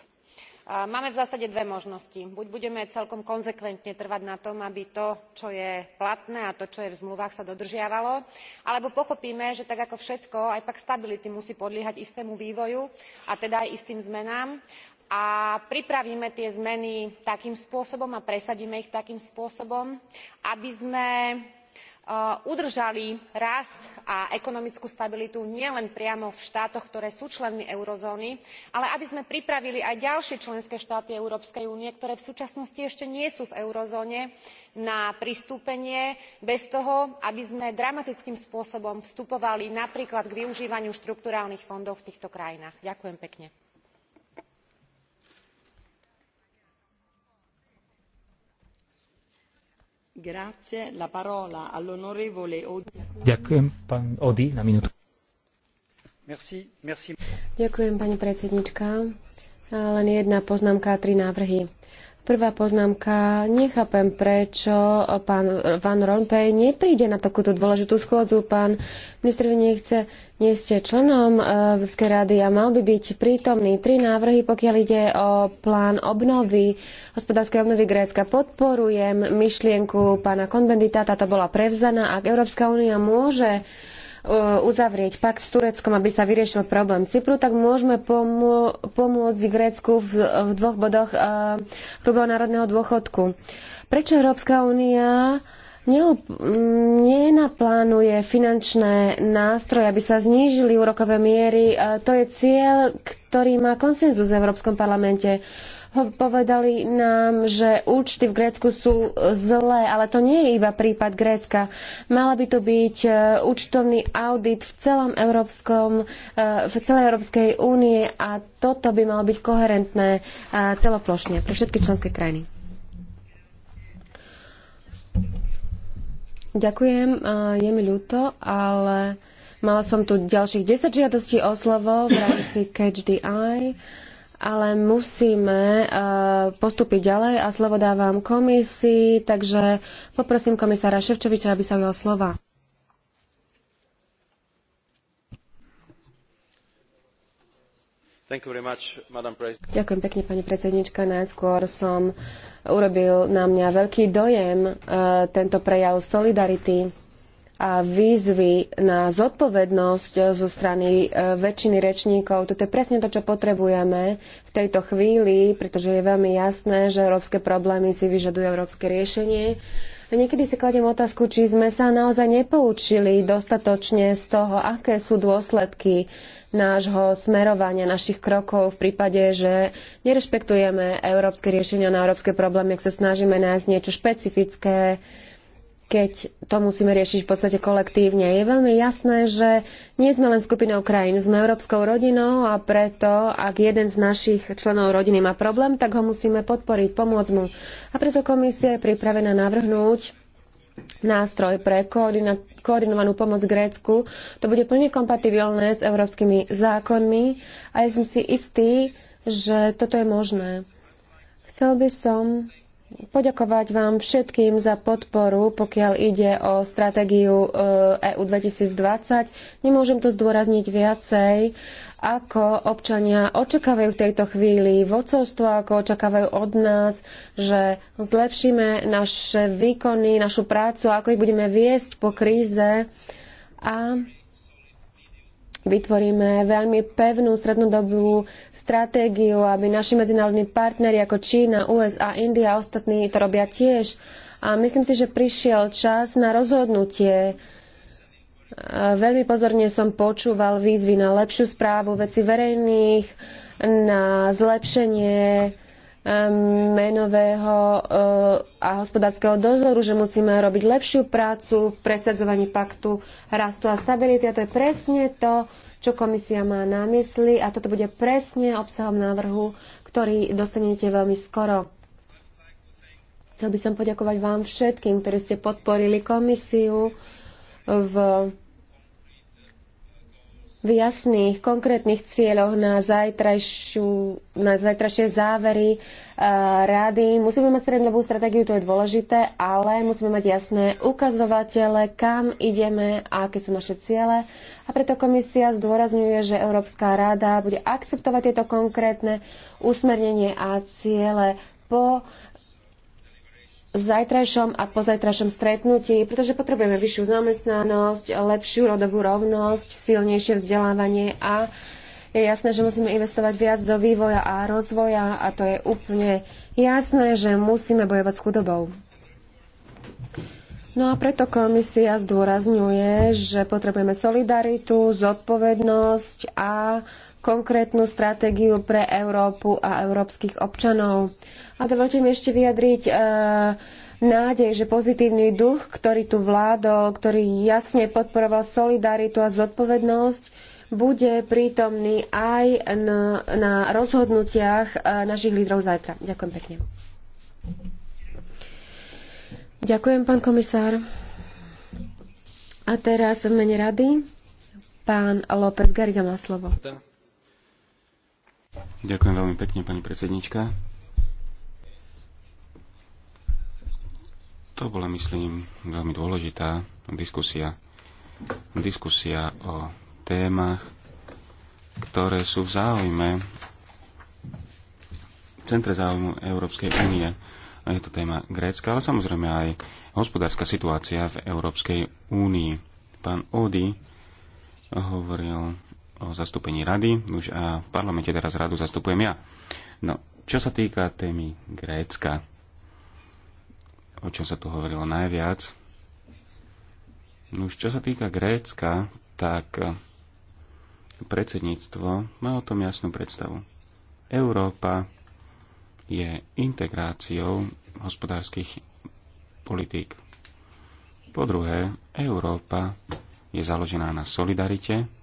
máme v zásade dve možnosti buď budeme celkom konzekventne trvať na tom aby to čo je platné a to čo je v zmluvách sa dodržiavalo alebo pochopíme že tak ako všetko aj pakt stability musí podliehať istému vývoju a teda aj istým zmenám a pripravíme tie zmeny takým spôsobom a presadíme ich takým spôsobom aby sme e, udržali rast a ekonomickú stabilitu nielen priamo v štátoch ktoré sú členmi eurozóny ale aby sme pripravili aj ďalšie členské štáty európskej únie ktoré v súčasnosti ešte nie sú v eurozóne na pristúpenie bez toho aby sme dramatickým spôsobom vstupovali napríklad k využívaniu štrukturálnych fondov v týchto krajinách. ďakujem pekne. Ďakujem, pán Odi, na minútu. Ďakujem, pani predsednička. Len jedna poznámka a tri návrhy. Prvá poznámka. Nechápem, prečo pán Van Rompuy nepríde na takúto dôležitú schôdzu. Pán minister, vy nechce, nie ste členom eh, Európskej rady a mal by byť prítomný. Tri návrhy, pokiaľ ide o plán obnovy, hospodárskej obnovy Grécka. Podporujem myšlienku pána Konbendita, táto bola prevzaná. Ak Európska únia môže Eh, uzavrieť pakt s Tureckom, aby sa vyriešil problém Cypru, tak môžeme pomô- pomôcť Grécku v, v dvoch bodoch uh, eh, hrubého národného dôchodku. Prečo Európska únia mm, nenaplánuje finančné nástroje, aby sa znížili úrokové miery? Uh, to je cieľ, ktorý má konsenzus v Európskom parlamente. Uh, Povedali nám, že účty v Grécku sú zlé, ale to nie je iba prípad Grécka. Mala by to byť e, účtovný audit v, celom európskom, e, v celej Európskej únie a toto by malo byť koherentné e, celoplošne pre všetky členské krajiny. Ďakujem, je mi ľúto, ale mala som tu ďalších 10 žiadostí o slovo v rámci Catch the Eye ale musíme eh, postúpiť ďalej a slovo dávam komisii, takže poprosím komisára Ševčoviča, aby sa ujal slova. Much, Ďakujem pekne, pani predsednička. Najskôr som urobil na mňa veľký dojem eh, tento prejav solidarity a výzvy na zodpovednosť zo strany e, väčšiny rečníkov. Toto je presne to, čo potrebujeme v tejto chvíli, pretože je veľmi jasné, že európske problémy si vyžadujú európske riešenie. A niekedy si kladiem otázku, či sme sa naozaj nepoučili dostatočne z toho, aké sú dôsledky nášho smerovania, našich krokov v prípade, že nerešpektujeme európske riešenia na európske problémy, ak sa snažíme nájsť niečo špecifické, keď to musíme riešiť v podstate kolektívne. Je veľmi jasné, že nie sme len skupinou krajín, sme európskou rodinou a preto, ak jeden z našich členov rodiny má problém, tak ho musíme podporiť, pomôcť mu. A preto komisia je pripravená navrhnúť nástroj pre koordinovanú pomoc Grécku. To bude plne kompatibilné s európskymi zákonmi a ja som si istý, že toto je možné. Chcel by som poďakovať vám všetkým za podporu, pokiaľ ide o stratégiu EU e 2020. Nemôžem to zdôrazniť viacej, ako občania očakávajú v tejto chvíli vodcovstvo, ako očakávajú od nás, že zlepšíme naše výkony, našu prácu, ako ich budeme viesť po kríze a vytvoríme veľmi pevnú strednodobú stratégiu, aby naši medzinárodní partneri ako Čína, USA, India a ostatní to robia tiež. A myslím si, že prišiel čas na rozhodnutie. E, veľmi pozorne som počúval výzvy na lepšiu správu veci verejných, na zlepšenie menového eh, a hospodárskeho dozoru, že musíme robiť lepšiu prácu v presadzovaní paktu rastu a stability. A to je presne to, čo komisia má na mysli a toto bude presne obsahom návrhu, ktorý dostanete veľmi skoro. Chcel by som poďakovať vám všetkým, ktorí ste podporili komisiu v v jasných, konkrétnych cieľoch na, na zajtrajšie závery e, rady. Musíme mať strednodobú stratégiu, to je dôležité, ale musíme mať jasné ukazovatele, kam ideme a aké sú naše ciele. A preto komisia zdôrazňuje, že Európska rada bude akceptovať tieto konkrétne usmernenie a ciele po zajtrajšom a pozajtrajšom stretnutí, pretože potrebujeme vyššiu zamestnanosť, lepšiu rodovú rovnosť, silnejšie vzdelávanie a je jasné, že musíme investovať viac do vývoja a rozvoja a to je úplne jasné, že musíme bojovať s chudobou. No a preto komisia zdôrazňuje, že potrebujeme solidaritu, zodpovednosť a konkrétnu stratégiu pre Európu a európskych občanov. A dovolte mi ešte vyjadriť e, nádej, že pozitívny duch, ktorý tu vládol, ktorý jasne podporoval solidaritu a zodpovednosť, bude prítomný aj na, na rozhodnutiach e, našich lídrov zajtra. Ďakujem pekne. Ďakujem, pán komisár. A teraz v mene rady pán López Gariga má slovo. Ďakujem veľmi pekne, pani predsednička. To bola, myslím, veľmi dôležitá diskusia. Diskusia o témach, ktoré sú v záujme v centre záujmu Európskej únie. Je to téma Grécka, ale samozrejme aj hospodárska situácia v Európskej únii. Pán Ody hovoril o zastúpení rady, už a v parlamente teraz radu zastupujem ja. No, čo sa týka témy Grécka, o čom sa tu hovorilo najviac, no už čo sa týka Grécka, tak eh, predsedníctvo má o tom jasnú predstavu. Európa je integráciou hospodárskych politík. Po druhé, Európa je založená na solidarite,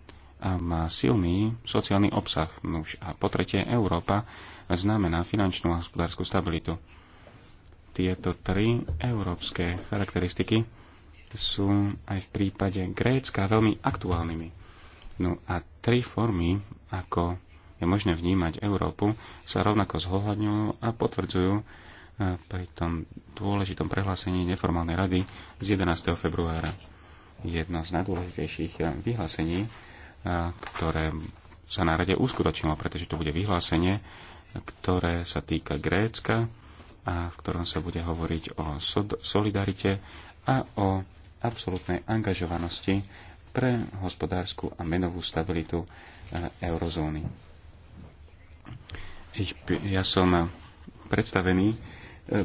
má silný sociálny obsah. Nuž a po tretie, Európa znamená finančnú a hospodárskú stabilitu. Tieto tri európske charakteristiky sú aj v prípade Grécka veľmi aktuálnymi. No a tri formy, ako je možné vnímať Európu, sa rovnako zohľadňujú a potvrdzujú e, pri tom dôležitom prehlásení neformálnej rady z 11. februára. Jedno z najdôležitejších e, vyhlásení ktoré sa na rade uskutočnilo, pretože to bude vyhlásenie, ktoré sa týka Grécka a v ktorom sa bude hovoriť o solidarite a o absolútnej angažovanosti pre hospodárskú a menovú stabilitu e, eurozóny. Ja som predstavený, e,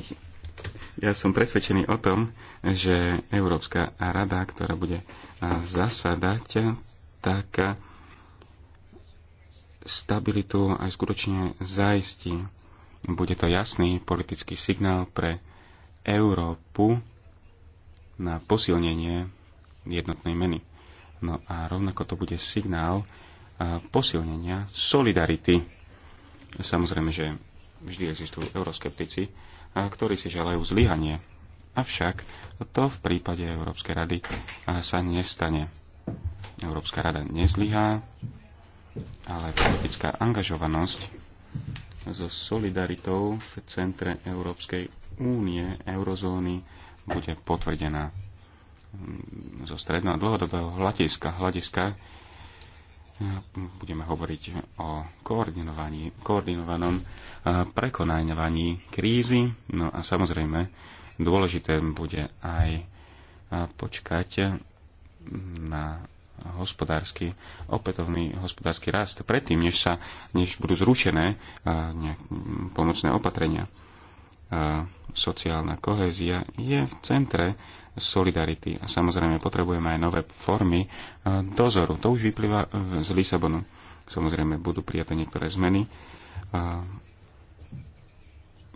ja som presvedčený o tom, že Európska rada, ktorá bude e, zasadať tak stabilitu aj skutočne zaistí. Bude to jasný politický signál pre Európu na posilnenie jednotnej meny. No a rovnako to bude signál posilnenia solidarity. Samozrejme, že vždy existujú euroskeptici, ktorí si želajú zlyhanie. Avšak to v prípade Európskej rady sa nestane Európska rada nezlyhá, ale politická angažovanosť so solidaritou v centre Európskej únie, eurozóny, bude potvrdená mm, zo stredno- a dlhodobého hľadiska. hľadiska mm, budeme hovoriť o koordinovaní, koordinovanom e, prekonávaní krízy. No a samozrejme dôležité bude aj e, počkať na hospodársky, opätovný hospodársky rast predtým, než, sa, než budú zrušené e, pomocné opatrenia. E, sociálna kohézia je v centre solidarity a samozrejme potrebujeme aj nové formy e, dozoru. To už vyplýva z Lisabonu. Samozrejme budú prijaté niektoré zmeny.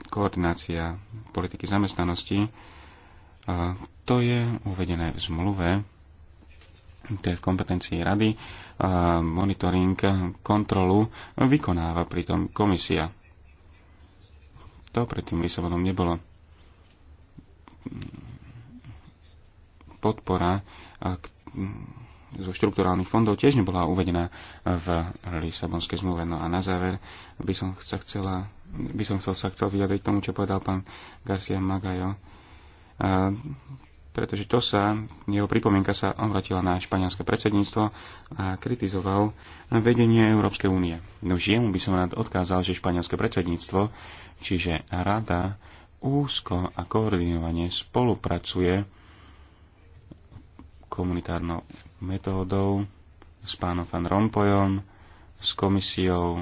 Koordinácia politiky zamestnanosti to je uvedené v zmluve to je v kompetencii rady, monitoring, kontrolu vykonáva pritom komisia. To predtým Lisabonom nebolo. Podpora zo štrukturálnych fondov tiež nebola uvedená v Lisabonskej zmluve. No a na záver by som sa chcela, by som sa chcel vyjadriť tomu, čo povedal pán Garcia Magajo pretože to sa, jeho pripomienka sa obratila na španielské predsedníctvo a kritizoval vedenie Európskej únie. No jemu by som rád odkázal, že španielské predsedníctvo, čiže rada, úzko a koordinovane spolupracuje komunitárnou metódou s pánom Van Rompojom, s komisiou,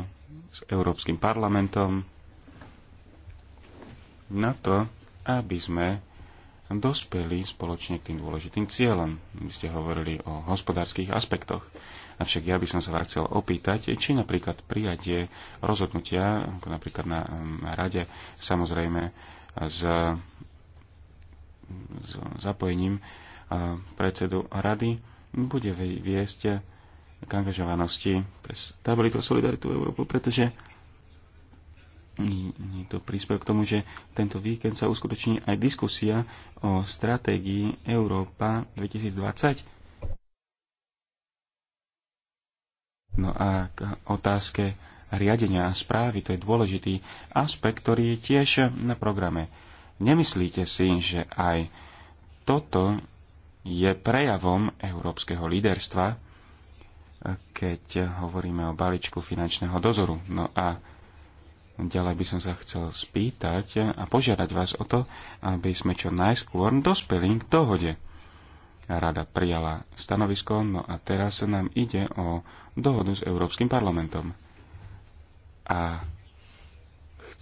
s Európskym parlamentom na to, aby sme dospeli spoločne k tým dôležitým cieľom. Vy ste hovorili o hospodárskych aspektoch. Avšak ja by som sa vás chcel opýtať, či napríklad prijatie rozhodnutia, ako napríklad na, na rade, samozrejme s, s zapojením predsedu rady, bude viesť k angažovanosti pre stabilitu a solidaritu Európu, pretože to prispel k tomu, že tento víkend sa uskutoční aj diskusia o stratégii Európa 2020. No a k otázke riadenia a správy, to je dôležitý aspekt, ktorý je tiež na programe. Nemyslíte si, že aj toto je prejavom európskeho líderstva, keď hovoríme o balíčku finančného dozoru. No a Ďalej by som sa chcel spýtať a požiadať vás o to, aby sme čo najskôr dospeli k dohode. Rada prijala stanovisko, no a teraz nám ide o dohodu s Európskym parlamentom. A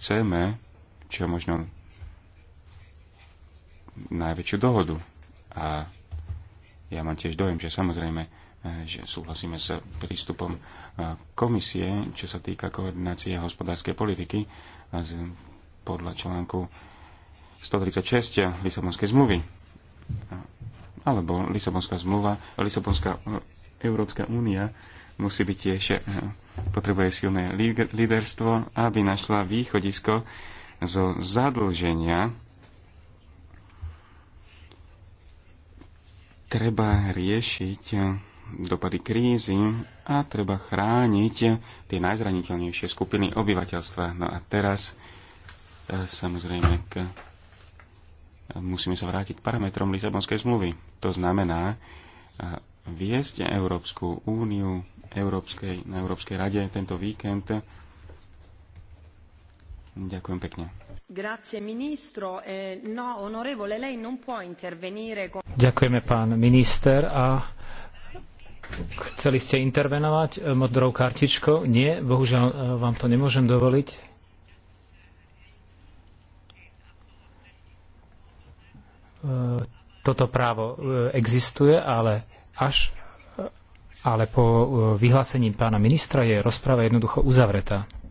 chceme čo možno najväčšiu dohodu. A ja mám tiež dojem, že samozrejme že súhlasíme s prístupom komisie, čo sa týka koordinácie hospodárskej politiky podľa článku 136 Lisabonskej zmluvy. Alebo Lisabonská zmluva, Lisabonská e, Európska únia musí byť tiež, e, potrebuje silné líderstvo, aby našla východisko zo zadlženia. Treba riešiť e, dopady krízy a treba chrániť tie najzraniteľnejšie skupiny obyvateľstva. No a teraz e, samozrejme k, musíme sa vrátiť k parametrom Lisabonskej zmluvy. To znamená e, viesť Európsku úniu Európskej, na Európskej rade tento víkend. Ďakujem pekne. Grazie, ministro. Eh, no, onorevole, lei non può intervenire con... Ďakujeme, pán minister. A Chceli ste intervenovať e, modrou kartičkou? Nie, bohužiaľ e, vám to nemôžem dovoliť. E, toto právo existuje, ale až ale po vyhlásení pána ministra je rozprava jednoducho uzavretá.